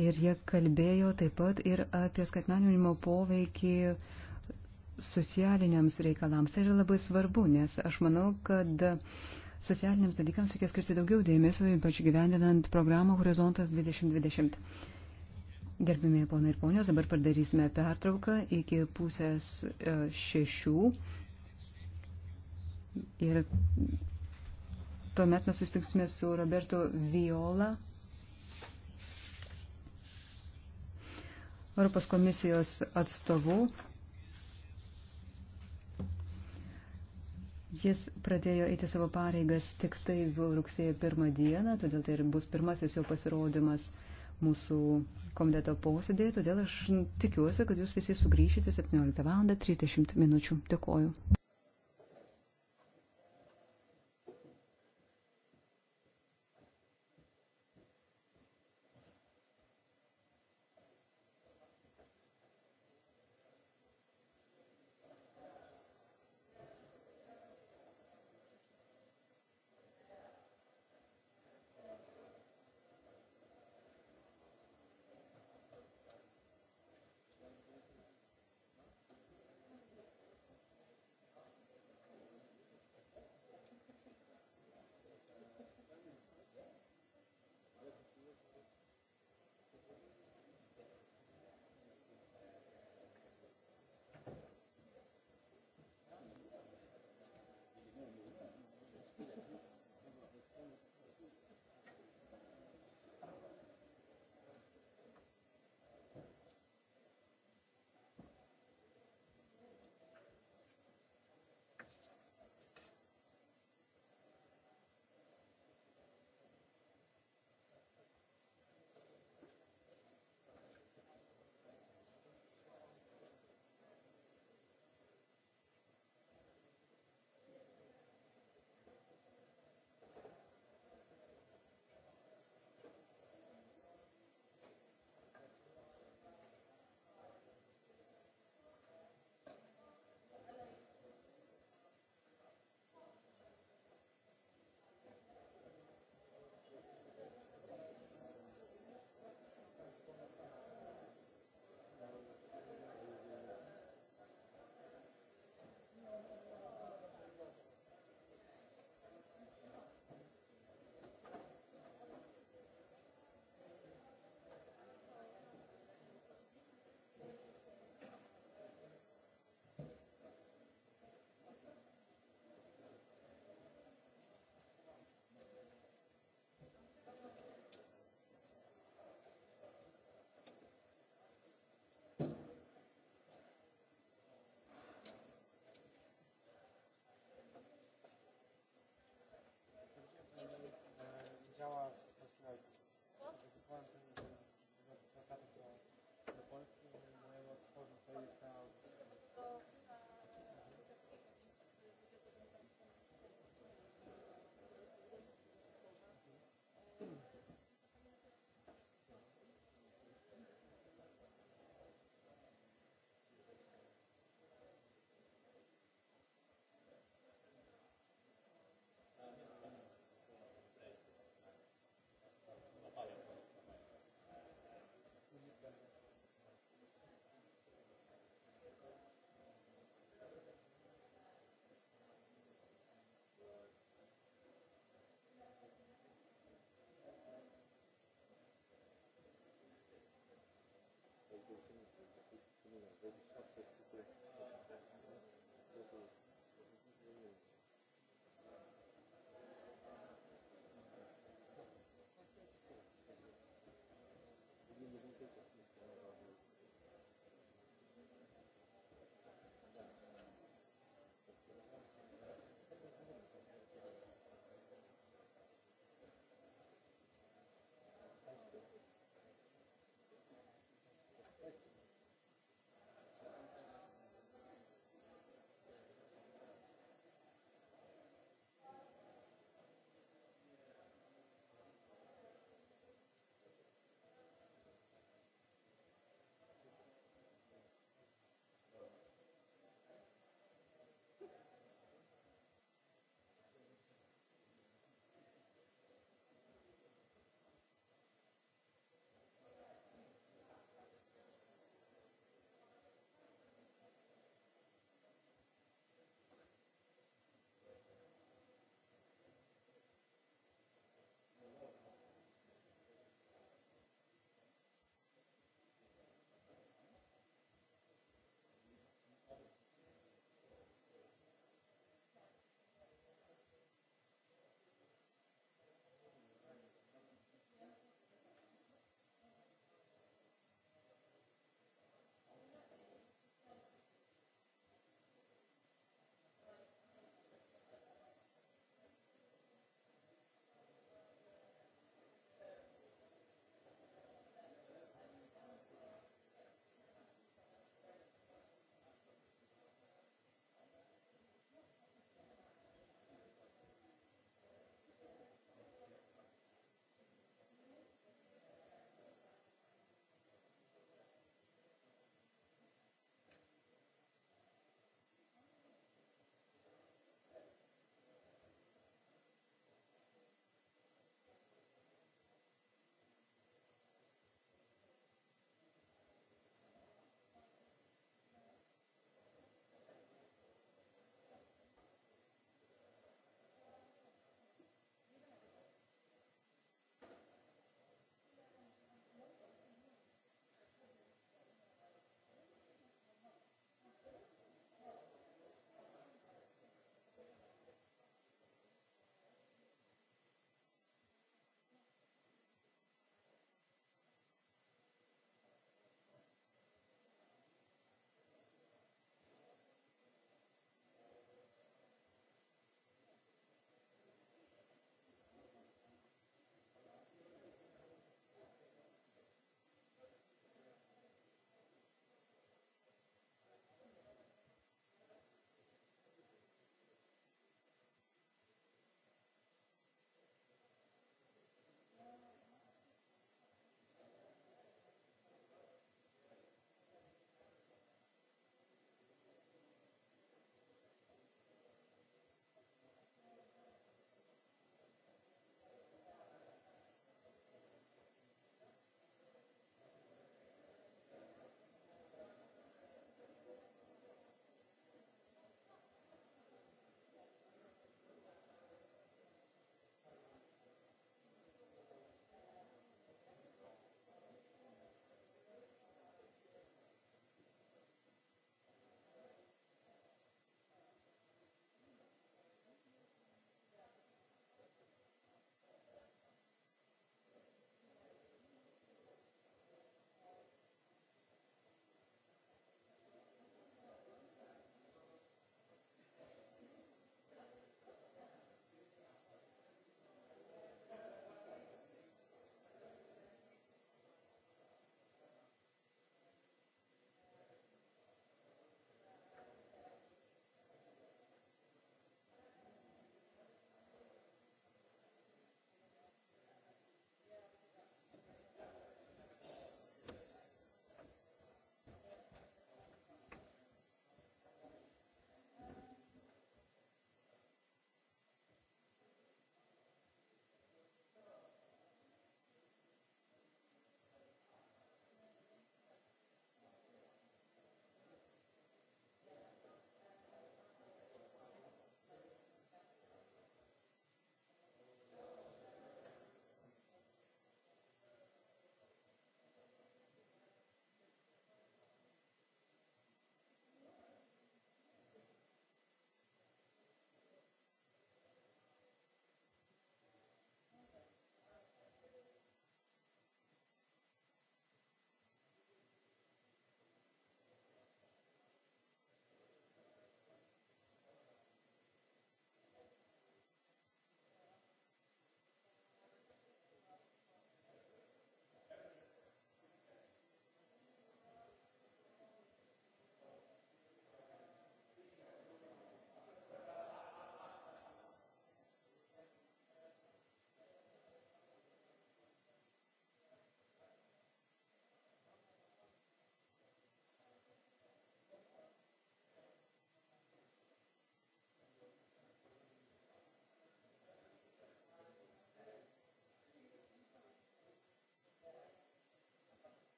Ir jie kalbėjo taip pat ir apie skatinanimo poveikį socialiniams reikalams. Tai yra labai svarbu, nes aš manau, kad socialiniams dalykams reikia skirti daugiau dėmesio, ypač gyvendinant programą Horizontas 2020. Gerbimieji ponai ir ponios, dabar padarysime pertrauką iki pusės e, šešių. Ir tuomet mes susitiksime su Roberto Viola. Europos komisijos atstovu. Jis pradėjo eiti savo pareigas tik tai rugsėjo pirmą dieną, todėl tai ir bus pirmasis jo pasirodymas mūsų komiteto posėdėje, todėl aš tikiuosi, kad jūs visi sugrįšite 17 val. 30 minučių. Dėkoju.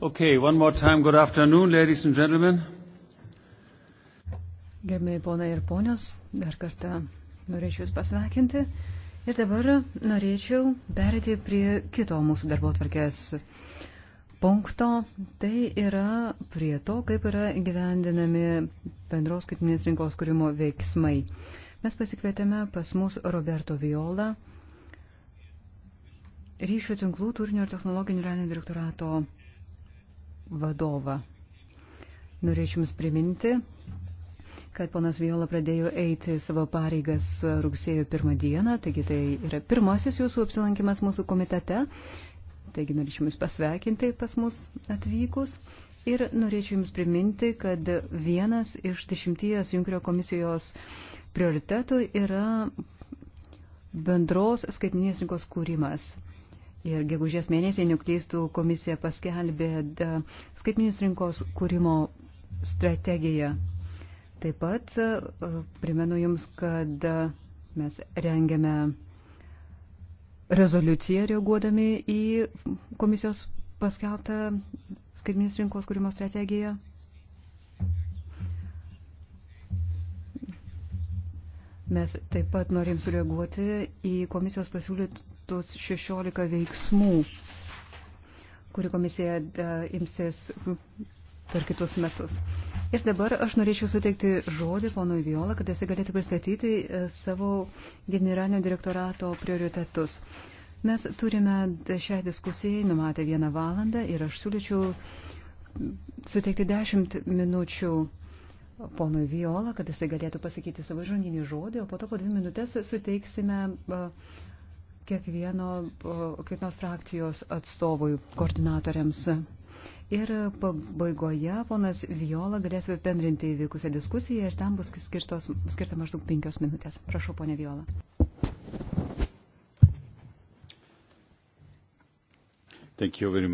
Okay, one more time, good afternoon, ladies and gentlemen. Gerbėjai ponai ir ponios, dar kartą norėčiau Jūs pasveikinti. Ir dabar norėčiau perėti prie kito mūsų darbo tvarkės punkto. Tai yra prie to, kaip yra gyvendinami bendros skaitinės rinkos kūrimo veiksmai. Mes pasikvietėme pas mus Roberto Viola, ryšių tinklų turinio ir technologijų generalinio direktorato vadovą. Norėčiau Jums priminti, kad ponas Viola pradėjo eiti savo pareigas rugsėjo pirmą dieną, taigi tai yra pirmasis jūsų apsilankimas mūsų komitete. Taigi norėčiau Jums pasveikinti pas mus atvykus ir norėčiau Jums priminti, kad vienas iš dešimties Junkerio komisijos prioritetų yra bendros skaitminės rinkos kūrimas. Ir gegužės mėnesį, neklystų, komisija paskelbė e, skaitminius rinkos kūrimo strategiją. Taip pat e, primenu Jums, kad e, mes rengiame rezoliuciją reaguodami į komisijos paskelbtą skaitminės rinkos kūrimo strategiją. Mes taip pat norim sureaguoti į komisijos pasiūlyt, numatytus 16 veiksmų, kurių komisija e, imsis per kitus metus. Ir dabar aš norėčiau suteikti žodį ponui Viola, kad jisai galėtų pristatyti e, savo generalinio direktorato prioritetus. Mes turime šią diskusiją numatę vieną valandą ir aš siūlyčiau suteikti dešimt minučių ponui Viola, kad jisai galėtų pasakyti savo žanginį žodį, o po to po dvi minutės suteiksime e, kiekvieno, kiekvienos frakcijos atstovui, koordinatoriams. Ir pabaigoje ponas Viola galės apibendrinti įvykusią diskusiją ir tam bus skirtos, skirta maždaug penkios minutės. Prašau, ponė Viola.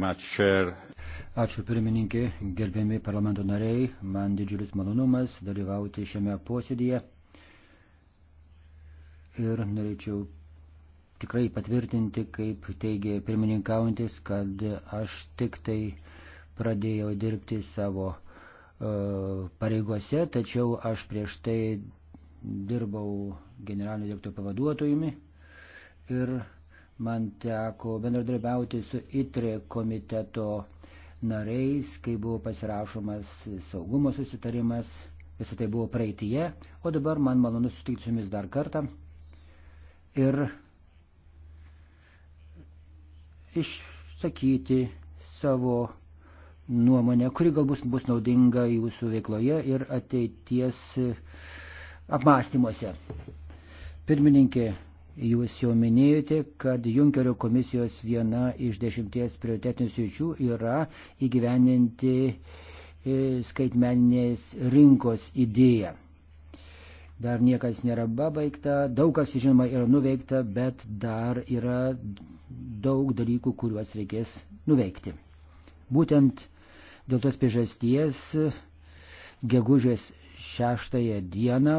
Much, Ačiū pirmininkė, gerbėmi parlamento nariai, man didžiulis malonumas dalyvauti šiame posėdėje ir norėčiau tikrai patvirtinti, kaip teigė pirmininkaujantis, kad aš tik tai pradėjau dirbti savo uh, pareigose, tačiau aš prieš tai dirbau generalinio direktorio pavaduotojumi ir man teko bendradarbiauti su ITRE komiteto nariais, kai buvo pasirašomas saugumo susitarimas, visą tai buvo praeitie, o dabar man malonu sutikti su jumis dar kartą ir išsakyti savo nuomonę, kuri galbūt bus naudinga jūsų veikloje ir ateities apmąstymuose. Pirmininkė, jūs jau minėjote, kad Junkerio komisijos viena iš dešimties prioritetinių sričių yra įgyveninti e, skaitmeninės rinkos idėją dar niekas nėra baigta, daug kas, žinoma, yra nuveikta, bet dar yra daug dalykų, kuriuos reikės nuveikti. Būtent dėl tos priežasties gegužės šeštąją dieną,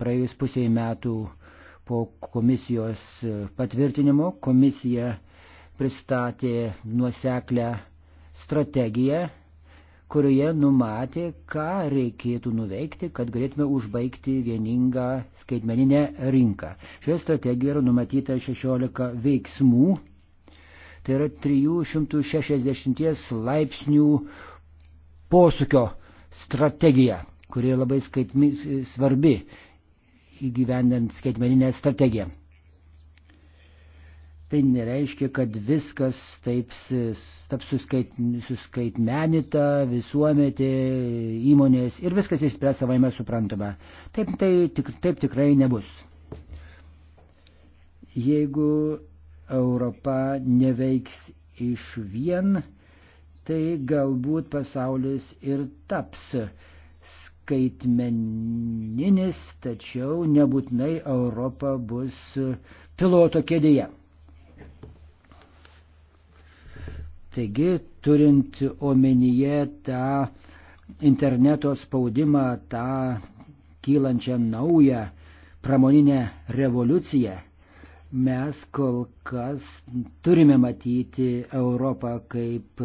praėjus pusiai metų po komisijos patvirtinimo, komisija pristatė nuoseklę strategiją kurioje numatė, ką reikėtų nuveikti, kad galėtume užbaigti vieningą skaitmeninę rinką. Šioje strategijoje yra numatyta 16 veiksmų, tai yra 360 laipsnių posūkio strategija, kuri labai skaitmi, svarbi įgyvendant skaitmeninę strategiją tai nereiškia, kad viskas taip taps suskait, suskaitmenita, visuometė, įmonės ir viskas išspręs savaime suprantama. Taip, tai, tik, taip tikrai nebus. Jeigu Europa neveiks iš vien, tai galbūt pasaulis ir taps skaitmeninis, tačiau nebūtinai Europa bus piloto kėdėje. Taigi, turint omenyje tą interneto spaudimą, tą kylančią naują pramoninę revoliuciją, mes kol kas turime matyti Europą kaip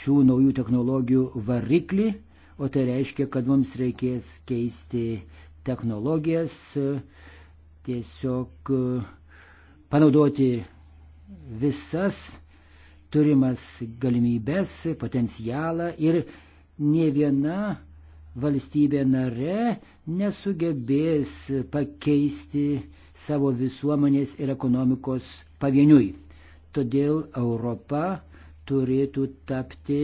šių naujų technologijų variklį, o tai reiškia, kad mums reikės keisti technologijas, tiesiog panaudoti visas turimas galimybės, potencialą ir ne viena valstybė nare nesugebės pakeisti savo visuomenės ir ekonomikos pavieniui. Todėl Europa turėtų tapti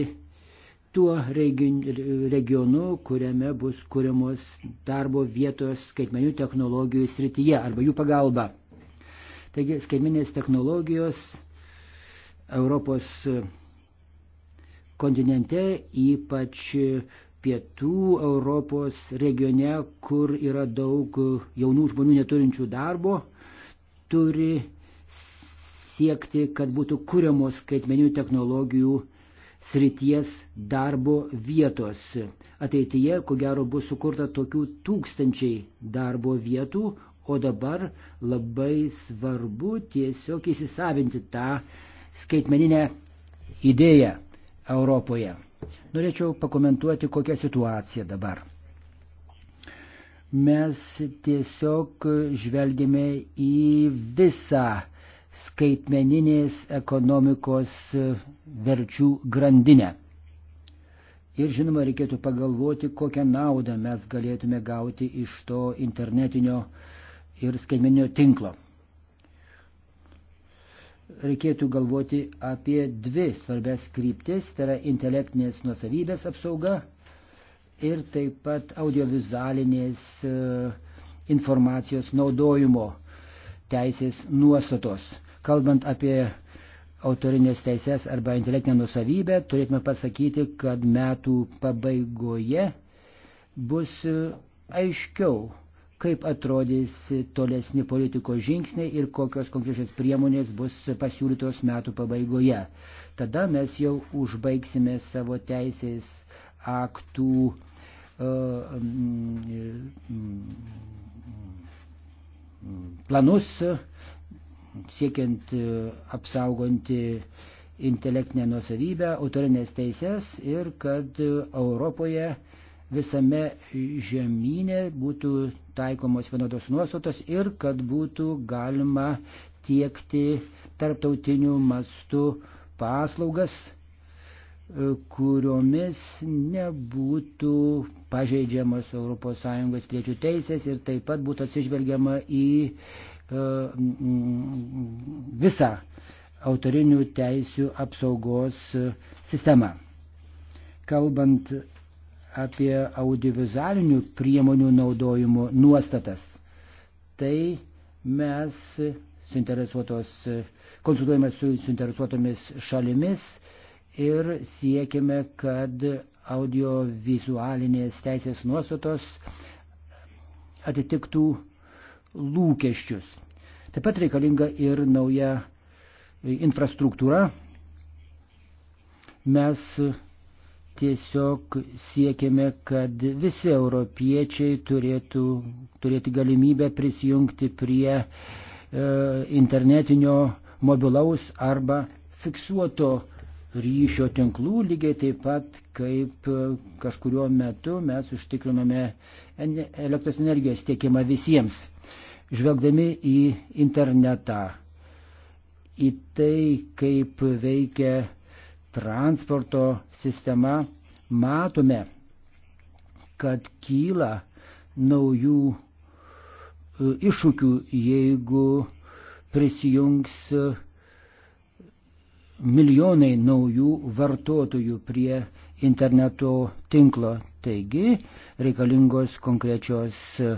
tuo regionu, kuriame bus kuriamos darbo vietos skaitmenių technologijų srityje arba jų pagalba. Taigi skaitmeninės technologijos Europos kontinente, ypač pietų Europos regione, kur yra daug jaunų žmonių neturinčių darbo, turi siekti, kad būtų kuriamos skaitmeninių technologijų srities darbo vietos. Ateityje, ko gero, bus sukurta tokių tūkstančiai darbo vietų, o dabar labai svarbu tiesiog įsisavinti tą skaitmeninę idėją Europoje. Norėčiau pakomentuoti, kokia situacija dabar. Mes tiesiog žvelgėme į visą skaitmeninės ekonomikos verčių grandinę. Ir žinoma, reikėtų pagalvoti, kokią naudą mes galėtume gauti iš to internetinio ir skaitmeninio tinklo reikėtų galvoti apie dvi svarbes kryptis, tai yra intelektinės nuosavybės apsauga ir taip pat audiovizualinės e, informacijos naudojimo teisės nuostatos. Kalbant apie autorinės teisės arba intelektinę nusavybę, turėtume pasakyti, kad metų pabaigoje bus e, aiškiau kaip atrodys tolesni politikos žingsniai ir kokios konkrečios priemonės bus pasiūlytos metų pabaigoje. Tada mes jau užbaigsime savo teisės aktų e, mm, planus siekiant e, apsaugonti intelektinę nuosavybę, autorinės teises ir kad Europoje uh, visame žemynė būtų taikomos vienodos nuostatos ir kad būtų galima tiekti tarptautinių mastų paslaugas, e, kuriomis nebūtų pažeidžiamos ES piliečių teisės ir taip pat būtų atsižvelgiama į e, visą autorinių teisių apsaugos e, sistemą. Kalbant apie audiovizualinių priemonių naudojimo nuostatas. Tai mes suinteresuotos, konsultuojame su suinteresuotomis šalimis ir siekime, kad audiovizualinės teisės nuostatos atitiktų lūkesčius. Taip pat reikalinga ir nauja infrastruktūra. Mes tiesiog siekime, kad visi europiečiai turėtų turėti galimybę prisijungti prie e, internetinio mobilaus arba fiksuoto ryšio tinklų, lygiai taip pat kaip e, kažkurio metu mes užtikrinome elektros energijos tiekimą visiems. Žvelgdami į internetą, į tai, kaip veikia transporto sistema, matome, kad kyla naujų e, iššūkių, jeigu prisijungs e, milijonai naujų vartotojų prie interneto tinklo. Taigi reikalingos konkrečios e,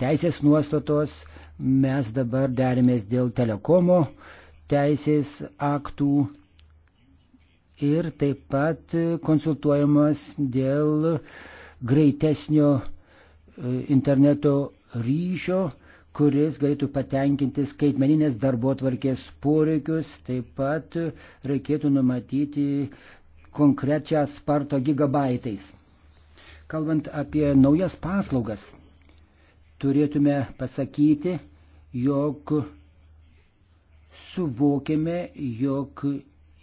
teisės nuostatos. Mes dabar derimės dėl telekomo teisės aktų ir taip pat konsultuojamas dėl greitesnio e, interneto ryšio, kuris galėtų patenkinti skaitmeninės darbo tvarkės poreikius, taip pat reikėtų numatyti konkrečią spartą gigabaitais. Kalbant apie naujas paslaugas, turėtume pasakyti, jog suvokėme, jog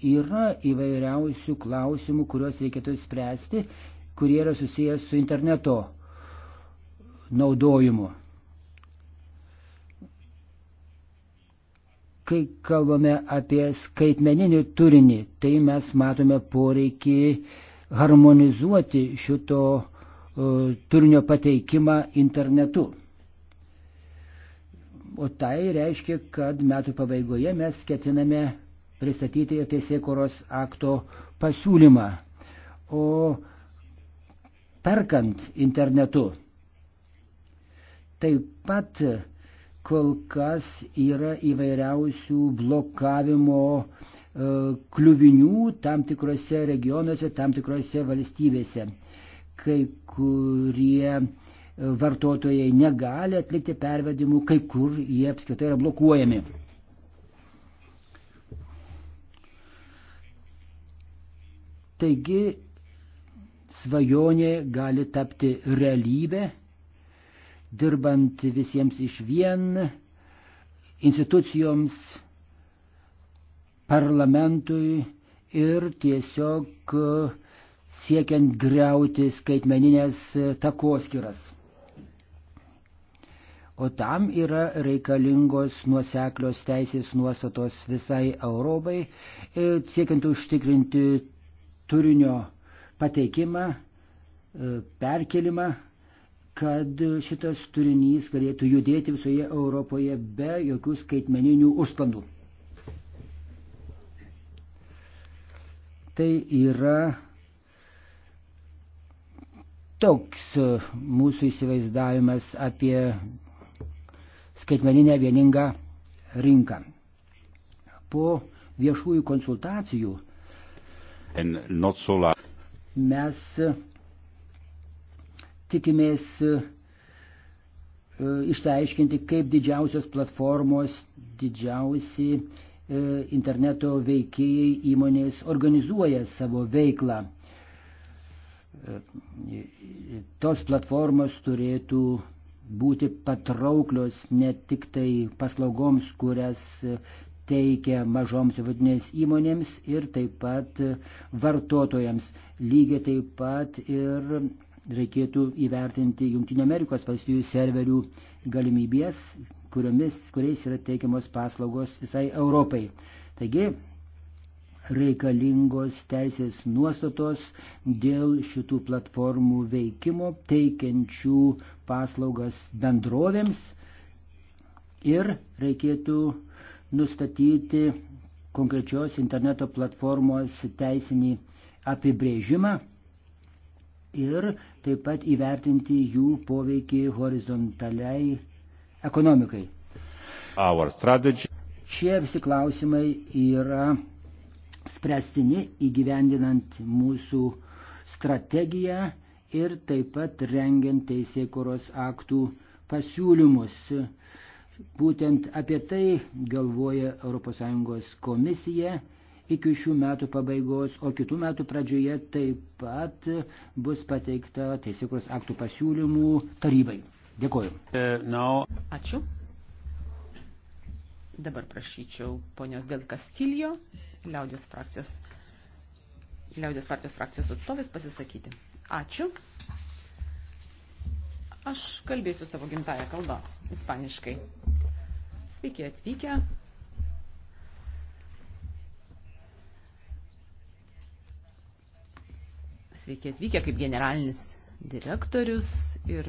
yra įvairiausių klausimų, kuriuos reikėtų spręsti, kurie yra susijęs su interneto naudojimu. Kai kalbame apie skaitmeninį turinį, tai mes matome poreikį harmonizuoti šito uh, turinio pateikimą internetu. O tai reiškia, kad metų pabaigoje mes ketiname pristatyti teisėkuros akto pasiūlymą. O perkant internetu taip pat kol kas yra įvairiausių blokavimo e, kliuvinių tam tikrose regionuose, tam tikrose valstybėse. Kai kurie e, vartotojai negali atlikti pervedimų, kai kur jie apskritai yra blokuojami. Taigi svajonė gali tapti realybė, dirbant visiems iš vien, institucijoms, parlamentui ir tiesiog siekiant greuti skaitmeninės takoskiras. O tam yra reikalingos nuoseklios teisės nuostatos visai Europai, e, siekiant užtikrinti turinio pateikimą, e, perkelimą, kad šitas turinys galėtų judėti visoje Europoje be jokių skaitmeninių užsklandų. Tai yra toks mūsų įsivaizdavimas apie skaitmeninę vieningą rinką. Po viešųjų konsultacijų and not so large. Mes tikimės e, išsiaiškinti, kaip didžiausios platformos, didžiausi e, interneto veikėjai įmonės organizuoja savo veiklą. E, tos platformos turėtų būti patrauklios ne tik tai paslaugoms, kurias teikia mažoms ir vidinės įmonėms ir taip pat vartotojams. Lygiai taip pat ir reikėtų įvertinti Junktinio Amerikos valstybių serverių galimybės, kuriomis, kuriais yra teikiamos paslaugos visai Europai. Taigi, reikalingos teisės nuostatos dėl šitų platformų veikimo, teikiančių paslaugas bendrovėms ir reikėtų uh, nustatyti konkrečios interneto platformos teisinį apibrėžimą ir taip pat įvertinti jų poveikį horizontaliai ekonomikai. Šie visi klausimai yra spręstini įgyvendinant mūsų strategiją ir taip pat rengiant teisėkuros aktų pasiūlymus. Būtent apie tai galvoja ES komisija iki šių metų pabaigos, o kitų metų pradžioje taip pat bus pateikta teisėkos aktų pasiūlymų tarybai. Dėkoju. Uh, e, no. Ačiū. Dabar prašyčiau ponios Del Castillo, liaudės frakcijos, liaudės partijos frakcijos atstovės pasisakyti. Ačiū. Aš kalbėsiu savo gimtają kalbą, ispaniškai. Sveiki atvykę. Sveiki atvykę kaip generalinis direktorius ir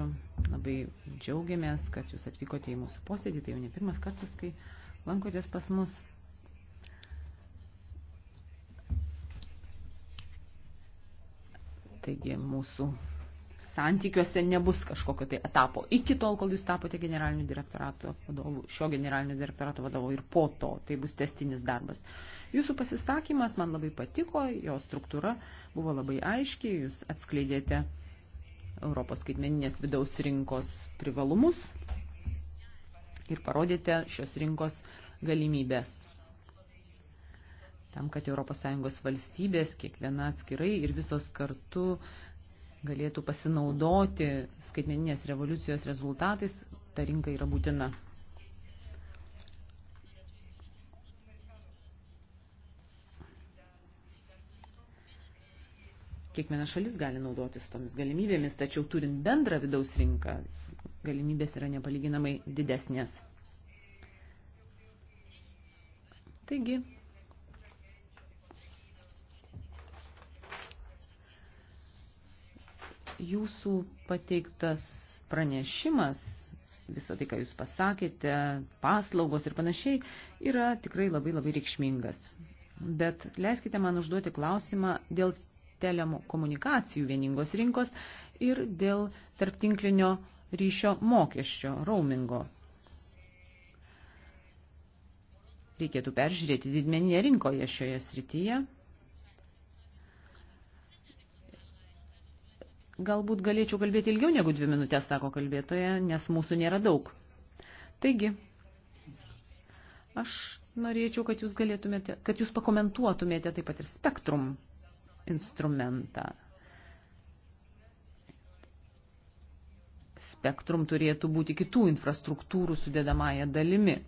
labai džiaugiamės, kad jūs atvykote į mūsų posėdį. Tai jau ne pirmas kartas, kai lankotės pas mus. Taigi mūsų santykiuose nebus kažkokio tai etapo iki tol, kol jūs tapote generalinio direktorato vadovu, šio generalinio direktorato vadovu ir po to, tai bus testinis darbas. Jūsų pasisakymas man labai patiko, jo struktūra buvo labai aiški, jūs atskleidėte Europos skaitmeninės vidaus rinkos privalumus ir parodėte šios rinkos galimybės tam, kad ES valstybės kiekviena atskirai ir visos kartu galėtų pasinaudoti skaitmeninės revoliucijos rezultatais, ta rinka yra būtina. Kiekviena šalis gali naudotis tomis galimybėmis, tačiau turint bendrą vidaus rinką, galimybės yra nepalyginamai didesnės. Taigi, Jūsų pateiktas pranešimas, visą tai, ką jūs pasakėte, paslaugos ir panašiai, yra tikrai labai labai reikšmingas. Bet leiskite man užduoti klausimą dėl telekomunikacijų vieningos rinkos ir dėl tarptinklinio ryšio mokesčio, roamingo. Reikėtų peržiūrėti didmeninę rinkoje šioje srityje Galbūt galėčiau kalbėti ilgiau negu dvi minutės, sako kalbėtoja, nes mūsų nėra daug. Taigi, aš norėčiau, kad jūs, galėtumėte, kad jūs pakomentuotumėte taip pat ir spektrum instrumentą. Spektrum turėtų būti kitų infrastruktūrų sudėdamąją dalimi.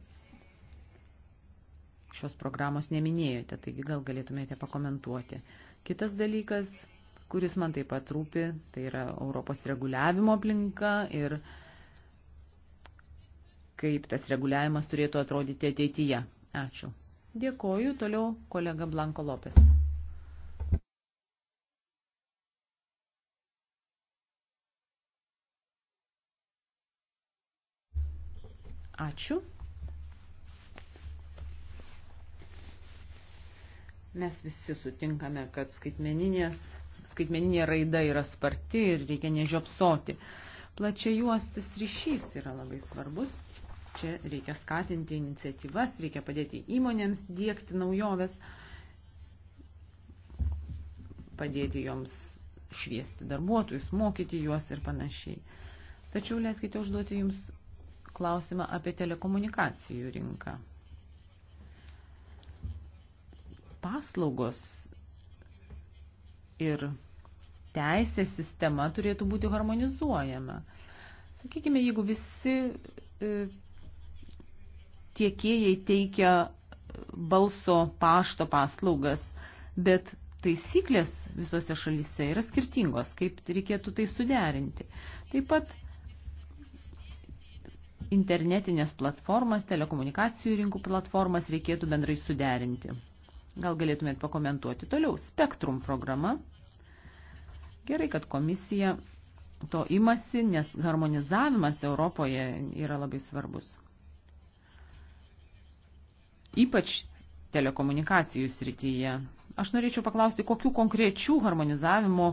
Šios programos neminėjote, taigi gal galėtumėte pakomentuoti. Kitas dalykas – kuris man taip pat rūpi, tai yra Europos reguliavimo aplinka ir kaip tas reguliavimas turėtų atrodyti ateityje. Ačiū. Dėkoju. Toliau kolega Blanko Lopes. Ačiū. Mes visi sutinkame, kad skaitmeninės skaitmeninė raida yra sparti ir reikia nežiopsoti. Plačiai juostis ryšys yra labai svarbus. Čia reikia skatinti iniciatyvas, reikia padėti įmonėms dėkti naujoves, padėti joms šviesti darbuotojus, mokyti juos ir panašiai. Tačiau leiskite užduoti Jums klausimą apie telekomunikacijų rinką. Paslaugos ir teisės sistema turėtų būti harmonizuojama. Sakykime, jeigu visi e, tiekėjai teikia balso pašto paslaugas, bet taisyklės visose šalyse yra skirtingos, kaip reikėtų tai suderinti. Taip pat internetinės platformas, telekomunikacijų rinkų platformas reikėtų bendrai suderinti. Gal galėtumėt pakomentuoti toliau. Spektrum programa. Gerai, kad komisija to imasi, nes harmonizavimas Europoje yra labai svarbus. Ypač telekomunikacijų srityje. Aš norėčiau paklausti, kokiu konkrečių harmonizavimo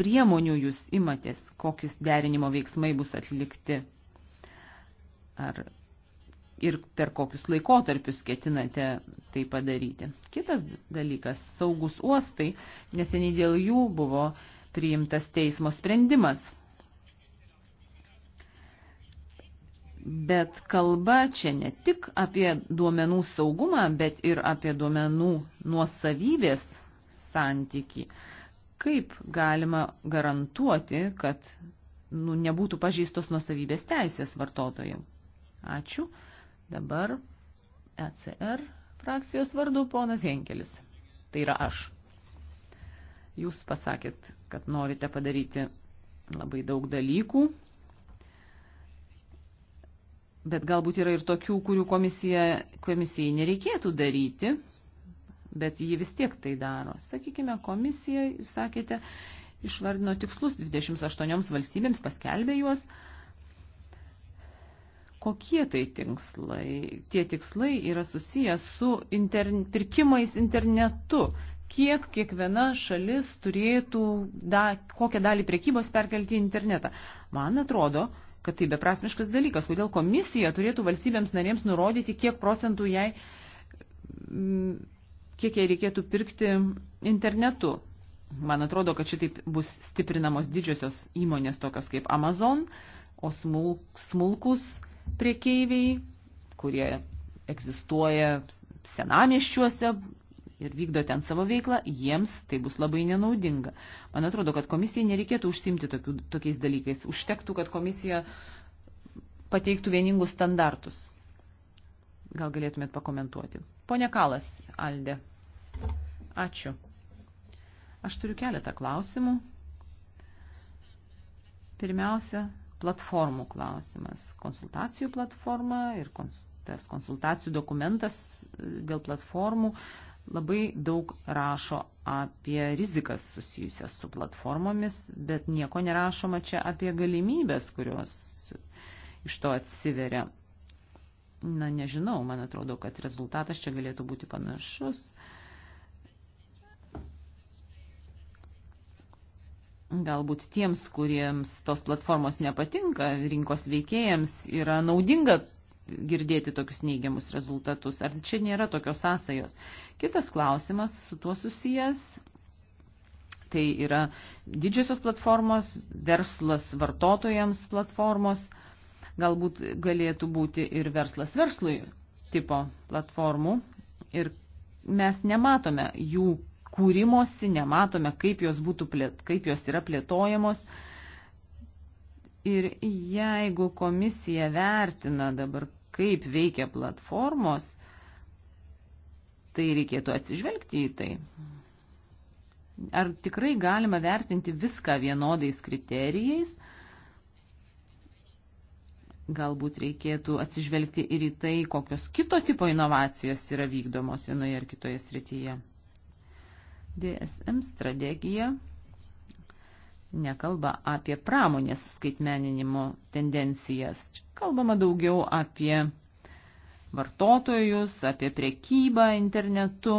priemonių jūs imatės, kokius derinimo veiksmai bus atlikti. Ar ir per kokius laikotarpius ketinate tai padaryti. Kitas dalykas - saugus uostai, neseniai dėl jų buvo priimtas teismo sprendimas. Bet kalba čia ne tik apie duomenų saugumą, bet ir apie duomenų nuosavybės santyki. Kaip galima garantuoti, kad nu, nebūtų pažįstos nuosavybės teisės vartotojų? Ačiū. Dabar ECR frakcijos vardu ponas Henkelis. Tai yra aš. Jūs pasakėt, kad norite padaryti labai daug dalykų, bet galbūt yra ir tokių, kurių komisija, komisijai nereikėtų daryti, bet ji vis tiek tai daro. Sakykime, komisija, sakėte, išvardino tikslus 28 valstybėms, paskelbė juos, Kokie tai tikslai? Tie tikslai yra susijęs su interne, pirkimais internetu. Kiek kiekviena šalis turėtų, da, kokią dalį priekybos perkelti į internetą. Man atrodo, kad tai beprasmiškas dalykas. Kodėl komisija turėtų valstybėms narėms nurodyti, kiek procentų jai, mm, kiek jai reikėtų pirkti internetu. Man atrodo, kad šitaip bus stiprinamos didžiosios įmonės tokios kaip Amazon, o smulkus priekeiviai, kurie egzistuoja senamiščiuose ir vykdo ten savo veiklą, jiems tai bus labai nenaudinga. Man atrodo, kad komisijai nereikėtų užsimti tokių, tokiais dalykais. Užtektų, kad komisija pateiktų vieningus standartus. Gal galėtumėt pakomentuoti. Pone Kalas, Alde. Ačiū. Aš turiu keletą klausimų. Pirmiausia, platformų klausimas. Konsultacijų platforma ir kons, tas konsultacijų dokumentas e, dėl platformų labai daug rašo apie rizikas susijusias su platformomis, bet nieko nerašoma čia apie galimybės, kurios iš to atsiveria. Na, nežinau, man atrodo, kad rezultatas čia galėtų būti panašus. Uh, galbūt tiems, kuriems tos platformos nepatinka, rinkos veikėjams yra naudinga girdėti tokius neigiamus rezultatus. Ar čia nėra tokios sąsajos? Kitas klausimas su tuo susijęs. Tai yra didžiosios platformos, verslas vartotojams platformos, galbūt galėtų būti ir verslas verslui tipo platformų. Ir mes nematome jų kūrimosi, nematome, kaip jos, būtų plėt, kaip jos yra plėtojamos. Ir jeigu komisija vertina dabar, kaip veikia platformos, tai reikėtų atsižvelgti į tai. Ar tikrai galima vertinti viską vienodais kriterijais? Galbūt reikėtų atsižvelgti ir į tai, kokios kito tipo inovacijos yra vykdomos vienoje ar kitoje srityje. DSM strategija nekalba apie pramonės skaitmeninimo tendencijas. Kalbama daugiau apie vartotojus, apie prekybą internetu,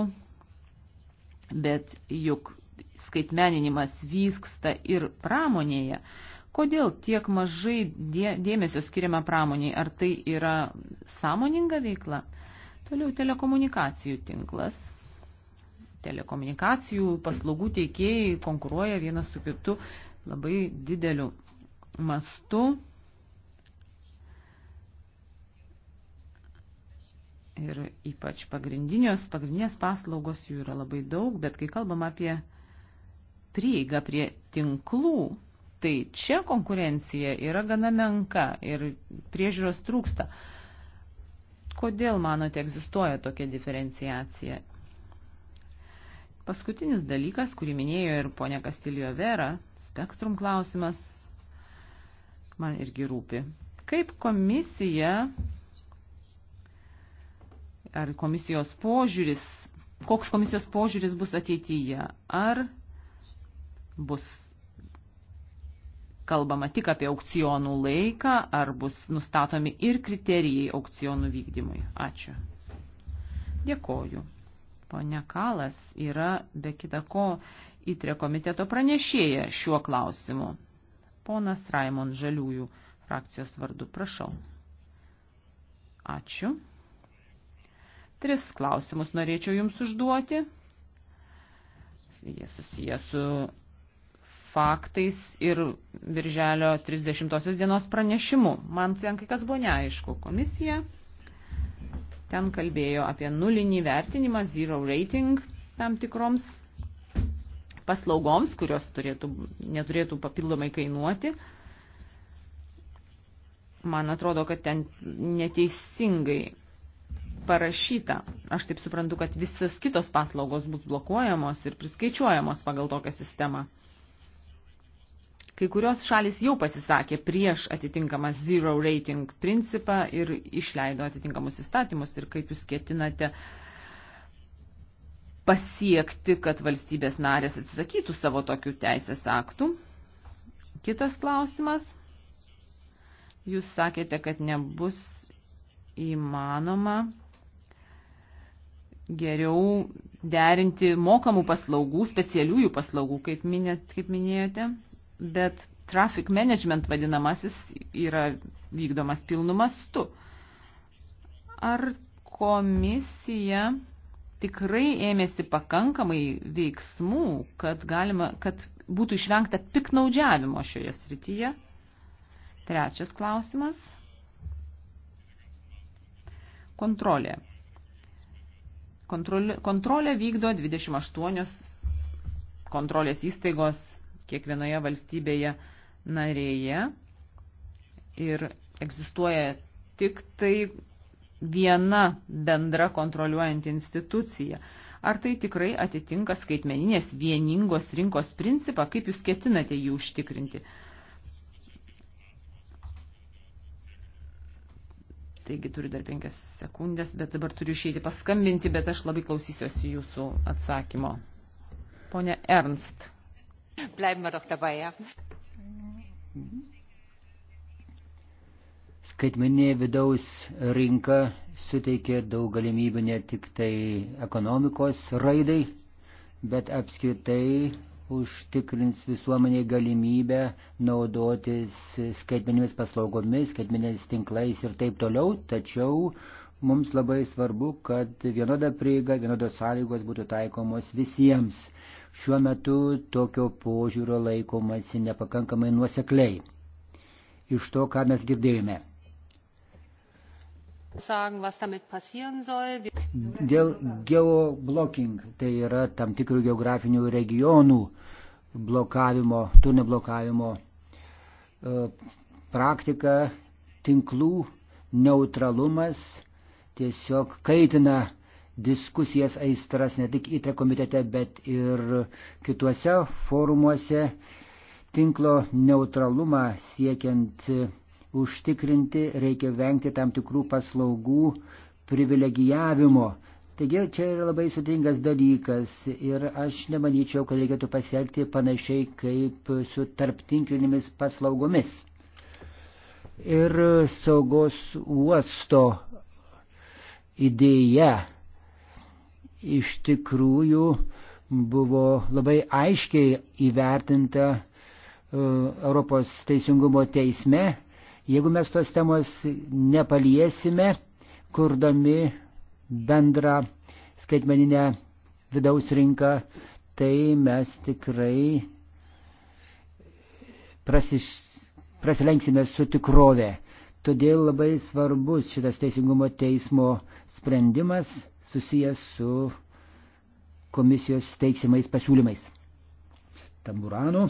bet juk skaitmeninimas vyksta ir pramonėje. Kodėl tiek mažai dėmesio skiriama pramoniai? Ar tai yra sąmoninga veikla? Toliau telekomunikacijų tinklas telekomunikacijų paslaugų teikėjai konkuruoja vienas su kitu labai dideliu mastu. Ir ypač pagrindinės paslaugos jų yra labai daug, bet kai kalbam apie prieigą prie tinklų, tai čia konkurencija yra gana menka ir priežiūros trūksta. Kodėl, manote, egzistuoja tokia diferenciacija? Paskutinis dalykas, kurį minėjo ir ponia Kastilijo Vera, spektrum klausimas, man irgi rūpi. Kaip komisija ar komisijos požiūris, koks komisijos požiūris bus ateityje, ar bus kalbama tik apie aukcionų laiką, ar bus nustatomi ir kriterijai aukcionų vykdymui. Ačiū. Dėkoju. Pone Kalas yra be kita ko įtrė komiteto pranešėja šiuo klausimu. Ponas Raimond Žaliųjų frakcijos vardu, prašau. Ačiū. Tris klausimus norėčiau Jums užduoti. Jie susiję su faktais ir Birželio 30 dienos pranešimu. Man ten kai kas buvo neaišku. Komisija Ten kalbėjo apie nulinį vertinimą, zero rating tam tikroms paslaugoms, kurios turėtų, neturėtų papildomai kainuoti. Man atrodo, kad ten neteisingai parašyta. Aš taip suprantu, kad visos kitos paslaugos bus blokuojamos ir priskaičiuojamos pagal tokią sistemą. Kai kurios šalis jau pasisakė prieš atitinkamą zero rating principą ir išleido atitinkamus įstatymus ir kaip jūs ketinate pasiekti, kad valstybės narės atsisakytų savo tokių teisės aktų. Kitas klausimas. Jūs sakėte, kad nebus įmanoma geriau derinti mokamų paslaugų, specialiųjų paslaugų, kaip, minėt, kaip minėjote, bet traffic management vadinamasis yra vykdomas pilnu mastu. Ar komisija tikrai ėmėsi pakankamai veiksmų, kad, galima, kad būtų išvengta piknaudžiavimo šioje srityje? Trečias klausimas. Kontrolė. Kontrolė, kontrolė vykdo 28 kontrolės įstaigos kiekvienoje valstybėje narėje ir egzistuoja tik tai viena bendra kontroliuojanti institucija. Ar tai tikrai atitinka skaitmeninės vieningos rinkos principą, kaip jūs ketinate jį užtikrinti? Taigi turiu dar penkias sekundės, bet dabar turiu išeiti paskambinti, bet aš labai klausysiuosi jūsų atsakymo. Pone Ernst. Bleiben wir doch dabei, ja. Skaitmeninė vidaus rinka suteikė daug galimybių ne tik tai ekonomikos raidai, bet apskritai užtikrins visuomenė galimybę naudotis skaitmeninėmis paslaugomis, skaitmeniniais tinklais ir taip toliau. Tačiau mums labai svarbu, kad vienoda prieiga, vienodos sąlygos būtų taikomos visiems. Šiuo metu tokio požiūrio laikomasi nepakankamai nuosekliai. Iš to, ką mes girdėjome. Dėl geoblocking, tai yra tam tikrų geografinių regionų blokavimo, turinio blokavimo e, praktika, tinklų neutralumas tiesiog kaitina diskusijas, aistras ne tik įtre komitete, bet ir kituose forumuose tinklo neutralumą siekiant užtikrinti, reikia vengti tam tikrų paslaugų privilegijavimo. Taigi čia yra labai sudingas dalykas ir aš nemanyčiau, kad reikėtų pasielgti panašiai kaip su tarptinklinėmis paslaugomis. Ir saugos uosto idėja iš tikrųjų buvo labai aiškiai įvertinta e, Europos teisingumo teisme. Jeigu mes tos temos nepaliesime, kurdami bendrą skaitmeninę vidaus rinką, tai mes tikrai prasiš, prasilenksime su tikrove. Todėl labai svarbus šitas teisingumo teismo sprendimas susijęs su komisijos teiksimais pasiūlymais. Tamburano.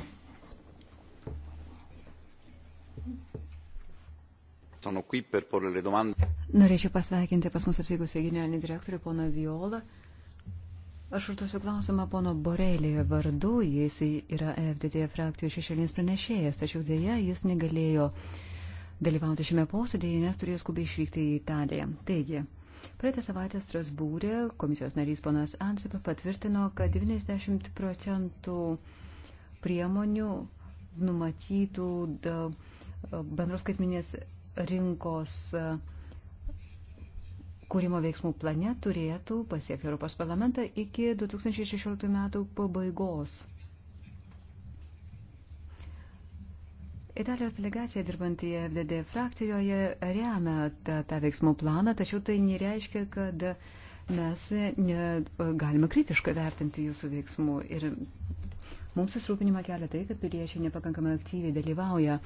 Norėčiau pasveikinti pas mus atvykusią generalinį direktorių poną Violą. Aš užduosiu klausimą pono Borelio vardu, jis yra FDD frakcijų šešėlinis pranešėjas, tačiau dėja jis negalėjo dalyvauti šiame posėdėje, nes turėjo skubiai išvykti į Italiją. Taigi, Praeitą savaitę Strasbūrė komisijos narys ponas Ansipa patvirtino, kad 90 procentų priemonių numatytų bendros skaitminės rinkos kūrimo veiksmų plane turėtų pasiekti Europos parlamentą iki 2016 metų pabaigos. Italijos delegacija dirbantį FDD frakcijoje remia tą, tą veiksmų planą, tačiau tai nereiškia, kad mes ne, galime kritiškai vertinti jūsų veiksmų. Ir mums susirūpinimą kelia tai, kad piliečiai nepakankamai aktyviai dalyvauja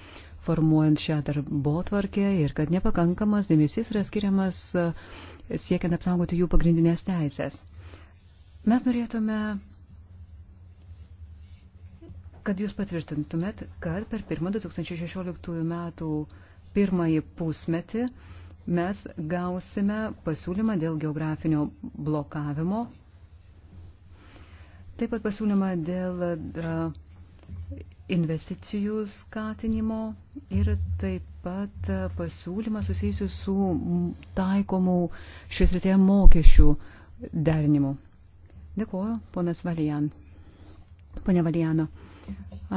formuojant šią darbo tvarkę ir kad nepakankamas dėmesys yra skiriamas e, siekiant apsaugoti jų pagrindinės teisės. Mes norėtume kad jūs patvirtintumėt, kad per pirmą 2016 metų pirmąjį pusmetį mes gausime pasiūlymą dėl geografinio blokavimo, taip pat pasiūlymą dėl investicijų skatinimo ir taip pat pasiūlymą susijusiu su taikomų šios rytėje mokesčių derinimu. Dėkuoju, ponas Valijan. Pone Valijano.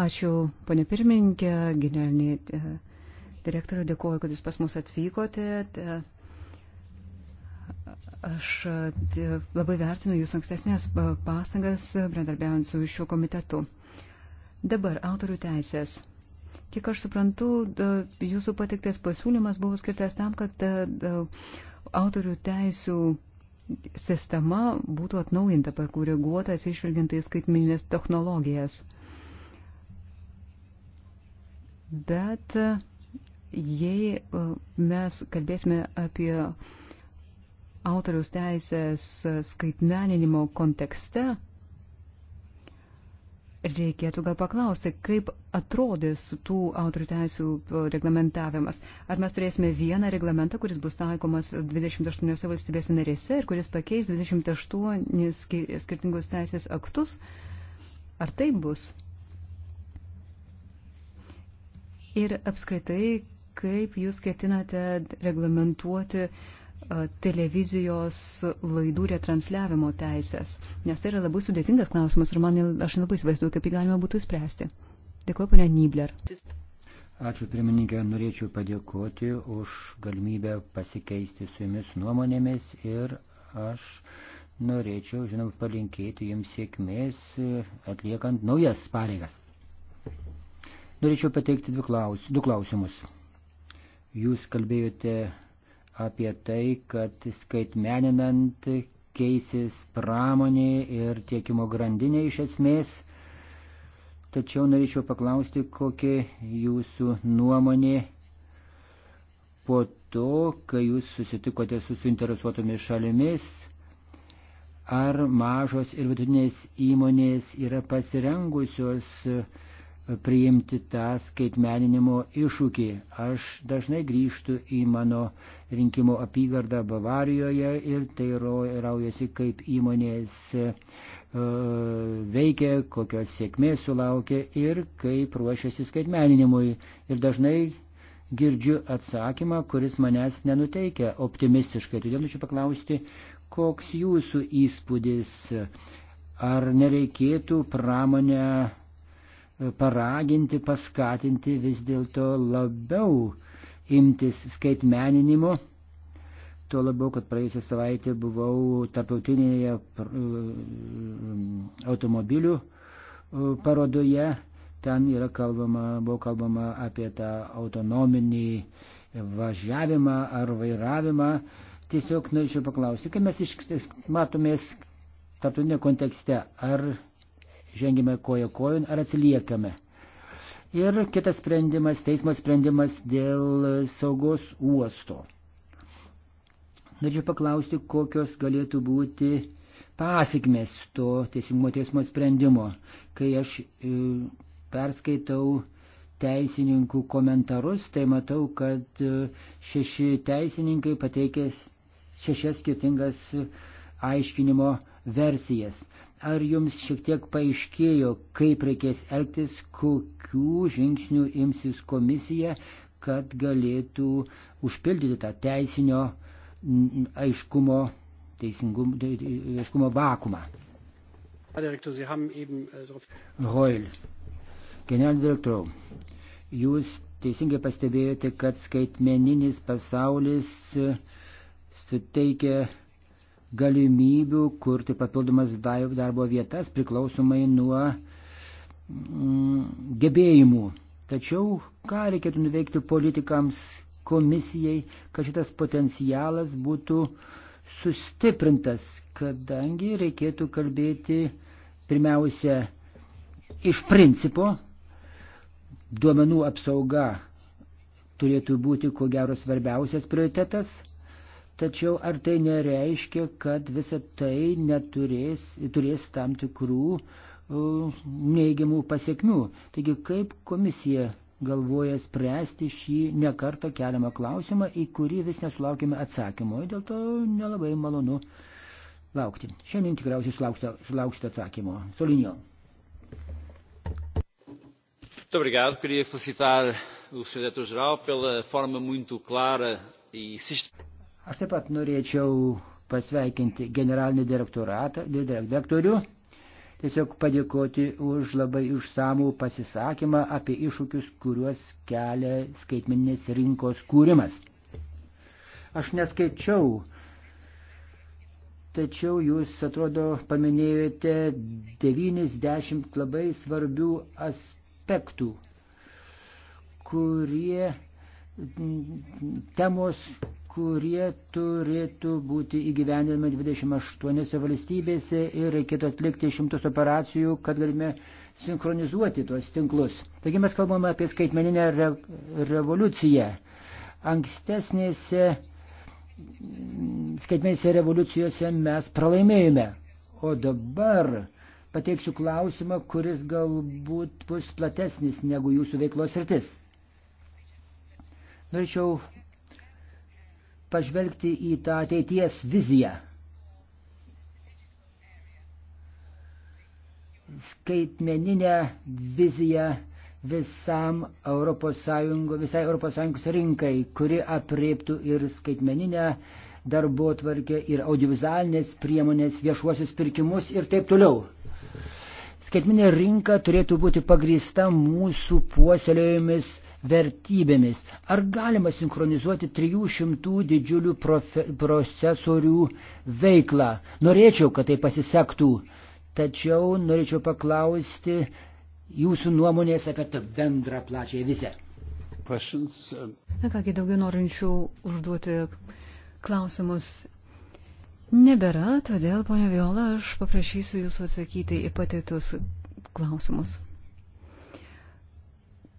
Ačiū, ponė pirmininkė, generalinė e, direktorė, dėkuoju, kad jūs pas mus atvykote. E, aš e, labai vertinu jūsų ankstesnės pastangas, bendarbiaujant su šiuo komitetu. Dabar autorių teisės. Kiek aš suprantu, jūsų patiktas pasiūlymas buvo skirtas tam, kad autorių teisų sistema būtų atnaujinta, pakoreguota atsižvelgiant į skaitmininės technologijas. Bet e, jei e, mes kalbėsime apie autoriaus teisės skaitmeninimo kontekste, Reikėtų gal paklausti, kaip atrodys tų autorių teisų reglamentavimas. Ar mes turėsime vieną reglamentą, kuris bus taikomas 28 valstybės narėse ir kuris pakeis 28 skirtingus teisės aktus? Ar tai bus? Ir apskritai, kaip jūs ketinate reglamentuoti televizijos laidų retransliavimo teisės, nes tai yra labai sudėtingas klausimas ir man, aš nelabai įsivaizduoju, kaip jį galima būtų įspręsti. Dėkuoju, ponia Nibler. Ačiū, pirmininkė, norėčiau padėkoti už galimybę pasikeisti su jumis nuomonėmis ir aš norėčiau, žinoma, palinkėti jums sėkmės e, atliekant naujas pareigas. Norėčiau pateikti klaus, du klausimus. Jūs kalbėjote apie tai, kad skaitmeninant keisis pramonė ir tiekimo grandinė iš esmės. Tačiau norėčiau paklausti, kokia jūsų nuomonė po to, kai jūs susitikote su suinteresuotomis šalimis, ar mažos ir vidutinės įmonės yra pasirengusios uh, priimti tą skaitmeninimo iššūkį. Aš dažnai grįžtu į mano rinkimo apygardą Bavarijoje ir tai raujasi, kaip įmonės e, veikia, kokios sėkmės sulaukia ir kaip ruošiasi skaitmeninimui. Ir dažnai girdžiu atsakymą, kuris manęs nenuteikia optimistiškai. Todėl noriu paklausti, koks jūsų įspūdis, ar nereikėtų pramonę paraginti, paskatinti vis dėlto labiau imtis skaitmeninimo. Tuo labiau, kad praėjusią savaitę buvau tarptautinėje e, automobilių e, parodoje. Ten yra kalbama, buvo kalbama apie tą autonominį važiavimą ar vairavimą. Tiesiog norėčiau paklausti, kai mes iš, matomės tarptautinio kontekste, ar žengime koja kojon ar atsiliekame. Ir kitas sprendimas, teismo sprendimas dėl saugos uosto. Norėčiau paklausti, kokios galėtų būti pasikmės to teisingumo teismo sprendimo. Kai aš e, perskaitau teisininkų komentarus, tai matau, kad e, šeši teisininkai pateikė šešias skirtingas e, aiškinimo versijas. Ar jums šiek tiek paaiškėjo, kaip reikės elgtis, kokių žingsnių imsis komisija, kad galėtų užpildyti tą teisinio aiškumo, teisingumo, aiškumo vakumą? Äh, Hoil, generalinė direktoriau, jūs teisingai pastebėjote, kad skaitmeninis pasaulis e, suteikia galimybių kurti papildomas darbo vietas priklausomai nuo mm, gebėjimų. Tačiau ką reikėtų nuveikti politikams, komisijai, kad šitas potencialas būtų sustiprintas, kadangi reikėtų kalbėti pirmiausia iš principo, duomenų apsauga turėtų būti ko gero svarbiausias prioritetas Tačiau ar tai nereiškia, kad visa tai neturės, turės tam tikrų e, neigiamų pasiekmių? Taigi kaip komisija galvoja spręsti šį nekartą keliamą klausimą, į kurį vis nesulaukime atsakymo. Ir dėl to nelabai malonu laukti. Šiandien tikriausiai sulauksite, sulauksite atsakymo. Solinio. Muito obrigado. Queria felicitar o Sr. Diretor-Geral pela forma muito clara e sistemática. Aš taip pat norėčiau pasveikinti generalinį direktoratą, direktorių, tiesiog padėkoti už labai išsamų pasisakymą apie iššūkius, kuriuos kelia skaitmeninės rinkos kūrimas. Aš neskaičiau, tačiau jūs, atrodo, paminėjote 90 labai svarbių aspektų, kurie temos kurie turėtų būti įgyvendinami 28 valstybėse ir reikėtų atlikti šimtus operacijų, kad galime sinchronizuoti tuos tinklus. Taigi mes kalbame apie skaitmeninę re revoliuciją. Ankstesnėse skaitmeninėse revoliucijose mes pralaimėjome, o dabar pateiksiu klausimą, kuris galbūt bus platesnis negu jūsų veiklos rytis. Norėčiau pažvelgti į tą ateities viziją. Skaitmeninę viziją visam ES, visai ES rinkai, kuri apriektų ir skaitmeninę darbo tvarkę, ir audiovizualinės priemonės, viešuosius pirkimus ir taip toliau. Skaitminė rinka turėtų būti pagrįsta mūsų puoselėjomis vertybėmis. Ar galima sinchronizuoti 300 didžiulių profe, procesorių veiklą? Norėčiau, kad tai pasisektų, tačiau norėčiau paklausti jūsų nuomonės apie tą bendrą plačią vizę. Na kągi, daugiau norinčių užduoti klausimus nebėra, todėl, ponia Viola, aš paprašysiu jūsų atsakyti į patėtus klausimus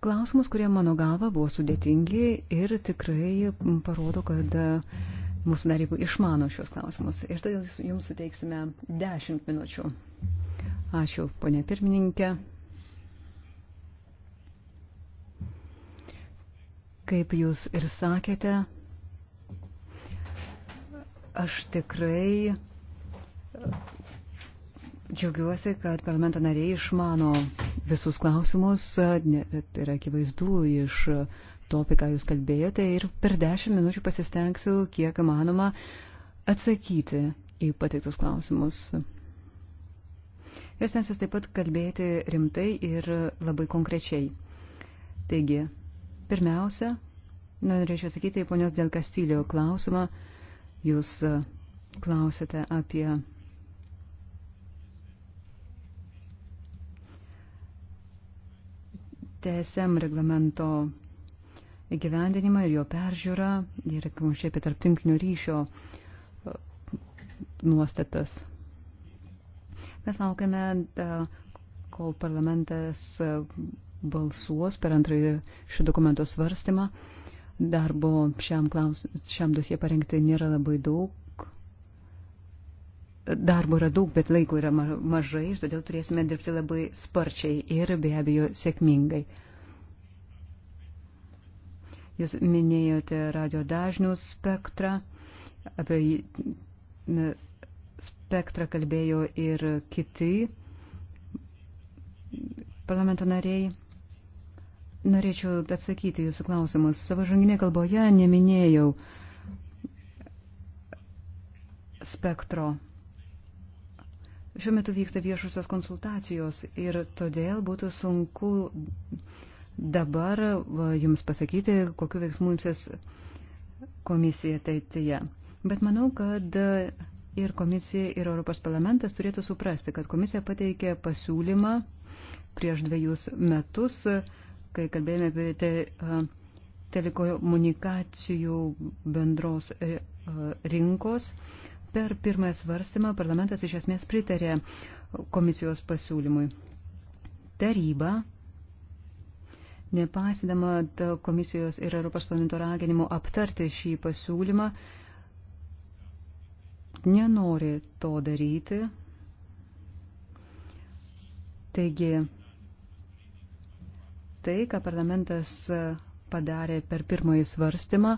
klausimus, kurie mano galva buvo sudėtingi ir tikrai parodo, kad mūsų darybai išmano šios klausimus. Ir todėl tai jums suteiksime 10 minučių. Ačiū, ponė pirmininkė. Kaip jūs ir sakėte, aš tikrai džiaugiuosi, kad parlamento nariai išmano visus klausimus, tai yra akivaizdu iš to, apie ką jūs kalbėjote, ir per dešimt minučių pasistengsiu, kiek įmanoma, atsakyti į pateiktus klausimus. Ir stengsiuosi taip pat kalbėti rimtai ir labai konkrečiai. Taigi, pirmiausia, norėčiau sakyti į ponios dėl Kastilio klausimą. Jūs e, klausėte apie TSM reglamento įgyvendinimą ir jo peržiūrą ir šiaip apie tarptinklinio ryšio e, nuostatas. Mes laukiame, e, kol parlamentas e, balsuos per antrąjį šio dokumento svarstymą. Darbo šiam, klaus, šiam dosie parengti nėra labai daug, darbo yra daug, bet laiko yra mažai ir todėl turėsime dirbti labai sparčiai ir be abejo sėkmingai. Jūs minėjote radio dažnių spektrą, apie spektrą kalbėjo ir kiti parlamento nariai. Norėčiau atsakyti jūsų klausimus. Savo žanginė kalboje neminėjau spektro Šiuo metu vyksta viešusios konsultacijos ir todėl būtų sunku dabar va, jums pasakyti, kokiu veiksmu jumsis komisija ateityje. Bet manau, kad ir komisija, ir Europos parlamentas turėtų suprasti, kad komisija pateikė pasiūlymą prieš dviejus metus, kai kalbėjome apie te, telekomunikacijų bendros e, rinkos. Uh, Per pirmąją svarstymą parlamentas iš esmės pritarė komisijos pasiūlymui. Taryba, nepasidama komisijos ir Europos parlamento raginimo aptarti šį pasiūlymą, nenori to daryti. Taigi, tai, ką parlamentas padarė per pirmąjį svarstymą,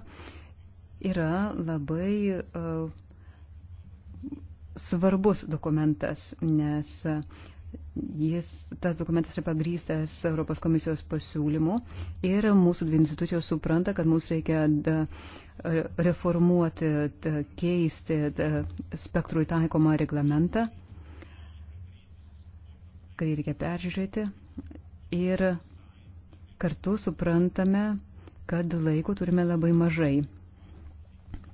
yra labai uh, svarbus dokumentas, nes jis, tas dokumentas yra pagrystas Europos komisijos pasiūlymu ir mūsų dvi institucijos supranta, kad mums reikia da, reformuoti, da, keisti da, spektrui taikomą reglamentą, kad jį reikia peržiūrėti ir kartu suprantame, kad laiko turime labai mažai.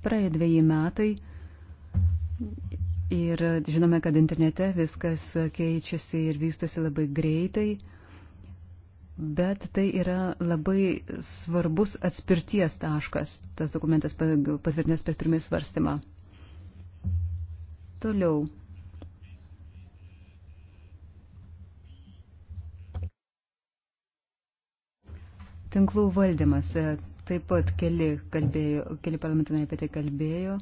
Praėjo dviejai metai Ir žinome, kad internete viskas keičiasi ir vystosi labai greitai, bet tai yra labai svarbus atspirties taškas, tas dokumentas patvirtinęs per pirmąjį svarstymą. Toliau. Tinklų valdymas. Taip pat keli, kalbėjo, keli parlamentinai apie tai kalbėjo.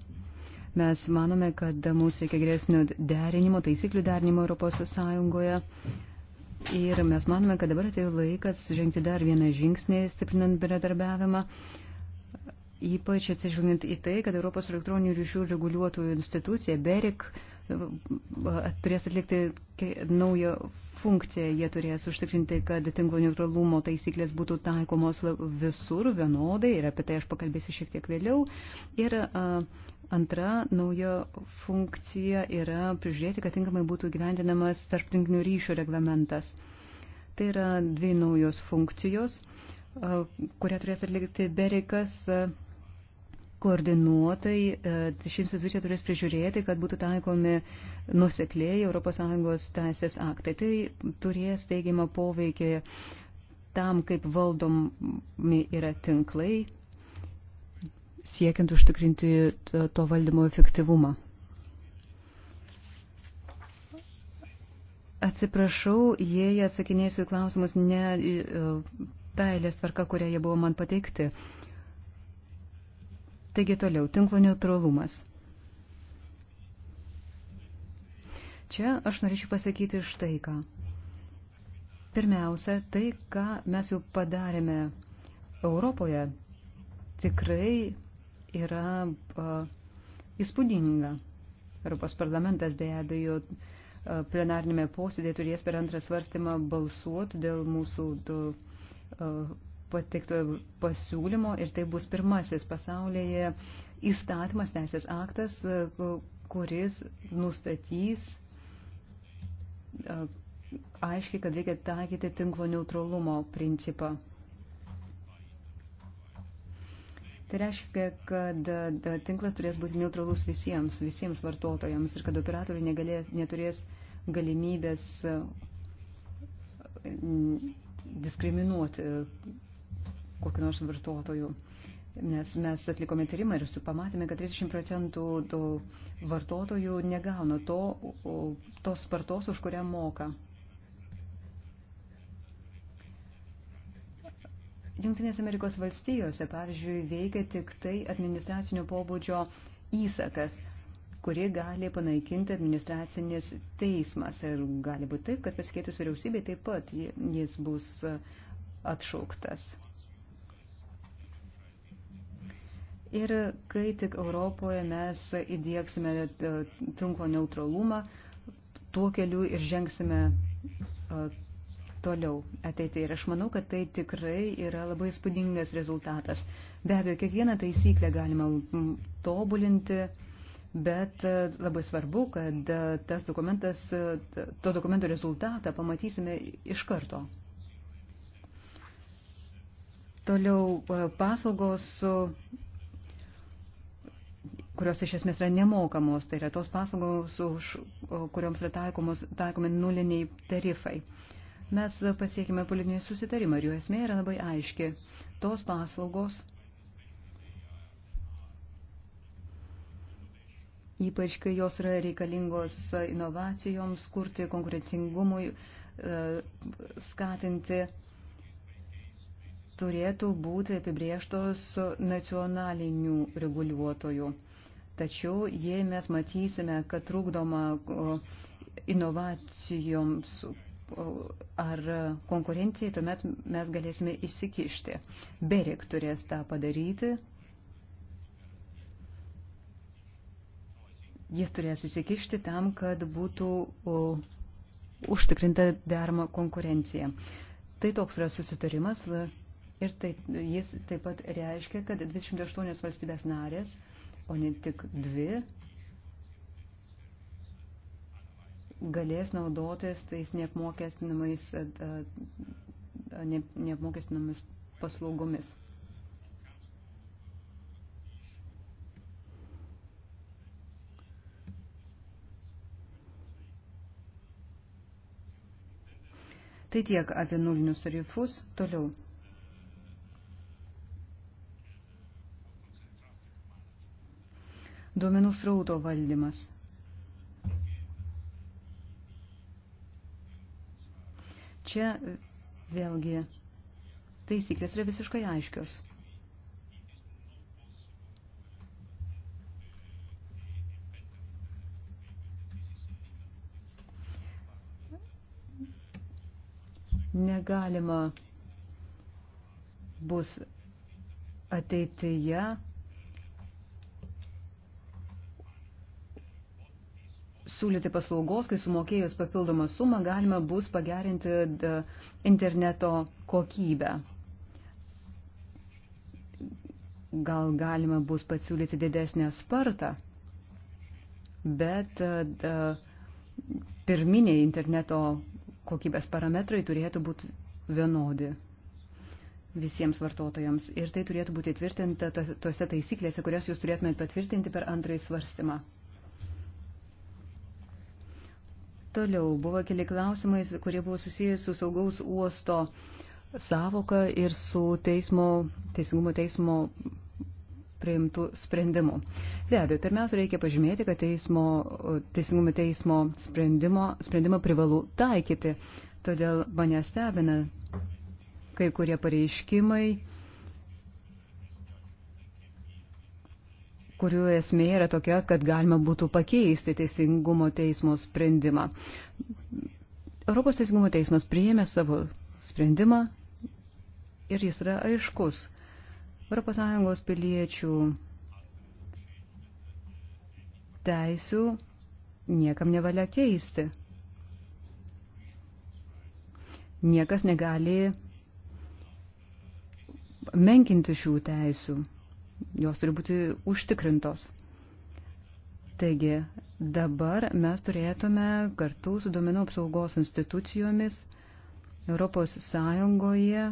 Mes manome, kad mums reikia geresnio derinimo, taisyklių derinimo Europos Sąjungoje. Ir mes manome, kad dabar atėjo laikas žengti dar vieną žingsnį, stiprinant bendradarbiavimą. Ypač atsižvelgiant į tai, kad Europos elektroninių ryšių reguliuotojų institucija BERIK turės atlikti naują funkciją. Jie turės užtikrinti, kad tinklo neutralumo taisyklės būtų taikomos visur vienodai ir apie tai aš pakalbėsiu šiek tiek vėliau. Ir a, Antra nauja funkcija yra prižiūrėti, kad tinkamai būtų gyvendinamas tarptinklinio ryšio reglamentas. Tai yra dvi naujos funkcijos, kurią turės atlikti Berikas koordinuotai. Ši institucija turės prižiūrėti, kad būtų taikomi nusekliai ES teisės aktai. Tai turės teigiamą poveikį tam, kaip valdomi yra tinklai siekiant užtikrinti to valdymo efektyvumą. Atsiprašau, jei atsakinėsiu į klausimus ne e, tą eilės tvarką, kurią jie buvo man pateikti. Taigi toliau, tinklo neutralumas. Čia aš norėčiau pasakyti štai ką. Pirmiausia, tai, ką mes jau padarėme Europoje, tikrai yra įspūdinga. Europos parlamentas be abejo plenarinėme posėdėje turės per antrą svarstymą balsuoti dėl mūsų du, pateikto pasiūlymo ir tai bus pirmasis pasaulyje įstatymas, teisės aktas, kuris nustatys aiškiai, kad reikia taikyti tinklo neutralumo principą. Tai reiškia, kad tinklas turės būti neutralus visiems, visiems vartotojams ir kad operatoriai negalės, neturės galimybės e, diskriminuoti kokiu nors vartotoju. Nes mes atlikome tyrimą ir pamatėme, kad 30 procentų vartotojų negauna to, tos spartos, už kurią moka. Junktinės Amerikos valstijose, pavyzdžiui, veikia tik tai administracinio pobūdžio įsakas, kuri gali panaikinti administracinis teismas. Ir gali būti taip, kad pasikeitus vyriausybei taip pat jis bus atšauktas. Ir kai tik Europoje mes įdėksime tinklo neutralumą, tuo keliu ir žengsime toliau ateityje. Ir aš manau, kad tai tikrai yra labai spūdingas rezultatas. Be abejo, kiekvieną taisyklę galima tobulinti, bet e, labai svarbu, kad e, tas dokumentas, e, to dokumento rezultatą pamatysime iš karto. Toliau paslaugos kurios iš esmės yra nemokamos, tai yra tos paslaugos, už, kurioms yra taikomos, taikomi nuliniai tarifai. Uh, Mes pasiekime politinį susitarimą ir jo esmė yra labai aiški. Tos paslaugos, ypač kai jos yra reikalingos inovacijoms, kurti konkurencingumui, e, skatinti, turėtų būti apibrieštos nacionalinių reguliuotojų. Tačiau jei mes matysime, kad trukdoma inovacijoms ar konkurencijai, tuomet mes galėsime įsikišti. Berek turės tą padaryti. Jis turės įsikišti tam, kad būtų užtikrinta derma konkurencija. Tai toks yra susitarimas ir tai, jis taip pat reiškia, kad 28 valstybės narės, o ne tik dvi, galės naudotis tais neapmokestinamais, e, e, ne, neapmokestinamis paslaugomis. Tai tiek apie nulinius tarifus. Toliau. Duomenų srauto valdymas. Čia vėlgi taisyklės yra visiškai aiškios. Negalima bus ateityje siūlyti paslaugos, kai sumokėjus papildomą sumą galima bus pagerinti interneto kokybę. Gal galima bus pasiūlyti didesnę spartą, bet pirminiai interneto kokybės parametrai turėtų būti vienodi visiems vartotojams. Ir tai turėtų būti tvirtinta tose taisyklėse, kurias jūs turėtumėte patvirtinti per antrąjį svarstymą. Toliau buvo keli klausimai, kurie buvo susijęs su saugaus uosto savoka ir su teismo, teisingumo teismo priimtų sprendimų. Be abejo, pirmiausia, reikia pažymėti, kad teismo, teisingumo teismo sprendimą privalu taikyti. Todėl mane stebina kai kurie pareiškimai kurių esmė yra tokia, kad galima būtų pakeisti teisingumo teismo sprendimą. Europos teisingumo teismas priėmė savo sprendimą ir jis yra aiškus. ES piliečių teisių niekam nevalia keisti. Niekas negali menkinti šių teisių jos turi būti užtikrintos. Taigi dabar mes turėtume kartu su duomenų apsaugos institucijomis Europos Sąjungoje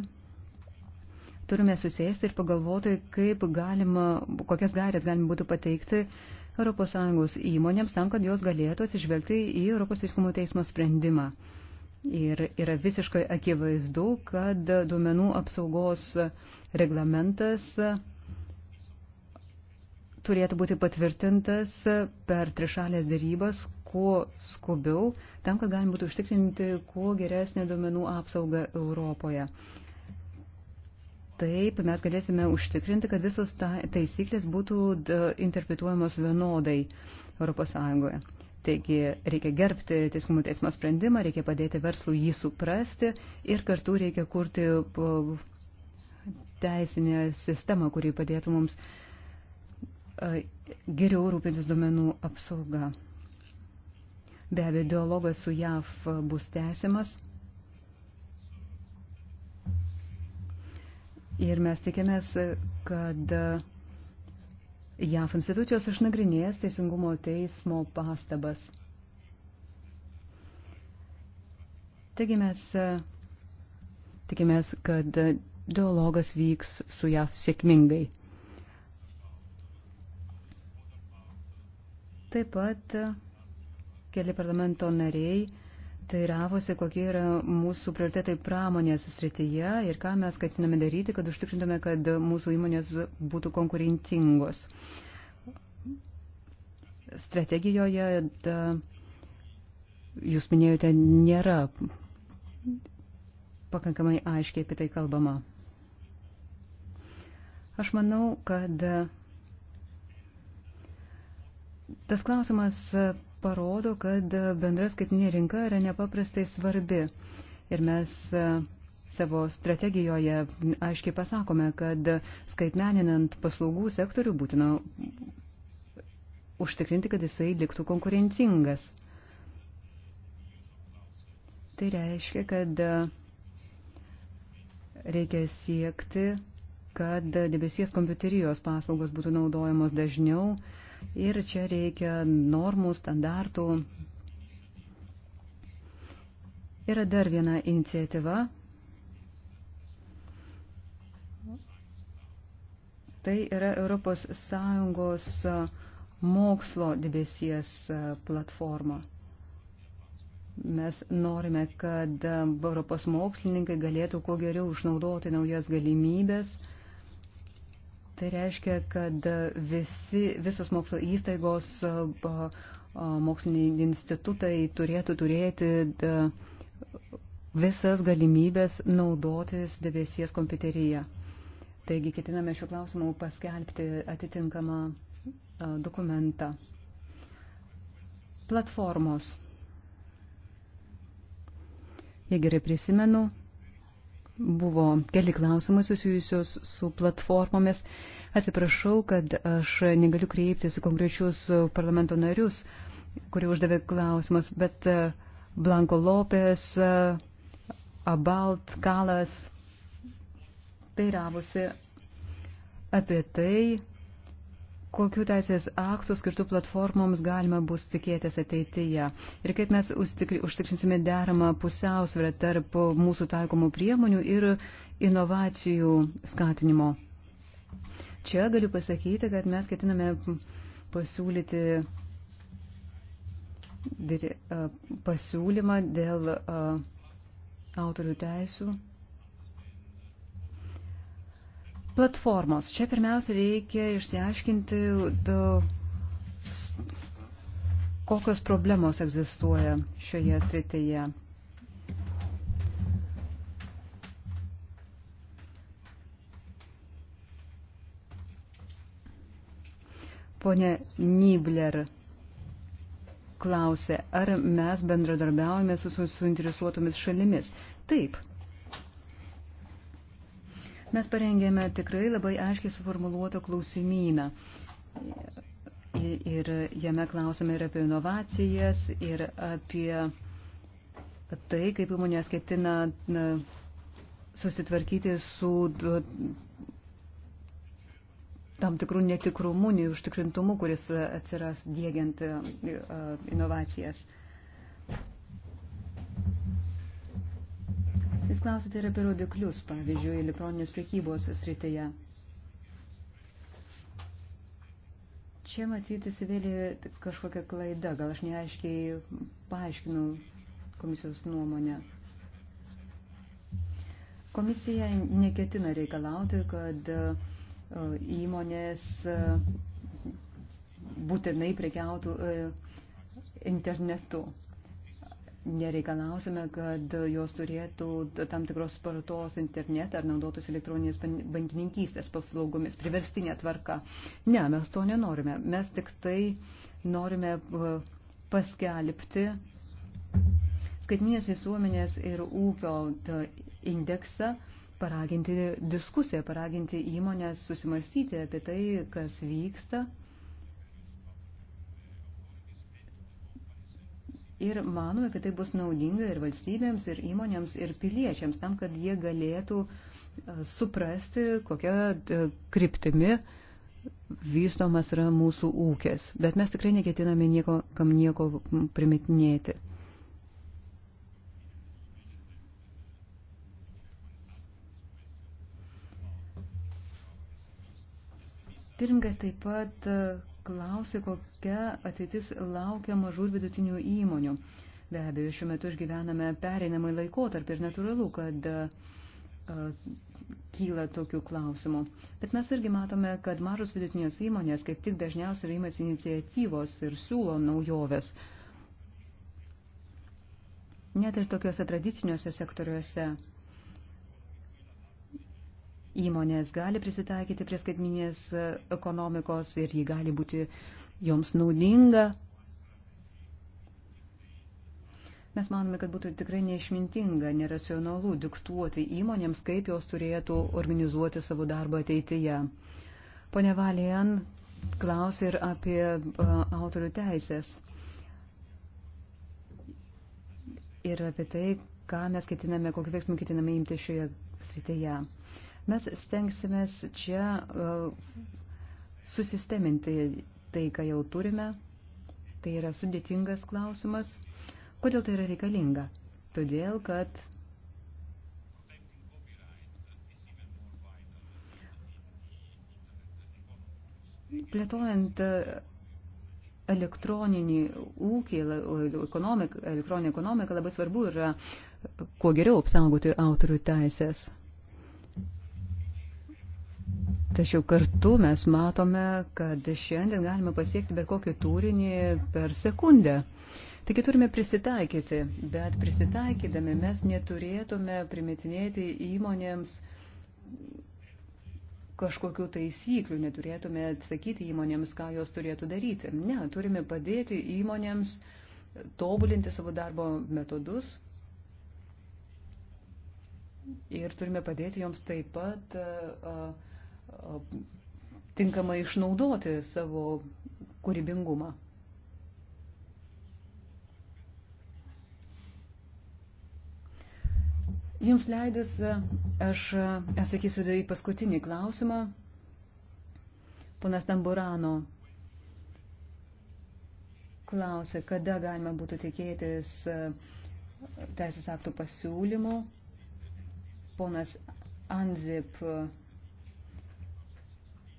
turime susėsti ir pagalvoti, kaip galima, kokias gairės galima būtų pateikti ES įmonėms tam, kad jos galėtų atsižvelgti į Europos teisingumo teismo sprendimą. Ir yra visiškai akivaizdu, kad duomenų apsaugos reglamentas turėtų būti patvirtintas per trišalės dėrybas kuo skubiau, tam, kad galim būtų užtikrinti kuo geresnę duomenų apsaugą Europoje. Taip, mes galėsime užtikrinti, kad visos ta, taisyklės būtų interpretuojamos vienodai ES. Taigi reikia gerbti teismų teismo sprendimą, reikia padėti verslui jį suprasti ir kartu reikia kurti teisinę sistemą, kuri padėtų mums uh, E, geriau rūpintis duomenų apsauga. Be abejo, dialogas su JAV bus tęsiamas. Ir mes tikimės, kad JAF institucijos išnagrinės Teisingumo teismo pastabas. Taigi mes e, tikimės, kad dialogas vyks su JAF sėkmingai. Taip pat keli parlamento nariai teiravosi, kokie yra mūsų prioritetai pramonės srityje ir ką mes ketiname daryti, kad užtikrintume, kad mūsų įmonės būtų konkurentingos. Strategijoje, da, jūs minėjote, nėra pakankamai aiškiai apie tai kalbama. Aš manau, kad Tas klausimas e, parodo, kad e, bendra skaitinė rinka yra nepaprastai svarbi. Ir mes e, savo strategijoje aiškiai pasakome, kad skaitmeninant paslaugų sektorių būtina užtikrinti, kad jisai liktų konkurencingas. Tai reiškia, kad reikia siekti, kad debesies kompiuterijos paslaugos būtų naudojamos dažniau Ir čia reikia normų, standartų. Yra dar viena iniciatyva. Tai yra Europos Sąjungos mokslo debesies platforma. Mes norime, kad Europos mokslininkai galėtų kuo geriau išnaudoti naujas galimybės, uh, Tai reiškia, kad visi, visos mokslo įstaigos, moksliniai institutai turėtų turėti visas galimybės naudotis debesies kompiuterija. Taigi ketiname šiuo klausimu paskelbti atitinkamą dokumentą. Platformos. Jei gerai prisimenu, buvo keli klausimai susijusios su platformomis. Atsiprašau, kad aš negaliu kreiptis į konkrečius parlamento narius, kurie uždavė klausimus, bet e, Blanko Lopės, e, Abalt Kalas teiravosi apie tai, kokiu teisės aktų skirtų platformoms galima bus tikėtis ateityje ir kaip mes užtikrinsime deramą pusiausvyrą tarp mūsų taikomų priemonių ir inovacijų skatinimo. Čia galiu pasakyti, kad mes ketiname pasiūlyti pasiūlymą dėl autorių teisų Platformos. Čia pirmiausia reikia išsiaiškinti, do, kokios problemos egzistuoja šioje srityje. Pone Nibler klausė, ar mes bendradarbiaujame su suinteresuotomis šalimis. Taip, Mes parengėme tikrai labai aiškiai suformuluotą klausimyną. Ir jame klausome ir apie inovacijas, ir apie tai, kaip įmonės ketina susitvarkyti su tam tikrų netikrumu, neužtikrintumu, kuris atsiras dėgiant e, e, inovacijas. jūs klausite ir apie rodiklius, pavyzdžiui, elektroninės prekybos srityje. Čia matyti įsivėlė kažkokia klaida, gal aš neaiškiai paaiškinau komisijos nuomonę. Komisija neketina reikalauti, kad e, įmonės e, būtinai prekiautų e, internetu nereikalausime, kad jos turėtų tam tikros spartos internetą ar naudotųsi elektroninės bankininkystės paslaugomis, priverstinė tvarka. Ne, mes to nenorime. Mes tik tai norime uh, paskelbti skaitinės visuomenės ir ūkio indeksą, paraginti diskusiją, paraginti įmonės susimastyti apie tai, kas vyksta Ir manome, kad tai bus naudinga ir valstybėms, ir įmonėms, ir piliečiams, tam, kad jie galėtų e, suprasti, kokia e, kryptimi vystomas yra mūsų ūkės. Bet mes tikrai neketiname nieko, kam nieko primitinėti. Pirmkas taip pat e, klausė, kokia ateitis laukia mažų ir vidutinių įmonių. Be abejo, šiuo metu išgyvename pereinamą laikotarpį ir natūralu, kad kyla tokių klausimų. Bet mes irgi matome, kad mažos vidutinės įmonės kaip tik dažniausiai įmasi iniciatyvos ir siūlo naujoves. Net ir tokiuose tradiciniuose sektoriuose Įmonės gali prisitaikyti prie skaitminės ekonomikos ir ji gali būti joms naudinga. Mes manome, kad būtų tikrai neišmintinga, neracionalu diktuoti įmonėms, kaip jos turėtų organizuoti savo darbą ateityje. Pone Valijan klausė ir apie autorių teisės. Ir apie tai, ką mes ketiname, kokį veiksmą ketiname imti šioje srityje. Mes stengsimės čia e, susisteminti tai, ką jau turime. Tai yra sudėtingas klausimas. Kodėl tai yra reikalinga? Todėl, kad plėtojant elektroninį ūkį, ekonomiką, elektroninį ekonomiką labai svarbu yra kuo geriau apsaugoti autorių teisės. Tačiau kartu mes matome, kad šiandien galime pasiekti bet kokį turinį per sekundę. Taigi turime prisitaikyti, bet prisitaikydami mes neturėtume primetinėti įmonėms kažkokių taisyklių, neturėtume atsakyti įmonėms, ką jos turėtų daryti. Ne, turime padėti įmonėms tobulinti savo darbo metodus ir turime padėti joms taip pat uh, uh, tinkamai išnaudoti savo kūrybingumą. Jums leidus, aš atsakysiu į paskutinį klausimą. Ponas Tamburano klausė, kada galima būtų tikėtis e, teisės aktų pasiūlymų. Ponas Anzip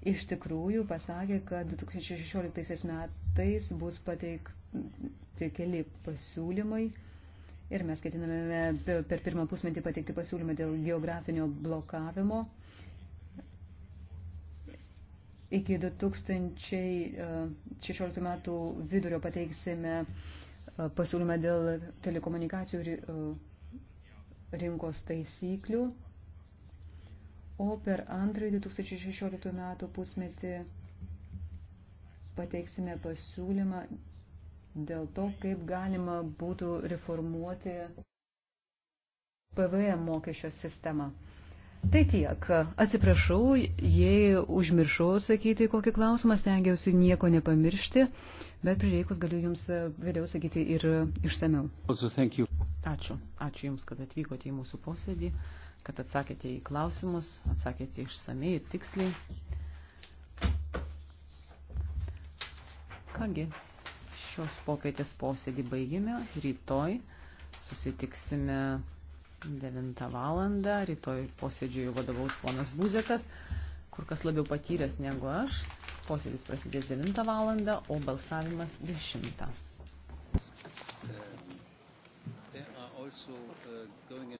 iš tikrųjų pasakė, kad 2016 metais bus pateikti keli pasiūlymai ir mes ketiname per pirmą pusmetį pateikti pasiūlymą dėl geografinio blokavimo. Iki 2016 e, metų vidurio pateiksime e, pasiūlymą dėl telekomunikacijų e, rinkos taisyklių o per antrąjį 2016 metų pusmetį pateiksime pasiūlymą dėl to, kaip galima būtų reformuoti PVM mokesčio sistemą. Tai tiek. Atsiprašau, jei užmiršau atsakyti kokį klausimą, stengiausi nieko nepamiršti, bet prireikus galiu Jums vėliau sakyti ir išsameu. Ačiū. Ačiū Jums, kad atvykote į mūsų posėdį kad atsakėte į klausimus, atsakėte išsamei ir tiksliai. Kągi, šios popietės posėdį baigėme. Rytoj susitiksime 9 valandą. Rytoj posėdžiui vadovaus ponas Buzekas, kur kas labiau patyręs negu aš. Posėdis prasidės 9 valandą, o balsavimas 10. Um, also, uh,